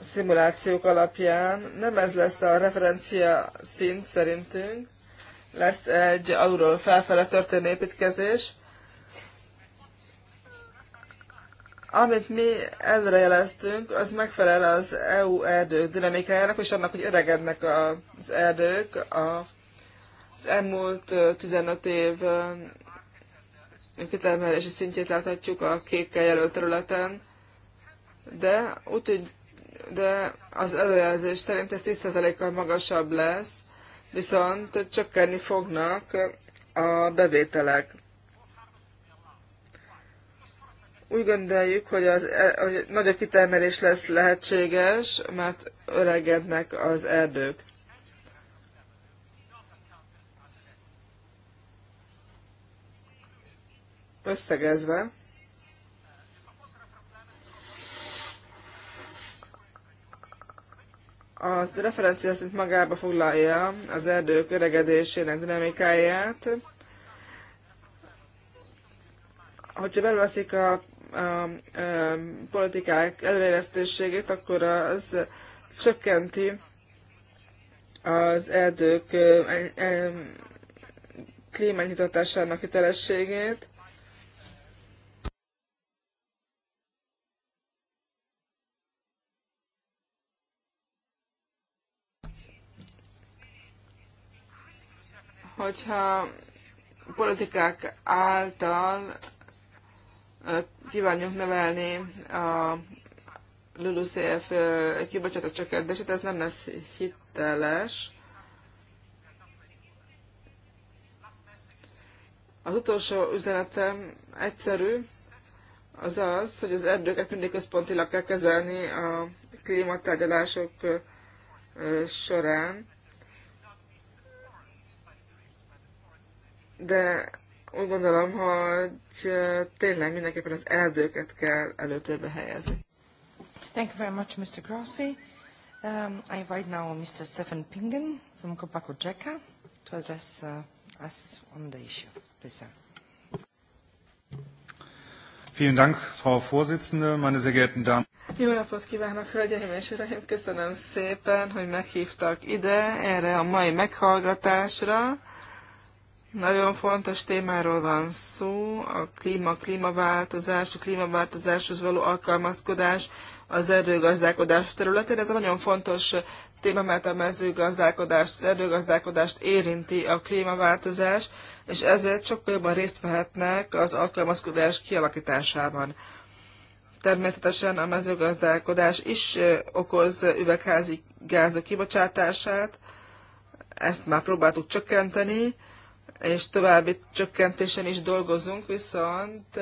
szimulációk alapján. Nem ez lesz a referencia szint szerintünk, lesz egy alulról felfele történő építkezés, amit mi előrejeleztünk, az megfelel az EU erdők dinamikájának, és annak, hogy öregednek az erdők a, az elmúlt 15 év önkételmelési szintjét láthatjuk a kékkel jelölt területen, de úgy, hogy de az előjelzés szerint ez 10%-kal magasabb lesz, viszont csökkenni fognak a bevételek. Úgy gondoljuk, hogy, az, e- hogy nagyobb kitermelés lesz lehetséges, mert öregednek az erdők. Összegezve, az referencia szint magába foglalja az erdők öregedésének dinamikáját. Hogyha belveszik a, a, a, a politikák előrejelesztőségét, akkor az csökkenti az erdők klímányitatásának hitelességét, hogyha politikák által kívánjuk növelni a LULUCF kibocsátás csökkentését, ez nem lesz hiteles. Az utolsó üzenetem egyszerű, az az, hogy az erdőket mindig központilag kell kezelni a klímatárgyalások során. de úgy gondolom, hogy tényleg mindenképpen az erdőket kell előtérbe helyezni. Thank you very much, Mr. Grossi. Um, I invite now Mr. Stefan Pingen from Copaco Dreca to address uh, us on the issue. Please, sir. Vielen Dank, Frau Vorsitzende, meine sehr geehrten Damen. Jó napot kívánok, hölgyeim és uraim! Köszönöm szépen, hogy meghívtak ide, erre a mai meghallgatásra nagyon fontos témáról van szó, a klíma, klímaváltozás, a klímaváltozáshoz való alkalmazkodás, az erdőgazdálkodás területén. Ez a nagyon fontos téma, mert a mezőgazdálkodást, az erdőgazdálkodást érinti a klímaváltozás, és ezért sokkal jobban részt vehetnek az alkalmazkodás kialakításában. Természetesen a mezőgazdálkodás is okoz üvegházi gázok kibocsátását, ezt már próbáltuk csökkenteni, és további csökkentésen is dolgozunk, viszont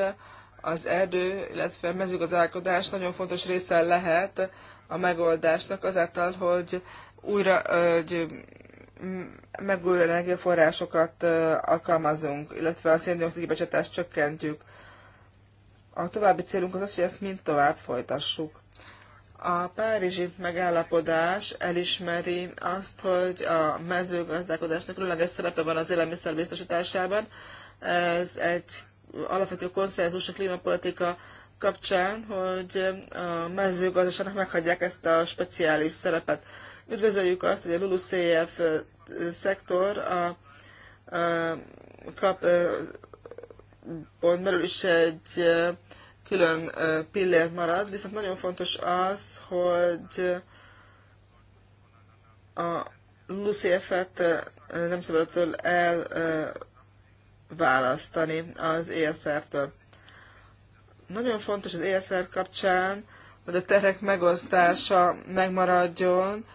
az erdő, illetve a mezőgazdálkodás nagyon fontos része lehet a megoldásnak azáltal, hogy újra hogy megújuló energiaforrásokat alkalmazunk, illetve a széndiokszid kibocsátást csökkentjük. A további célunk az az, hogy ezt mind tovább folytassuk. A párizsi megállapodás elismeri azt, hogy a mezőgazdálkodásnak különleges szerepe van az élelmiszer biztosításában. Ez egy alapvető konszenzus a klímapolitika kapcsán, hogy a mezőgazdaságnak meghagyják ezt a speciális szerepet. Üdvözöljük azt, hogy a LULUCF szektor a, a kap pont belül is egy külön pillér marad, viszont nagyon fontos az, hogy a lucy et nem szabad el elválasztani az ESR-től. Nagyon fontos az ESR kapcsán, hogy a terhek megosztása megmaradjon,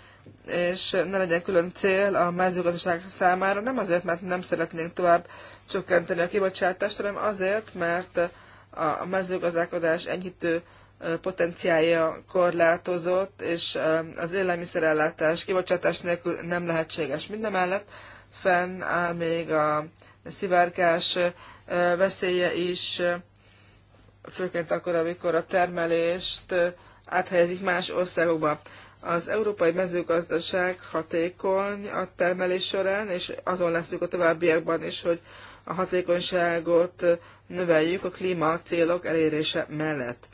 és ne legyen külön cél a mezőgazdaság számára, nem azért, mert nem szeretnénk tovább csökkenteni a kibocsátást, hanem azért, mert a mezőgazdálkodás enyhítő potenciálja korlátozott, és az élelmiszerellátás kibocsátás nélkül nem lehetséges. Mindemellett fennáll még a szivárgás veszélye is, főként akkor, amikor a termelést áthelyezik más országokba. Az európai mezőgazdaság hatékony a termelés során, és azon leszünk a továbbiakban is, hogy a hatékonyságot növeljük a klíma célok elérése mellett.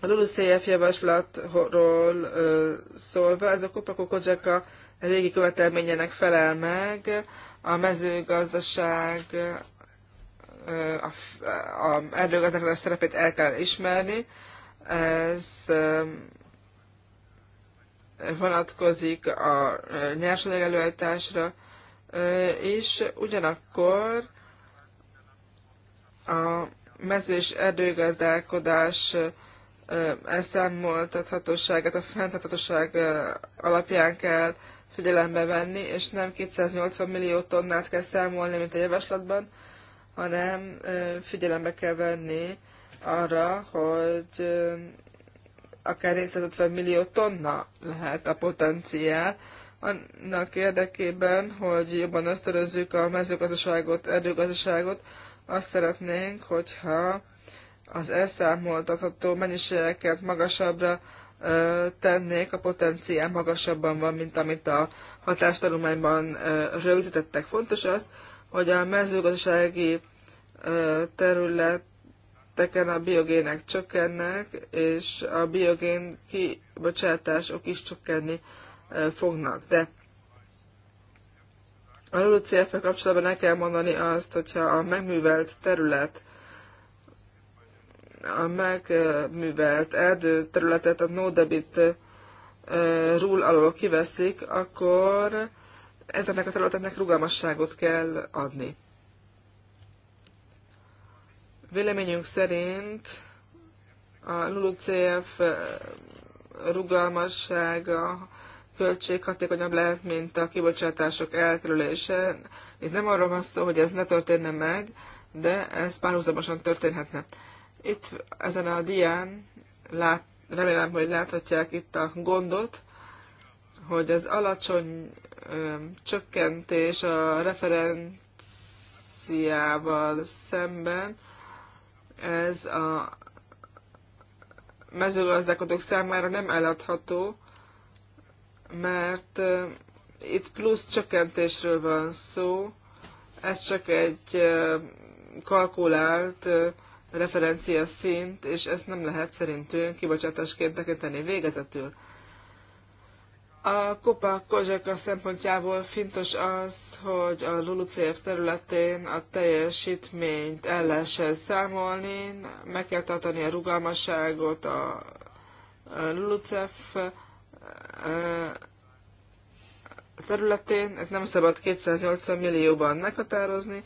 A LULUCF javaslatról szólva, ez a Kopakó-Kodzseka régi követelményének felel meg, a mezőgazdaság, a, a erdőgazdálkodás szerepét el kell ismerni, ez vonatkozik a nyersanyag előállításra, és ugyanakkor a mező és erdőgazdálkodás elszámoltathatóságát a fenntarthatóság alapján kell figyelembe venni, és nem 280 millió tonnát kell számolni, mint a javaslatban, hanem figyelembe kell venni arra, hogy akár 450 millió tonna lehet a potenciál, annak érdekében, hogy jobban ösztörözzük a mezőgazdaságot, erdőgazdaságot, azt szeretnénk, hogyha az elszámoltatható mennyiségeket magasabbra tennék, a potenciál magasabban van, mint amit a hatástanulmányban rögzítettek. Fontos az, hogy a mezőgazdasági területeken a biogének csökkennek, és a biogén kibocsátások is csökkenni fognak. De a lulucf kapcsolatban el kell mondani azt, hogyha a megművelt terület, a megművelt erdő területet a no debit rule alól kiveszik, akkor ezeknek a területeknek rugalmasságot kell adni. Véleményünk szerint a LULUCF rugalmassága költséghatékonyabb lehet, mint a kibocsátások elkerülése. Itt nem arról van szó, hogy ez ne történne meg, de ez párhuzamosan történhetne. Itt ezen a dián lát, remélem, hogy láthatják itt a gondot, hogy az alacsony ö, csökkentés a referenciával szemben ez a mezőgazdálkodók számára nem eladható, mert itt plusz csökkentésről van szó, ez csak egy kalkulált referencia szint, és ezt nem lehet szerintünk kibocsátásként tekinteni végezetül. A Kopa Kozseka szempontjából fintos az, hogy a LULUCF területén a teljesítményt el lehessen számolni, meg kell tartani a rugalmasságot a LULUCF területén, ezt nem szabad 280 millióban meghatározni,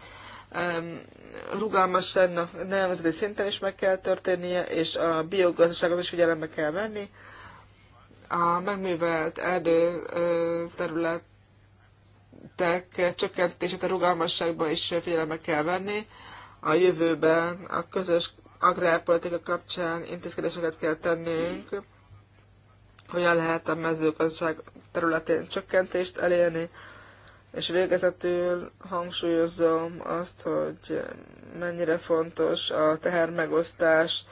rugalmas a nemzeti szinten is meg kell történnie, és a biogazdaságot is figyelembe kell venni. A megművelt erdő területek csökkentését a rugalmasságban is figyelembe kell venni. A jövőben a közös agrárpolitika kapcsán intézkedéseket kell tennünk, hogyan lehet a mezőgazdaság területén csökkentést elérni, és végezetül hangsúlyozom azt, hogy mennyire fontos a teher megosztás,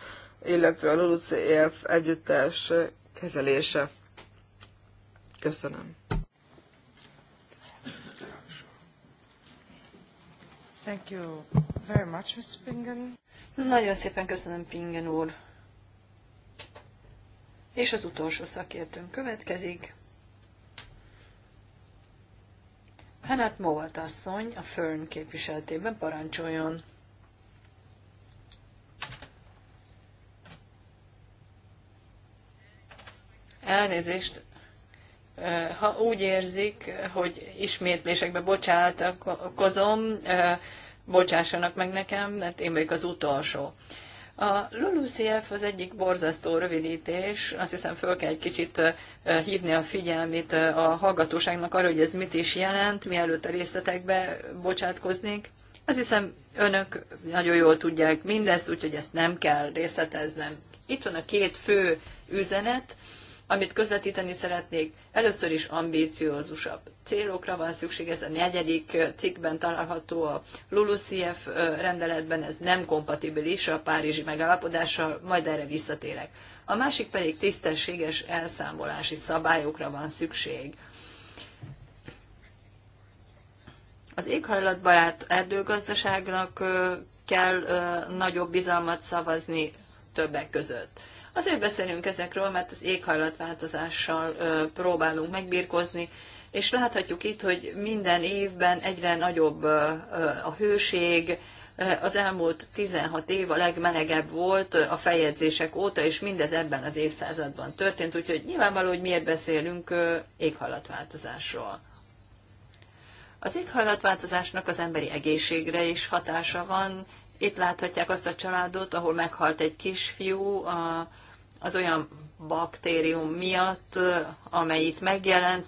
illetve a LULUCF együttes kezelése. Köszönöm. Thank you very much, Ms. Pingen. Nagyon szépen köszönöm, Pingen úr. És az utolsó szakértőnk következik. Hanát Movat asszony a Fern képviseltében parancsoljon. Elnézést, ha úgy érzik, hogy ismétlésekbe bocsátkozom, bocsássanak meg nekem, mert én vagyok az utolsó. A LULUCF az egyik borzasztó rövidítés, azt hiszem föl kell egy kicsit hívni a figyelmét a hallgatóságnak arra, hogy ez mit is jelent, mielőtt a részletekbe bocsátkoznék. Azt hiszem önök nagyon jól tudják mindezt, úgyhogy ezt nem kell részleteznem. Itt van a két fő üzenet, amit közvetíteni szeretnék, először is ambíciózusabb célokra van szükség, ez a negyedik cikkben található a LULUCF rendeletben, ez nem kompatibilis a párizsi megállapodással, majd erre visszatérek. A másik pedig tisztességes elszámolási szabályokra van szükség. Az éghajlatbarát erdőgazdaságnak kell nagyobb bizalmat szavazni többek között. Azért beszélünk ezekről, mert az éghajlatváltozással próbálunk megbírkozni, és láthatjuk itt, hogy minden évben egyre nagyobb a hőség, az elmúlt 16 év a legmelegebb volt a feljegyzések óta, és mindez ebben az évszázadban történt, úgyhogy nyilvánvaló, hogy miért beszélünk éghajlatváltozásról. Az éghajlatváltozásnak az emberi egészségre is hatása van. Itt láthatják azt a családot, ahol meghalt egy kisfiú a az olyan baktérium miatt, amelyik megjelent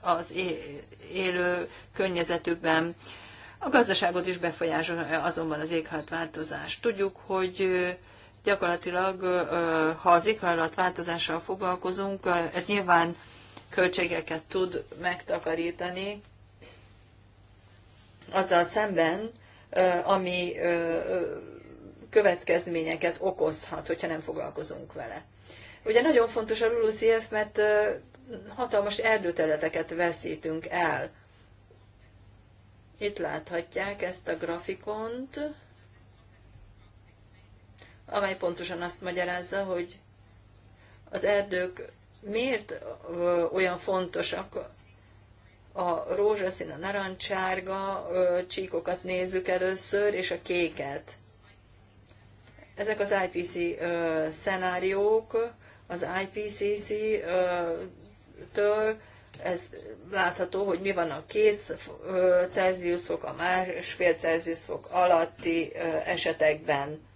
az élő környezetükben. A gazdaságot is befolyásolja azonban az éghajlatváltozás. Tudjuk, hogy gyakorlatilag, ha az éghajlatváltozással foglalkozunk, ez nyilván költségeket tud megtakarítani, azzal szemben, ami következményeket okozhat, hogyha nem foglalkozunk vele. Ugye nagyon fontos a LULUCF, mert hatalmas erdőterületeket veszítünk el. Itt láthatják ezt a grafikont, amely pontosan azt magyarázza, hogy az erdők miért olyan fontosak, a rózsaszín, a narancsárga csíkokat nézzük először, és a kéket. Ezek az IPC szenáriók, az IPCC-től ez látható, hogy mi van a két Celsius fok, a másfél Celsius fok alatti esetekben.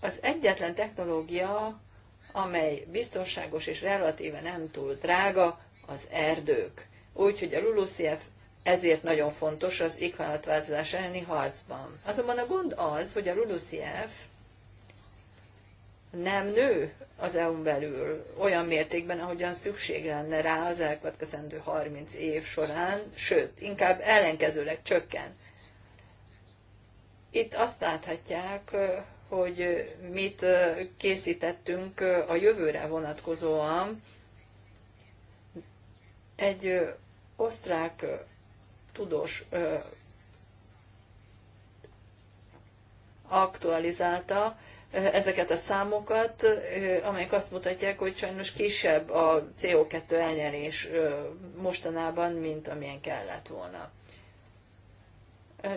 Az egyetlen technológia, amely biztonságos és relatíve nem túl drága, az erdők. Úgyhogy a LULUCF ezért nagyon fontos az éghajlatváltozás elleni harcban. Azonban a gond az, hogy a LULUCF nem nő az EU-n belül olyan mértékben, ahogyan szükség lenne rá az elkövetkezendő 30 év során, sőt, inkább ellenkezőleg csökken. Itt azt láthatják, hogy mit készítettünk a jövőre vonatkozóan. Egy osztrák tudós aktualizálta ezeket a számokat, amelyek azt mutatják, hogy sajnos kisebb a CO2 ö, mostanában, mint amilyen kellett volna.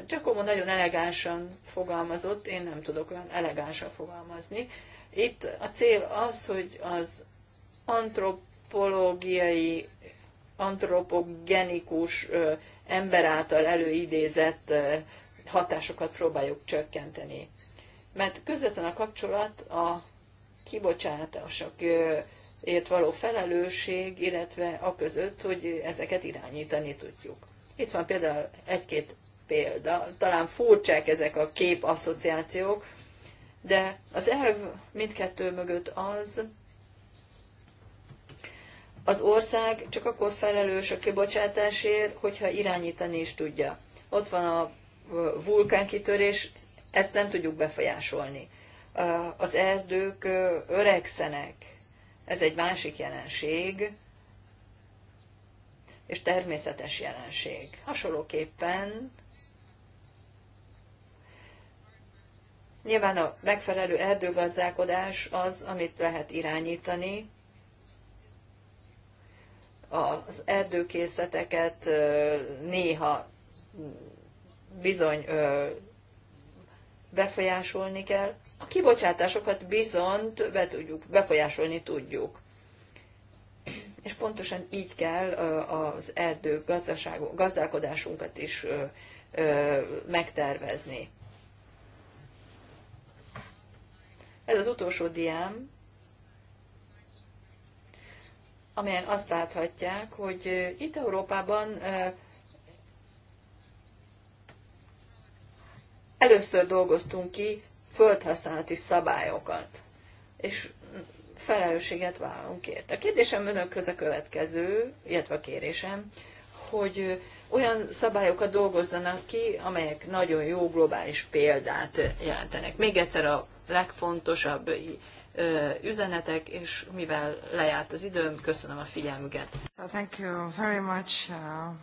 Giacomo nagyon elegánsan fogalmazott, én nem tudok olyan elegánsan fogalmazni. Itt a cél az, hogy az antropológiai antropogenikus ember által előidézett hatásokat próbáljuk csökkenteni. Mert közvetlen a kapcsolat a kibocsátásokért való felelősség, illetve a között, hogy ezeket irányítani tudjuk. Itt van például egy-két példa, talán furcsák ezek a képasszociációk, de az elv mindkettő mögött az, az ország csak akkor felelős a kibocsátásért, hogyha irányítani is tudja. Ott van a vulkánkitörés, ezt nem tudjuk befolyásolni. Az erdők öregszenek, ez egy másik jelenség, és természetes jelenség. Hasonlóképpen nyilván a megfelelő erdőgazdálkodás az, amit lehet irányítani, az erdőkészleteket néha bizony befolyásolni kell, a kibocsátásokat bizont be tudjuk, befolyásolni tudjuk. És pontosan így kell az erdő gazdálkodásunkat is megtervezni. Ez az utolsó diám amelyen azt láthatják, hogy itt Európában először dolgoztunk ki földhasználati szabályokat, és felelősséget vállunk érte. A kérdésem önök a következő, illetve a kérésem, hogy olyan szabályokat dolgozzanak ki, amelyek nagyon jó globális példát jelentenek. Még egyszer a legfontosabb üzenetek, és mivel lejárt az időm, köszönöm a figyelmüket. So thank you very much, uh,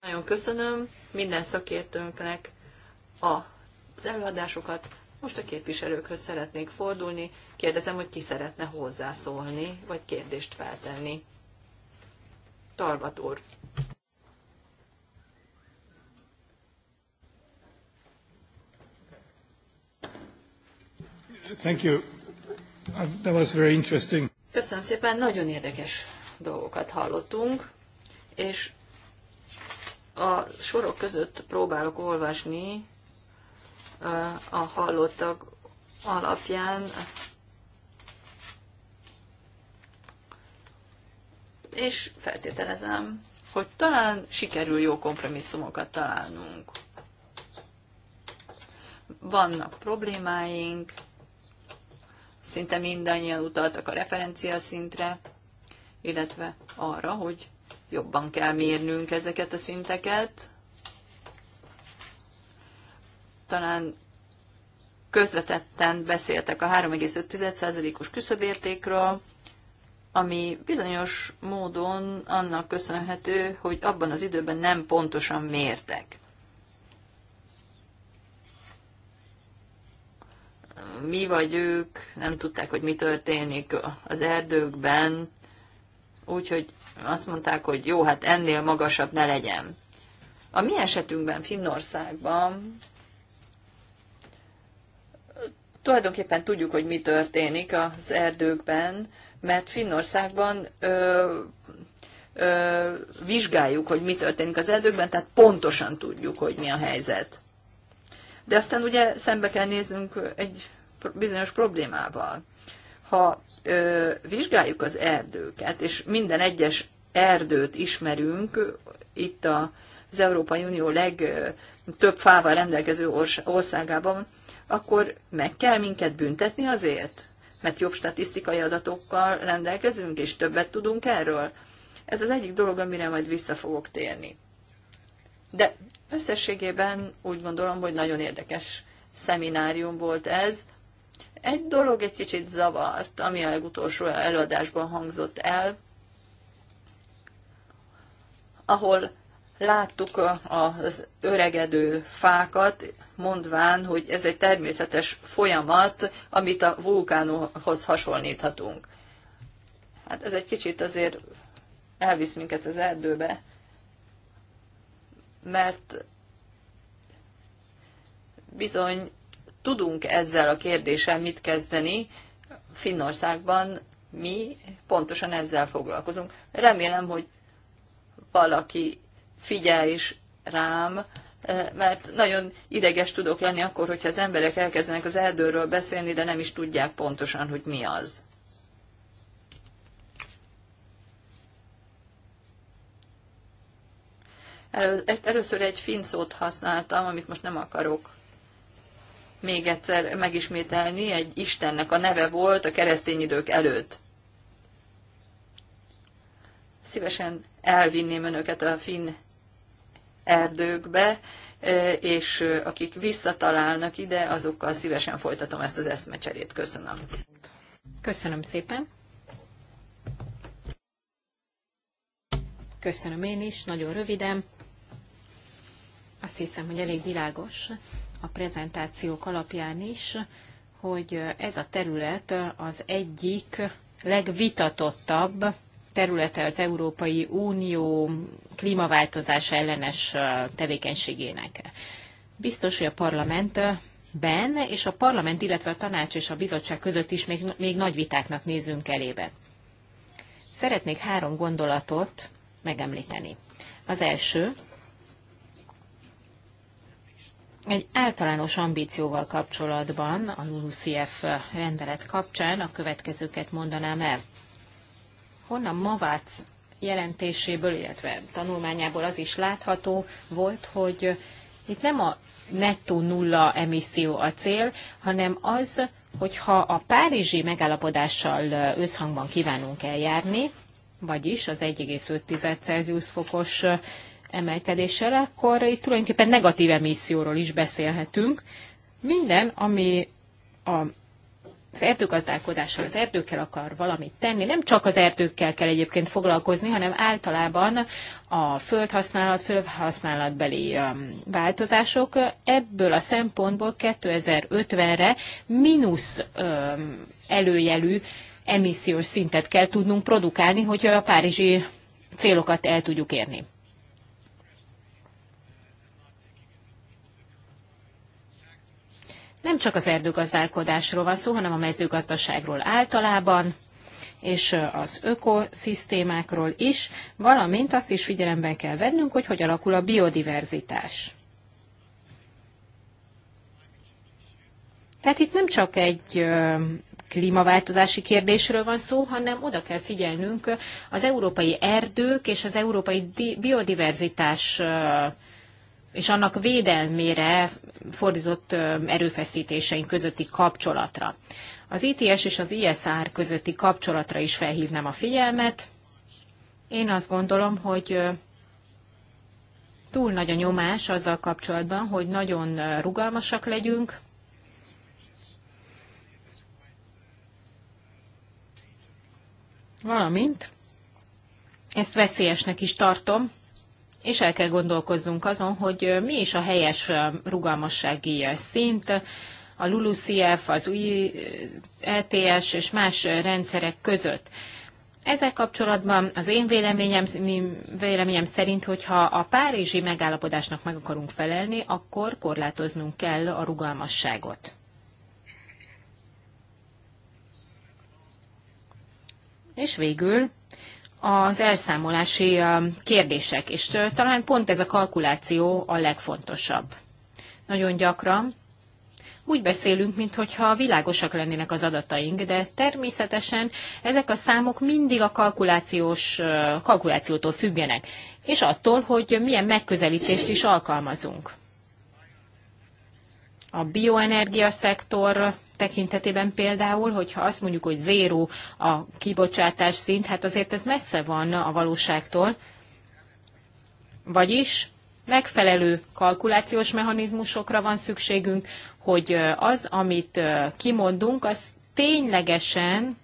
Nagyon köszönöm minden szakértőnknek a, az előadásokat. Most a képviselőkhöz szeretnék fordulni. Kérdezem, hogy ki szeretne hozzászólni, vagy kérdést feltenni. Tarvat úr. Thank you. Uh, that was very interesting. Köszönöm szépen, nagyon érdekes dolgokat hallottunk, és a sorok között próbálok olvasni uh, a hallottak alapján, és feltételezem, hogy talán sikerül jó kompromisszumokat találnunk. Vannak problémáink, Szinte mindannyian utaltak a referencia szintre, illetve arra, hogy jobban kell mérnünk ezeket a szinteket. Talán közvetetten beszéltek a 3,5%-os küszöbértékről, ami bizonyos módon annak köszönhető, hogy abban az időben nem pontosan mértek. mi vagy ők nem tudták, hogy mi történik az erdőkben, úgyhogy azt mondták, hogy jó, hát ennél magasabb ne legyen. A mi esetünkben Finnországban tulajdonképpen tudjuk, hogy mi történik az erdőkben, mert Finnországban ö, ö, vizsgáljuk, hogy mi történik az erdőkben, tehát pontosan tudjuk, hogy mi a helyzet. De aztán ugye szembe kell néznünk egy bizonyos problémával. Ha ö, vizsgáljuk az erdőket, és minden egyes erdőt ismerünk itt a, az Európai Unió legtöbb fával rendelkező országában, akkor meg kell minket büntetni azért, mert jobb statisztikai adatokkal rendelkezünk, és többet tudunk erről. Ez az egyik dolog, amire majd vissza fogok térni. De összességében úgy gondolom, hogy nagyon érdekes szeminárium volt ez, egy dolog egy kicsit zavart, ami a legutolsó előadásban hangzott el, ahol láttuk az öregedő fákat, mondván, hogy ez egy természetes folyamat, amit a vulkánhoz hasonlíthatunk. Hát ez egy kicsit azért elvisz minket az erdőbe, mert bizony tudunk ezzel a kérdéssel mit kezdeni. Finnországban mi pontosan ezzel foglalkozunk. Remélem, hogy valaki figyel is rám, eh, mert nagyon ideges tudok lenni akkor, hogyha az emberek elkezdenek az erdőről beszélni, de nem is tudják pontosan, hogy mi az. Először egy finn szót használtam, amit most nem akarok még egyszer megismételni, egy Istennek a neve volt a keresztény idők előtt. Szívesen elvinném önöket a finn erdőkbe, és akik visszatalálnak ide, azokkal szívesen folytatom ezt az eszmecserét. Köszönöm. Köszönöm szépen. Köszönöm én is, nagyon röviden. Azt hiszem, hogy elég világos a prezentációk alapján is, hogy ez a terület az egyik legvitatottabb területe az Európai Unió klímaváltozás ellenes tevékenységének. Biztos, hogy a parlamentben és a parlament, illetve a tanács és a bizottság között is még, még nagy vitáknak nézünk elébe. Szeretnék három gondolatot megemlíteni. Az első, egy általános ambícióval kapcsolatban a LULUCF rendelet kapcsán a következőket mondanám el. Honnan Mavác jelentéséből, illetve tanulmányából az is látható volt, hogy itt nem a nettó nulla emisszió a cél, hanem az, hogyha a párizsi megállapodással összhangban kívánunk eljárni, vagyis az 1,5 Celsius fokos emelkedéssel, akkor itt tulajdonképpen negatív emisszióról is beszélhetünk. Minden, ami a az erdőgazdálkodással, az erdőkkel akar valamit tenni. Nem csak az erdőkkel kell egyébként foglalkozni, hanem általában a földhasználat, földhasználatbeli um, változások. Ebből a szempontból 2050-re mínusz um, előjelű emissziós szintet kell tudnunk produkálni, hogy a párizsi célokat el tudjuk érni. Nem csak az erdőgazdálkodásról van szó, hanem a mezőgazdaságról általában, és az ökoszisztémákról is, valamint azt is figyelemben kell vennünk, hogy hogy alakul a biodiverzitás. Tehát itt nem csak egy klímaváltozási kérdésről van szó, hanem oda kell figyelnünk az európai erdők és az európai biodiverzitás és annak védelmére fordított erőfeszítéseink közötti kapcsolatra. Az ITS e és az ISR közötti kapcsolatra is felhívnám a figyelmet. Én azt gondolom, hogy túl nagy a nyomás azzal kapcsolatban, hogy nagyon rugalmasak legyünk, valamint ezt veszélyesnek is tartom, és el kell gondolkozzunk azon, hogy mi is a helyes rugalmassági szint, a LULUCF, az új LTS e és más rendszerek között. Ezzel kapcsolatban az én véleményem, véleményem szerint, hogyha a párizsi megállapodásnak meg akarunk felelni, akkor korlátoznunk kell a rugalmasságot. És végül az elszámolási kérdések, és talán pont ez a kalkuláció a legfontosabb. Nagyon gyakran úgy beszélünk, mintha világosak lennének az adataink, de természetesen ezek a számok mindig a kalkulációs, kalkulációtól függenek, és attól, hogy milyen megközelítést is alkalmazunk a bioenergia szektor tekintetében például, hogyha azt mondjuk, hogy zéró a kibocsátás szint, hát azért ez messze van a valóságtól. Vagyis megfelelő kalkulációs mechanizmusokra van szükségünk, hogy az, amit kimondunk, az ténylegesen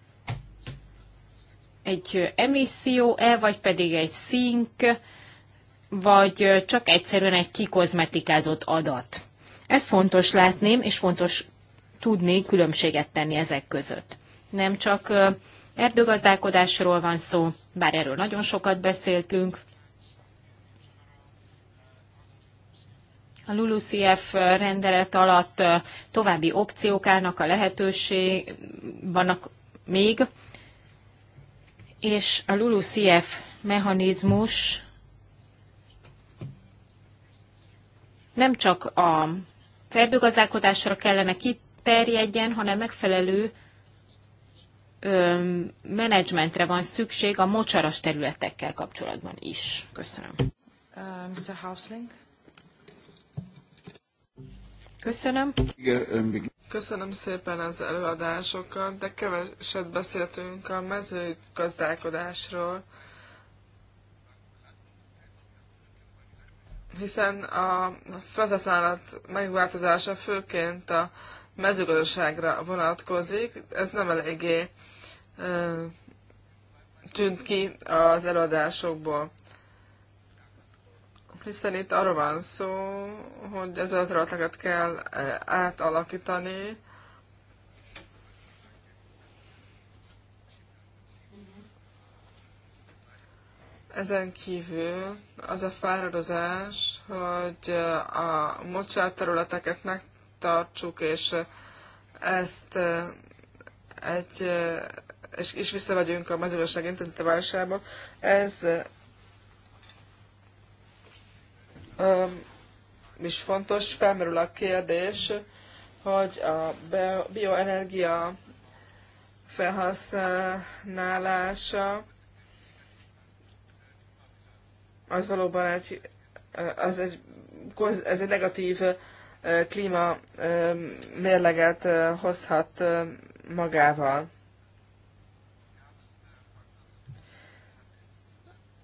egy emisszió-e, vagy pedig egy szink, vagy csak egyszerűen egy kikozmetikázott adat. Ezt fontos látni, és fontos tudni különbséget tenni ezek között. Nem csak erdőgazdálkodásról van szó, bár erről nagyon sokat beszéltünk, A LULUCF rendelet alatt további opciók állnak a lehetőség, vannak még, és a LULUCF mechanizmus nem csak a az erdőgazdálkodásra kellene kiterjedjen, hanem megfelelő menedzsmentre van szükség a mocsaras területekkel kapcsolatban is. Köszönöm. Uh, Mr. Hausling. Köszönöm. Köszönöm szépen az előadásokat, de keveset beszéltünk a mezőgazdálkodásról. hiszen a felhasználat megváltozása főként a mezőgazdaságra vonatkozik. Ez nem eléggé ö, tűnt ki az előadásokból. Hiszen itt arról van szó, hogy az ötleteket kell átalakítani, Ezen kívül az a fáradozás, hogy uh, a mocsát területeket megtartsuk, és uh, ezt uh, egy, és, is vissza a mezőgazdaság intézete válságba, ez um, is fontos, felmerül a kérdés, hogy a bioenergia felhasználása az valóban egy, eh, az egy, ez egy negatív eh, klíma eh, mérleget hozhat magával.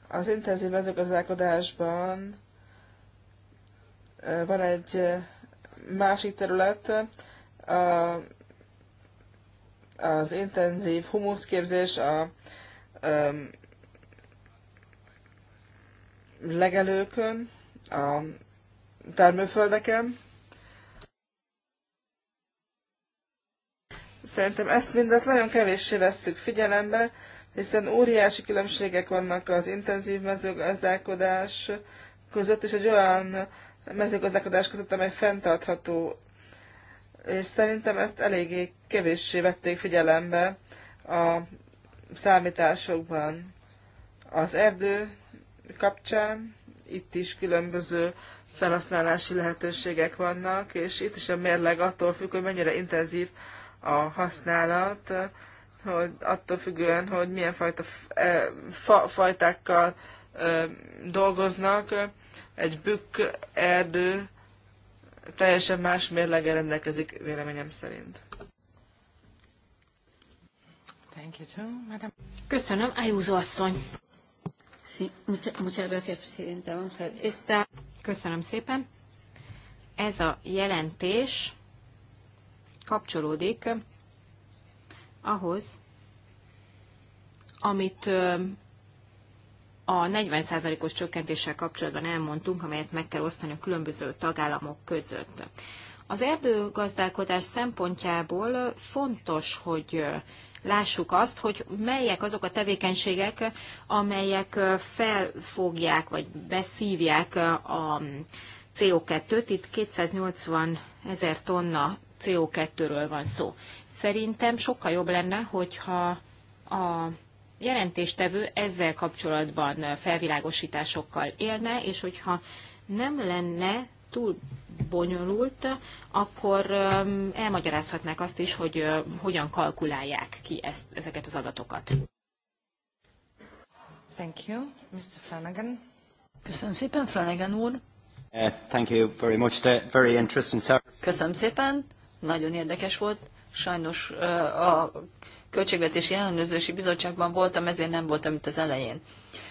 Az intenzív mezőgazdálkodásban van egy másik terület, az intenzív humuszképzés, a legelőkön, a termőföldeken. Szerintem ezt mindet nagyon kevéssé vesszük figyelembe, hiszen óriási különbségek vannak az intenzív mezőgazdálkodás között, és egy olyan mezőgazdálkodás között, amely fenntartható. És szerintem ezt eléggé kevéssé vették figyelembe a számításokban. Az erdő kapcsán. Itt is különböző felhasználási lehetőségek vannak, és itt is a mérleg attól függ, hogy mennyire intenzív a használat, hogy attól függően, hogy milyen fajta e, fa, fajtákkal e, dolgoznak, egy bükk erdő teljesen más mérlege rendelkezik véleményem szerint. Thank you too, madam. Köszönöm, Ajúzó asszony. Köszönöm szépen. Ez a jelentés kapcsolódik ahhoz, amit a 40%-os csökkentéssel kapcsolatban elmondtunk, amelyet meg kell osztani a különböző tagállamok között. Az erdőgazdálkodás szempontjából fontos, hogy lássuk azt, hogy melyek azok a tevékenységek, amelyek felfogják vagy beszívják a CO2-t. Itt 280 ezer tonna CO2-ről van szó. Szerintem sokkal jobb lenne, hogyha a jelentéstevő ezzel kapcsolatban felvilágosításokkal élne, és hogyha nem lenne túl bonyolult, akkor elmagyarázhatnák azt is, hogy hogyan kalkulálják ki ezt, ezeket az adatokat. Thank you, Mr. Flanagan. Köszönöm szépen, Flanagan úr. Uh, thank you very much. The very interesting. sir. Köszönöm szépen, nagyon érdekes volt. Sajnos uh, a Költségvetési Ellenőrzési Bizottságban voltam, ezért nem voltam itt az elején.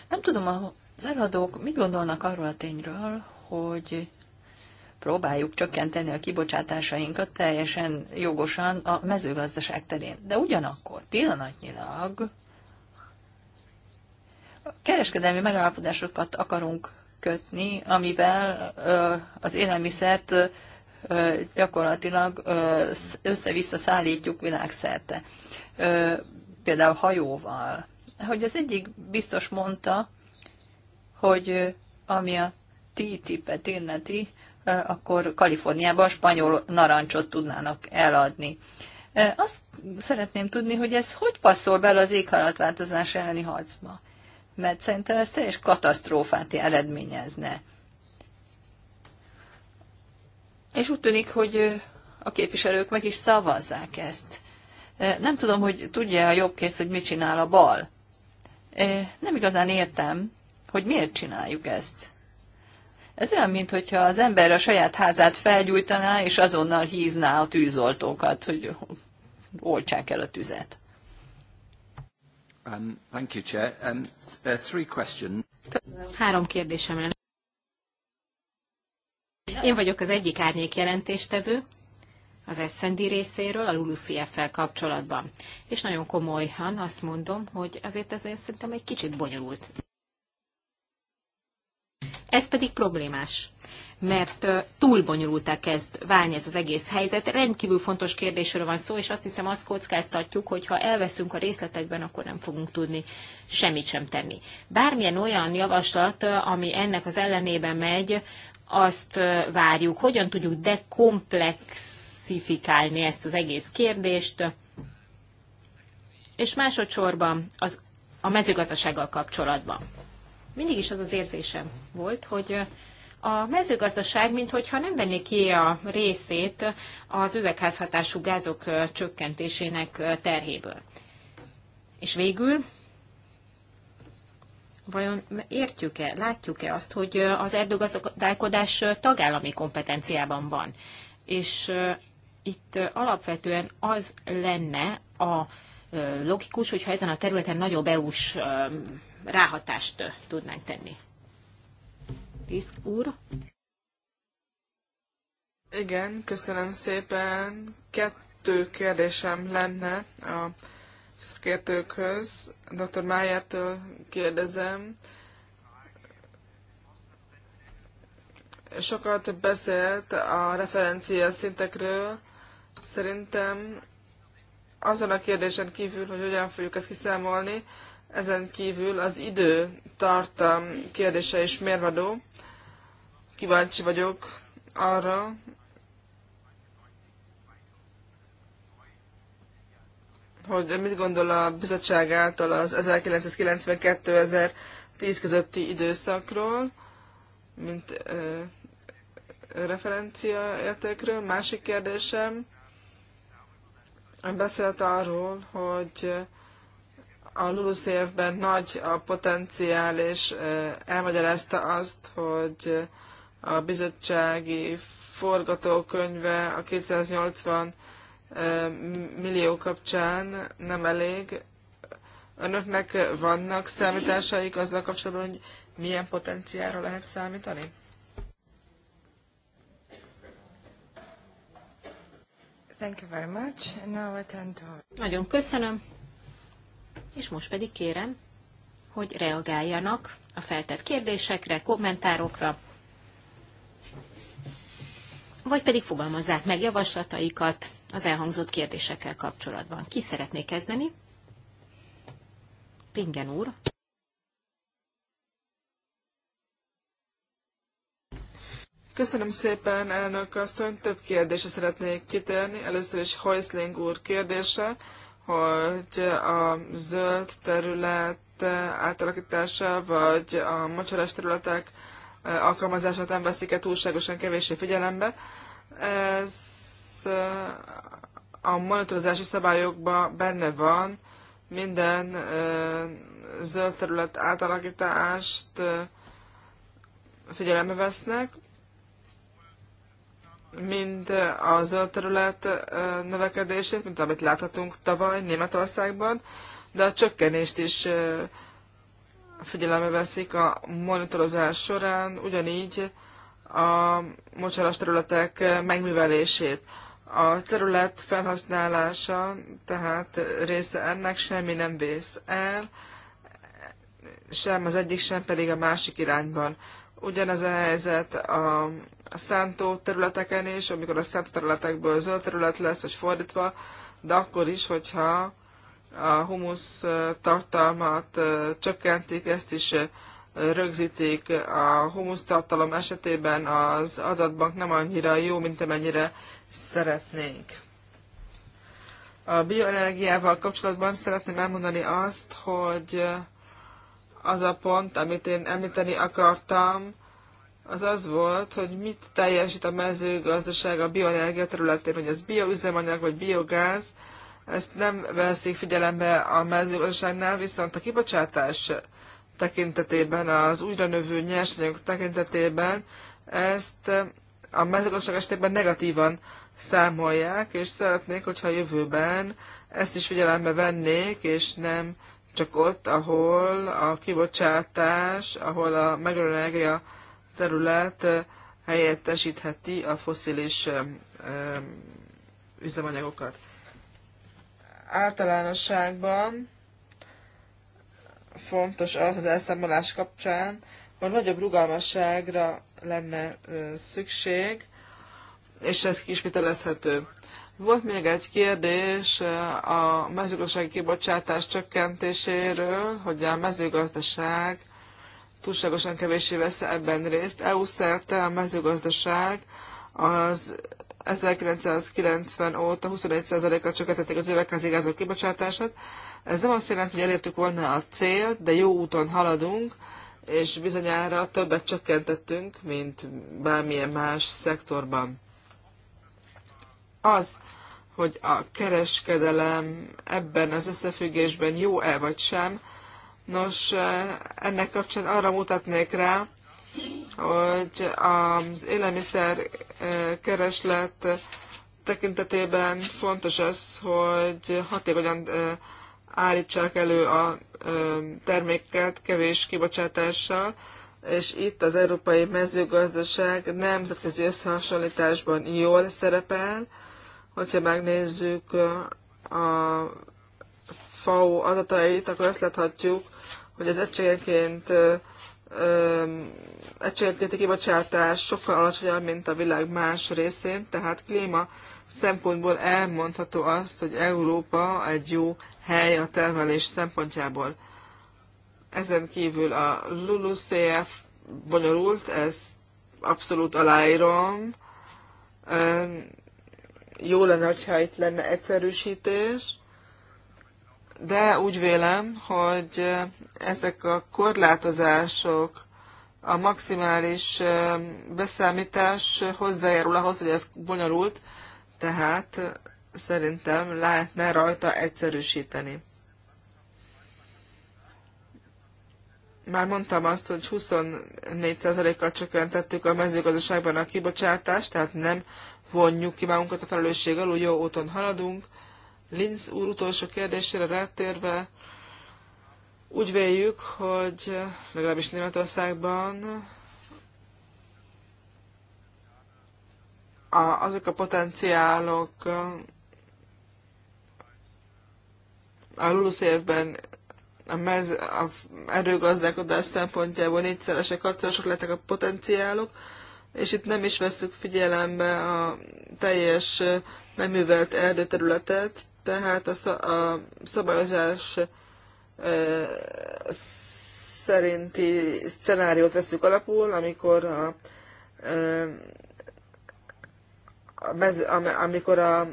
Nem tudom, az eladók mit gondolnak arról a tényről, hogy próbáljuk csökkenteni a kibocsátásainkat teljesen jogosan a mezőgazdaság terén. De ugyanakkor pillanatnyilag kereskedelmi megállapodásokat akarunk kötni, amivel az élelmiszert gyakorlatilag össze-vissza szállítjuk világszerte. Például hajóval. Hogy az egyik biztos mondta, hogy ami a TTIP-et illeti, akkor Kaliforniában a spanyol narancsot tudnának eladni. Azt szeretném tudni, hogy ez hogy passzol bele az éghajlatváltozás elleni harcba? Mert szerintem ez teljes katasztrófát eredményezne. És úgy tűnik, hogy a képviselők meg is szavazzák ezt. Nem tudom, hogy tudja a jobb kész, hogy mit csinál a bal. Nem igazán értem, hogy miért csináljuk ezt. Ez olyan, mintha az ember a saját házát felgyújtaná, és azonnal hívná a tűzoltókat, hogy oltsák el a tüzet. Um, thank you, Chair. Um, uh, three question. Három kérdésem lenne. Én vagyok az egyik árnyék jelentéstevő az SZND részéről a LULUCF-fel kapcsolatban. És nagyon komolyan azt mondom, hogy azért ez szerintem egy kicsit bonyolult ez pedig problémás mert túl bonyolultá kezd válni ez az egész helyzet. Rendkívül fontos kérdésről van szó, és azt hiszem azt kockáztatjuk, hogy ha elveszünk a részletekben, akkor nem fogunk tudni semmit sem tenni. Bármilyen olyan javaslat, ami ennek az ellenében megy, azt várjuk, hogyan tudjuk dekomplexifikálni ezt az egész kérdést, és másodszorban az, a mezőgazdasággal kapcsolatban mindig is az az érzésem volt, hogy a mezőgazdaság, mintha nem venné ki a részét az üvegházhatású gázok csökkentésének terhéből. És végül, vajon értjük-e, látjuk-e azt, hogy az erdőgazdálkodás tagállami kompetenciában van? És itt alapvetően az lenne a logikus, hogyha ezen a területen nagyobb EU-s ráhatást tudnánk tenni. Risk úr. Igen, köszönöm szépen. Kettő kérdésem lenne a szakértőkhöz. Dr. Májától kérdezem. Sokat beszélt a referencia szintekről. Szerintem azon a kérdésen kívül, hogy hogyan fogjuk ezt kiszámolni, ezen kívül az idő tartam kérdése is mérvadó. Kíváncsi vagyok arra, hogy mit gondol a bizottság által az 1992-2010 közötti időszakról, mint ö, értékről. Másik kérdésem, beszélt arról, hogy a lulucf nagy a potenciál, és elmagyarázta azt, hogy a bizottsági forgatókönyve a 280 millió kapcsán nem elég. Önöknek vannak számításaik azzal kapcsolatban, hogy milyen potenciálra lehet számítani? Thank you very much. Now I turn to... Nagyon köszönöm és most pedig kérem, hogy reagáljanak a feltett kérdésekre, kommentárokra, vagy pedig fogalmazzák meg javaslataikat az elhangzott kérdésekkel kapcsolatban. Ki szeretné kezdeni? Pingen úr. Köszönöm szépen, elnök asszony. Több kérdésre szeretnék kitérni. Először is Heusling úr kérdése hogy a zöld terület átalakítása, vagy a mocsaras területek eh, alkalmazását nem veszik-e túlságosan kevéssé figyelembe. Ez eh, a monitorozási szabályokban benne van, minden eh, zöld terület átalakítást figyelembe vesznek, mind a zöld terület növekedését, mint amit láthatunk tavaly Németországban, de a csökkenést is figyelembe veszik a monitorozás során, ugyanígy a mocsaras területek megművelését. A terület felhasználása, tehát része ennek semmi nem vész el, sem az egyik, sem pedig a másik irányban. Ugyanez a helyzet a szántó területeken is, amikor a szántó területekből zöld terület lesz, vagy fordítva, de akkor is, hogyha a humusz tartalmat csökkentik, ezt is rögzítik. A humusz tartalom esetében az adatbank nem annyira jó, mint amennyire szeretnénk. A bioenergiával kapcsolatban szeretném elmondani azt, hogy az a pont, amit én említeni akartam, az az volt, hogy mit teljesít a mezőgazdaság a bioenergia területén, hogy ez bioüzemanyag vagy biogáz, ezt nem veszik figyelembe a mezőgazdaságnál, viszont a kibocsátás tekintetében, az újra növő nyersanyagok tekintetében ezt a mezőgazdaság esetében negatívan számolják, és szeretnék, hogyha a jövőben ezt is figyelembe vennék, és nem csak ott, ahol a kibocsátás, ahol a megújuló energia terület helyettesítheti a foszilis üzemanyagokat. Általánosságban fontos az az elszámolás kapcsán, hogy nagyobb rugalmasságra lenne szükség, és ez kisvitelezhető. Volt még egy kérdés eh, a mezőgazdasági kibocsátás csökkentéséről, hogy a mezőgazdaság túlságosan kevéssé vesz ebben részt. EU szerte a mezőgazdaság az 1990 óta 21%-kal csökkentették az évekhez gázok kibocsátását. Ez nem azt jelenti, hogy elértük volna a célt, de jó úton haladunk, és bizonyára többet csökkentettünk, mint bármilyen más szektorban az, hogy a kereskedelem ebben az összefüggésben jó-e vagy sem, nos, eh, ennek kapcsán arra mutatnék rá, hogy az élelmiszer eh, kereslet tekintetében fontos az, hogy hatékonyan eh, állítsák elő a terméket kevés kibocsátással, és itt az európai mezőgazdaság nemzetközi összehasonlításban jól szerepel, Hogyha megnézzük a FAO adatait, akkor ezt láthatjuk, hogy az egységenként egységenkénti kibocsátás sokkal alacsonyabb, mint a világ más részén, tehát klíma szempontból elmondható azt, hogy Európa egy jó hely a termelés szempontjából. Ezen kívül a LULUCF bonyolult, ez abszolút aláírom jó lenne, hogyha itt lenne egyszerűsítés, de úgy vélem, hogy ezek a korlátozások, a maximális beszámítás hozzájárul ahhoz, hogy ez bonyolult, tehát szerintem lehetne rajta egyszerűsíteni. már mondtam azt, hogy 24%-kal csökkentettük a mezőgazdaságban a kibocsátást, tehát nem vonjuk ki magunkat a felelősség alul, jó úton haladunk. Linz úr utolsó kérdésére rátérve, úgy véljük, hogy legalábbis Németországban a, azok a potenciálok a LULUSZ évben a, mez, a erőgazdálkodás szempontjából négyszeresek, hatszorosak lettek a potenciálok, és itt nem is veszük figyelembe a teljes neművelt erdőterületet, tehát a, a szabályozás e, szerinti szenáriót veszük alapul, amikor a, e, a mez, am, amikor a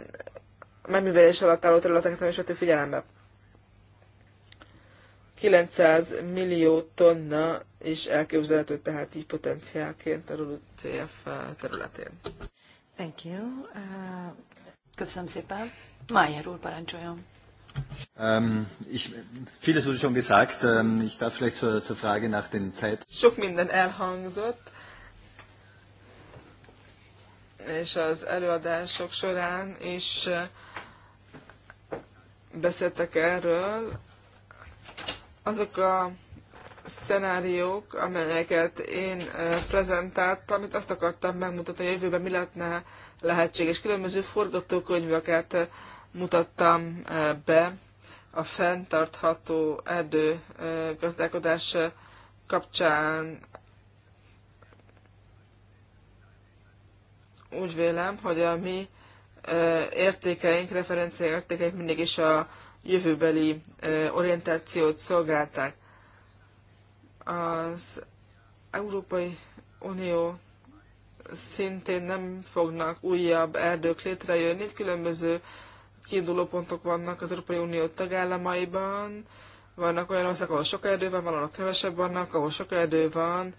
megművelés alatt álló területeket nem is vettük figyelembe. 900 millió tonna is elképzelhető, tehát így potenciálként a CF eh, területén. Thank you. Uh, köszönöm szépen. Májer úr, parancsoljon. Um, ich, vieles wurde schon gesagt. Um, ich darf vielleicht zur, zur Frage nach den Zeit. Sok minden elhangzott, és az előadások során is eh, beszéltek erről, azok a szenáriók, amelyeket én prezentáltam, amit azt akartam megmutatni, hogy a jövőben mi lehetne lehetséges. Különböző forgatókönyveket mutattam be a fenntartható erdő gazdálkodás kapcsán. Úgy vélem, hogy a mi értékeink, referencia értékeink mindig is a jövőbeli orientációt szolgálták. Az Európai Unió szintén nem fognak újabb erdők létrejönni, itt különböző kiinduló pontok vannak az Európai Unió tagállamaiban, vannak olyan országok, ahol sok erdő van, valahol kevesebb vannak, ahol sok erdő van,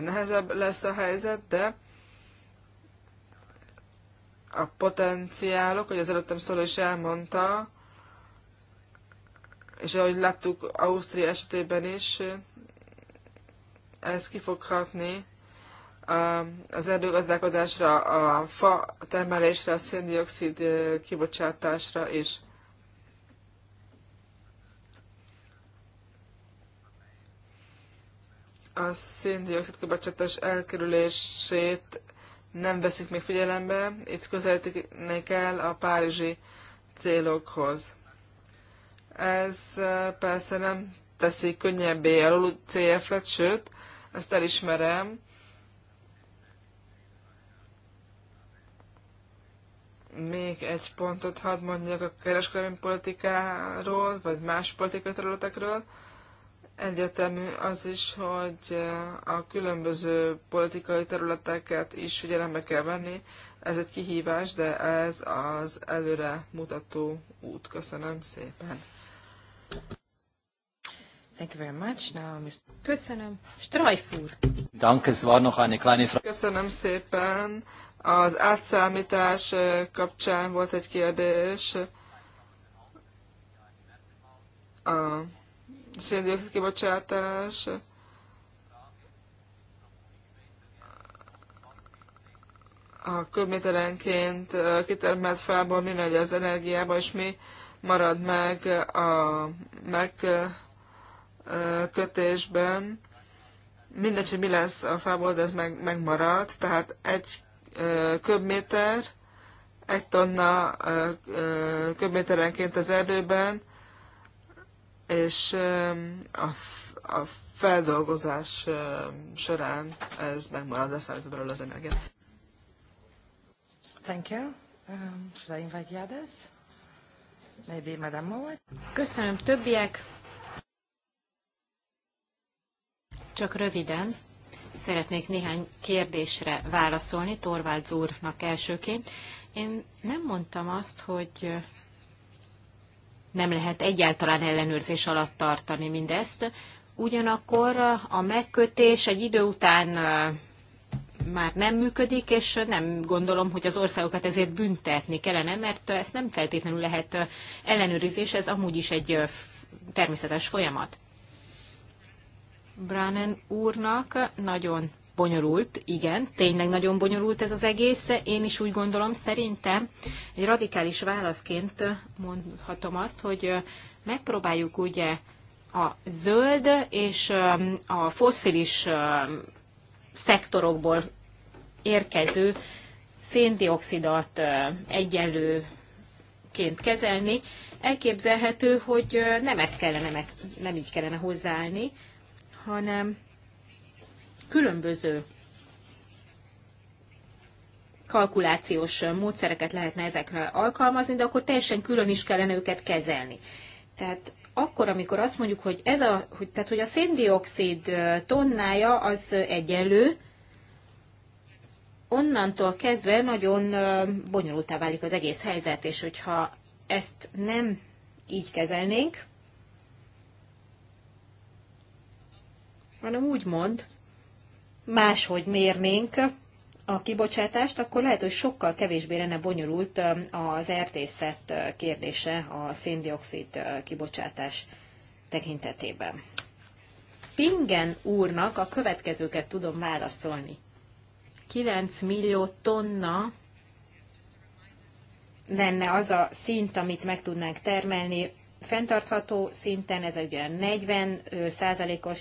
nehezebb lesz a helyzet, de a potenciálok, hogy az előttem szóló is elmondta, és ahogy láttuk Ausztria esetében is, ez kifoghatni az erdőgazdálkodásra, a fa termelésre, a széndiokszid kibocsátásra is. A széndiokszid kibocsátás elkerülését nem veszik még figyelembe, itt közelítik el a párizsi célokhoz. Ez persze nem teszi könnyebbé a CF et sőt, ezt elismerem, még egy pontot hadd mondjak a kereskedelmi politikáról, vagy más politikai területekről. Egyetemű az is, hogy a különböző politikai területeket is figyelembe kell venni. Ez egy kihívás, de ez az előre mutató út. Köszönöm szépen. Thank you very much. Now, Mr. Köszönöm. Strajfúr. Danke, es war noch eine kleine Frage. Köszönöm szépen. Az átszámítás kapcsán volt egy kérdés. A széndiokszid kibocsátás. A köbméterenként kitermelt fából mi megy az energiába, és mi marad meg a megkötésben. Mindegy, hogy mi lesz a fából, de ez meg, megmarad. Tehát egy köbméter, egy tonna köbméterenként az erdőben, és a, a feldolgozás során ez megmarad, leszámítva belőle az energiát. Thank you. Um, should I invite the others? Maybe Madame Mowat. Köszönöm többiek. Csak röviden szeretnék néhány kérdésre válaszolni Torvalds úrnak elsőként. Én nem mondtam azt, hogy nem lehet egyáltalán ellenőrzés alatt tartani mindezt. Ugyanakkor a megkötés egy idő után már nem működik, és nem gondolom, hogy az országokat ezért büntetni kellene, mert ezt nem feltétlenül lehet ellenőrizés, ez amúgy is egy természetes folyamat. Branen úrnak nagyon bonyolult, igen, tényleg nagyon bonyolult ez az egész. Én is úgy gondolom, szerintem egy radikális válaszként mondhatom azt, hogy megpróbáljuk ugye a zöld és a fosszilis szektorokból érkező széndiokszidat egyenlőként kezelni, elképzelhető, hogy nem ezt kellene, nem így kellene hozzáállni, hanem különböző kalkulációs módszereket lehetne ezekre alkalmazni, de akkor teljesen külön is kellene őket kezelni. Tehát akkor, amikor azt mondjuk, hogy, ez a, hogy, tehát, hogy a széndiokszid tonnája az egyenlő, onnantól kezdve nagyon bonyolultá válik az egész helyzet, és hogyha ezt nem így kezelnénk, hanem mond, máshogy mérnénk a kibocsátást, akkor lehet, hogy sokkal kevésbé lenne bonyolult az ertészet kérdése a széndiokszid kibocsátás tekintetében. Pingen úrnak a következőket tudom válaszolni. 9 millió tonna lenne az a szint, amit meg tudnánk termelni fenntartható szinten, ez egy olyan 40 százalékos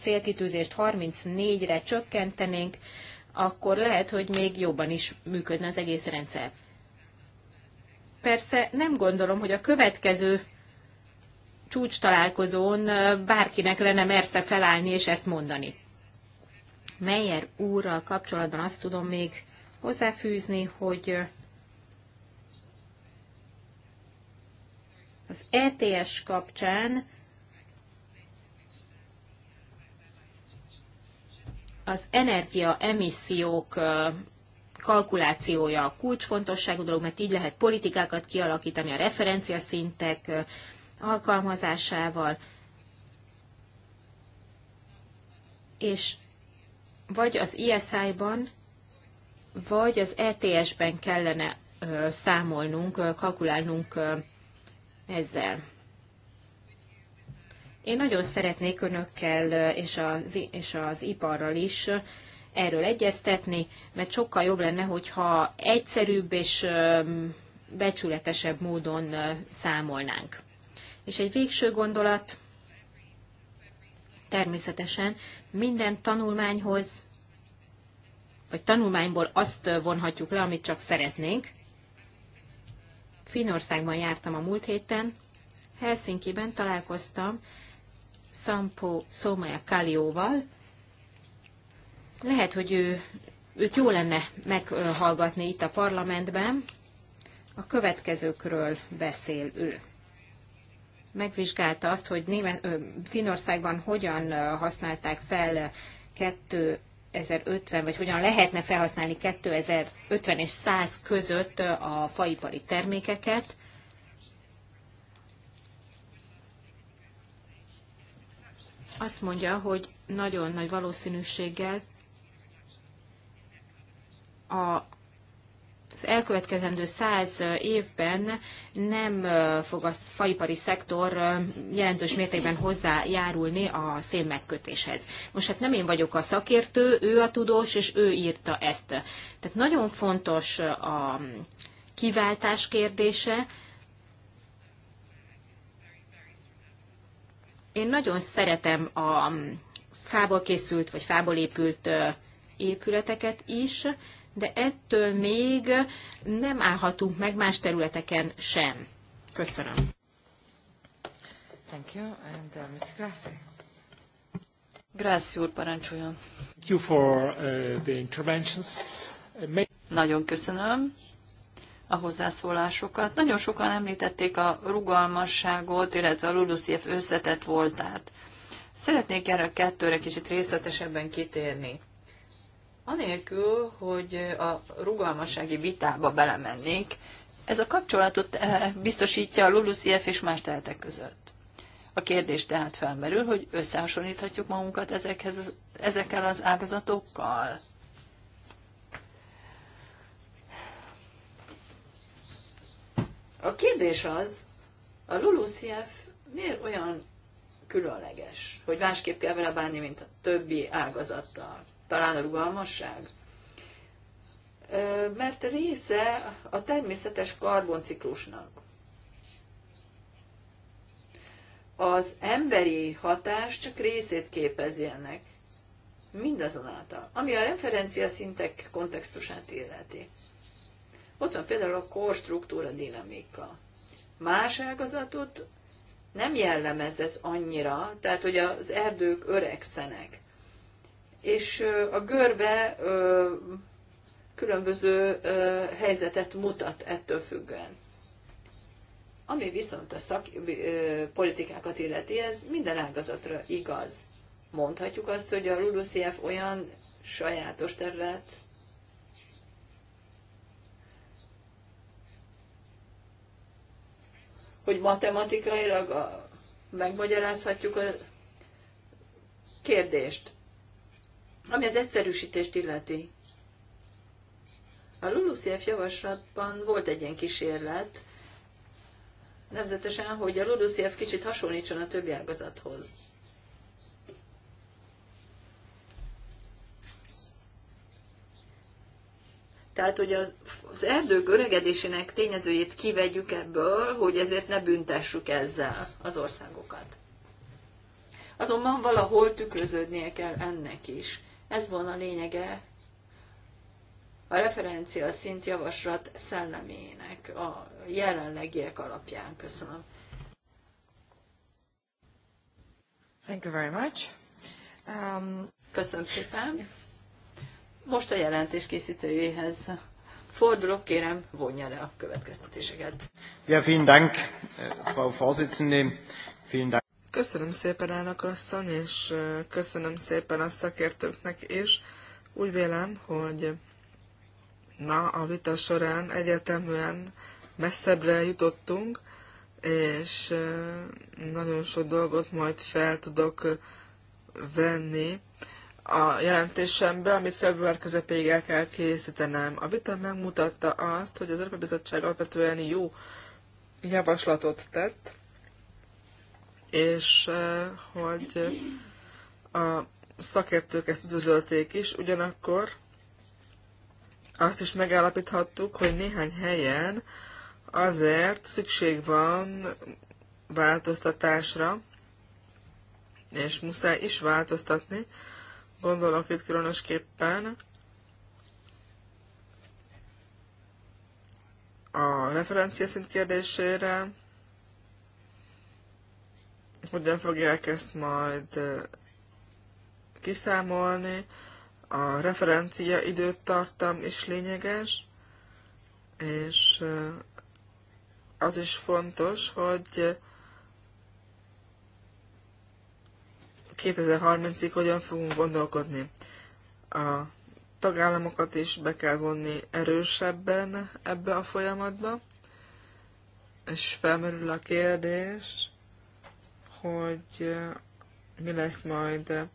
célkitűzést 34-re csökkentenénk, akkor lehet, hogy még jobban is működne az egész rendszer. Persze nem gondolom, hogy a következő csúcs találkozón bárkinek lenne mersze felállni és ezt mondani. Meyer úrral kapcsolatban azt tudom még hozzáfűzni, hogy az ETS kapcsán az energiaemissziók kalkulációja a kulcsfontosságú dolog, mert így lehet politikákat kialakítani a referenciaszintek alkalmazásával, és vagy az ISI-ban, vagy az ETS-ben kellene számolnunk, kalkulálnunk ezzel. Én nagyon szeretnék önökkel és az, és az iparral is erről egyeztetni, mert sokkal jobb lenne, hogyha egyszerűbb és becsületesebb módon számolnánk. És egy végső gondolat, természetesen minden tanulmányhoz, vagy tanulmányból azt vonhatjuk le, amit csak szeretnénk. Finországban jártam a múlt héten, Helsinki-ben találkoztam Sampo Szomaja Kalióval. Lehet, hogy ő, őt jó lenne meghallgatni itt a parlamentben. A következőkről beszél ő megvizsgálta azt, hogy Német, ö, Finországban hogyan használták fel 2050, vagy hogyan lehetne felhasználni 2050 és 100 között a faipari termékeket. Azt mondja, hogy nagyon nagy valószínűséggel a elkövetkezendő száz évben nem fog a faipari szektor jelentős mértékben hozzájárulni a szén megkötéshez. Most hát nem én vagyok a szakértő, ő a tudós, és ő írta ezt. Tehát nagyon fontos a kiváltás kérdése, Én nagyon szeretem a fából készült vagy fából épült épületeket is, de ettől még nem állhatunk meg más területeken sem. Köszönöm. Thank you, and uh, Ms. Grassi. Grassi úr, parancsoljon. Thank you for uh, the interventions. Uh, may- Nagyon köszönöm a hozzászólásokat. Nagyon sokan említették a rugalmasságot, illetve a LULUCF összetett voltát. Szeretnék erre a kettőre kicsit részletesebben kitérni anélkül, hogy a rugalmassági vitába belemennék, ez a kapcsolatot eh, biztosítja a LULUCF és más területek között. A kérdés tehát felmerül, hogy összehasonlíthatjuk magunkat ezekhez, ezekkel az ágazatokkal. A kérdés az, a LULUCF miért olyan különleges, hogy másképp kell vele bánni, mint a többi ágazattal? talán a rugalmasság? Mert része a természetes karbonciklusnak. Az emberi hatás csak részét képezi ennek. Mindazonáltal, ami a referencia szintek kontextusát illeti. Ott van például a korstruktúra dinamika. Más ágazatot nem jellemez ez annyira, tehát hogy az erdők öregszenek és a görbe különböző helyzetet mutat ettől függően. Ami viszont a szakpolitikákat illeti, ez minden ágazatra igaz. Mondhatjuk azt, hogy a LULUCF olyan sajátos terület, hogy matematikailag megmagyarázhatjuk a kérdést. Ami az egyszerűsítést illeti. A LULUCF javaslatban volt egy ilyen kísérlet, nevezetesen, hogy a LULUCF kicsit hasonlítson a többi ágazathoz. Tehát, hogy az erdők öregedésének tényezőjét kivegyük ebből, hogy ezért ne büntessük ezzel az országokat. Azonban valahol tükröződnie kell ennek is. Ez volna a lényege a referencia szint javaslat szellemének a jelenlegiek alapján. Köszönöm. Thank you very much. Um... Köszönöm szépen. Most a jelentés készítőjéhez fordulok, kérem, vonja le a következtetéseket. Ja, vielen Dank, Frau Vorsitzende. Vielen Dank. Köszönöm szépen, elnök asszony, és köszönöm szépen a szakértőknek is. Úgy vélem, hogy ma a vita során egyértelműen messzebbre jutottunk, és nagyon sok dolgot majd fel tudok venni a jelentésembe, amit február közepéig el kell készítenem. A vita megmutatta azt, hogy az Európai Bizottság alapvetően jó javaslatot tett, és eh, hogy a szakértők ezt üdvözölték is, ugyanakkor azt is megállapíthattuk, hogy néhány helyen azért szükség van változtatásra, és muszáj is változtatni, gondolok itt különösképpen a szint kérdésére, hogyan fogják ezt majd kiszámolni, a referencia időtartam is lényeges, és az is fontos, hogy 2030-ig hogyan fogunk gondolkodni. A tagállamokat is be kell vonni erősebben ebbe a folyamatba, és felmerül a kérdés, hogy mi lesz majd,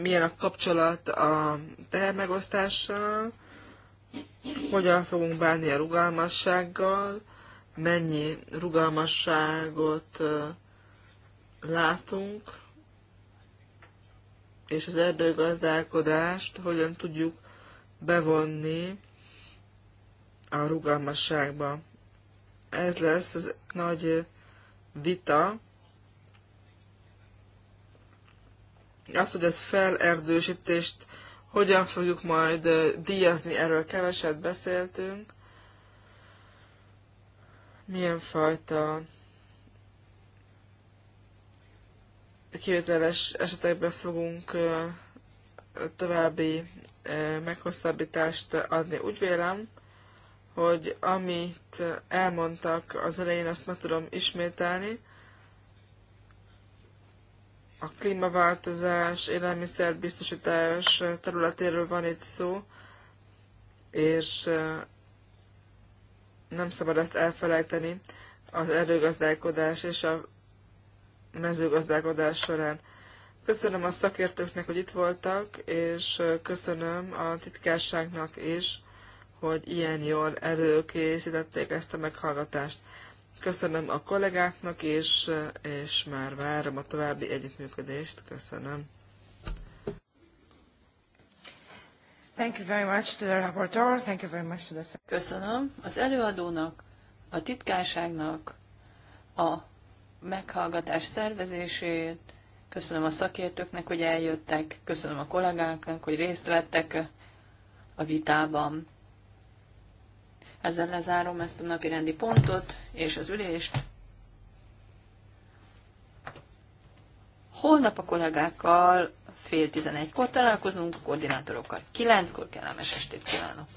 milyen a kapcsolat a tehermegosztással, hogyan fogunk bánni a rugalmassággal, mennyi rugalmasságot látunk, és az erdőgazdálkodást hogyan tudjuk bevonni a rugalmasságba. Ez lesz az nagy vita, az, hogy ez felerdősítést hogyan fogjuk majd díjazni, erről keveset beszéltünk. Milyen fajta kivételes esetekben fogunk további meghosszabbítást adni. Úgy vélem, hogy amit elmondtak az elején, azt meg tudom ismételni a klímaváltozás, élelmiszerbiztosítás területéről van itt szó, és nem szabad ezt elfelejteni az erőgazdálkodás és a mezőgazdálkodás során. Köszönöm a szakértőknek, hogy itt voltak, és köszönöm a titkárságnak is, hogy ilyen jól előkészítették ezt a meghallgatást. Köszönöm a kollégáknak, és, és már várom a további együttműködést. Köszönöm. Thank you very much to the rapporteur. Thank you very much to the... Köszönöm az előadónak, a titkárságnak, a meghallgatás szervezését, köszönöm a szakértőknek, hogy eljöttek, köszönöm a kollégáknak, hogy részt vettek a vitában. Ezzel lezárom ezt a napi rendi pontot és az ülést. Holnap a kollégákkal fél tizenegykor találkozunk, koordinátorokkal kilenckor kellemes estét kívánok!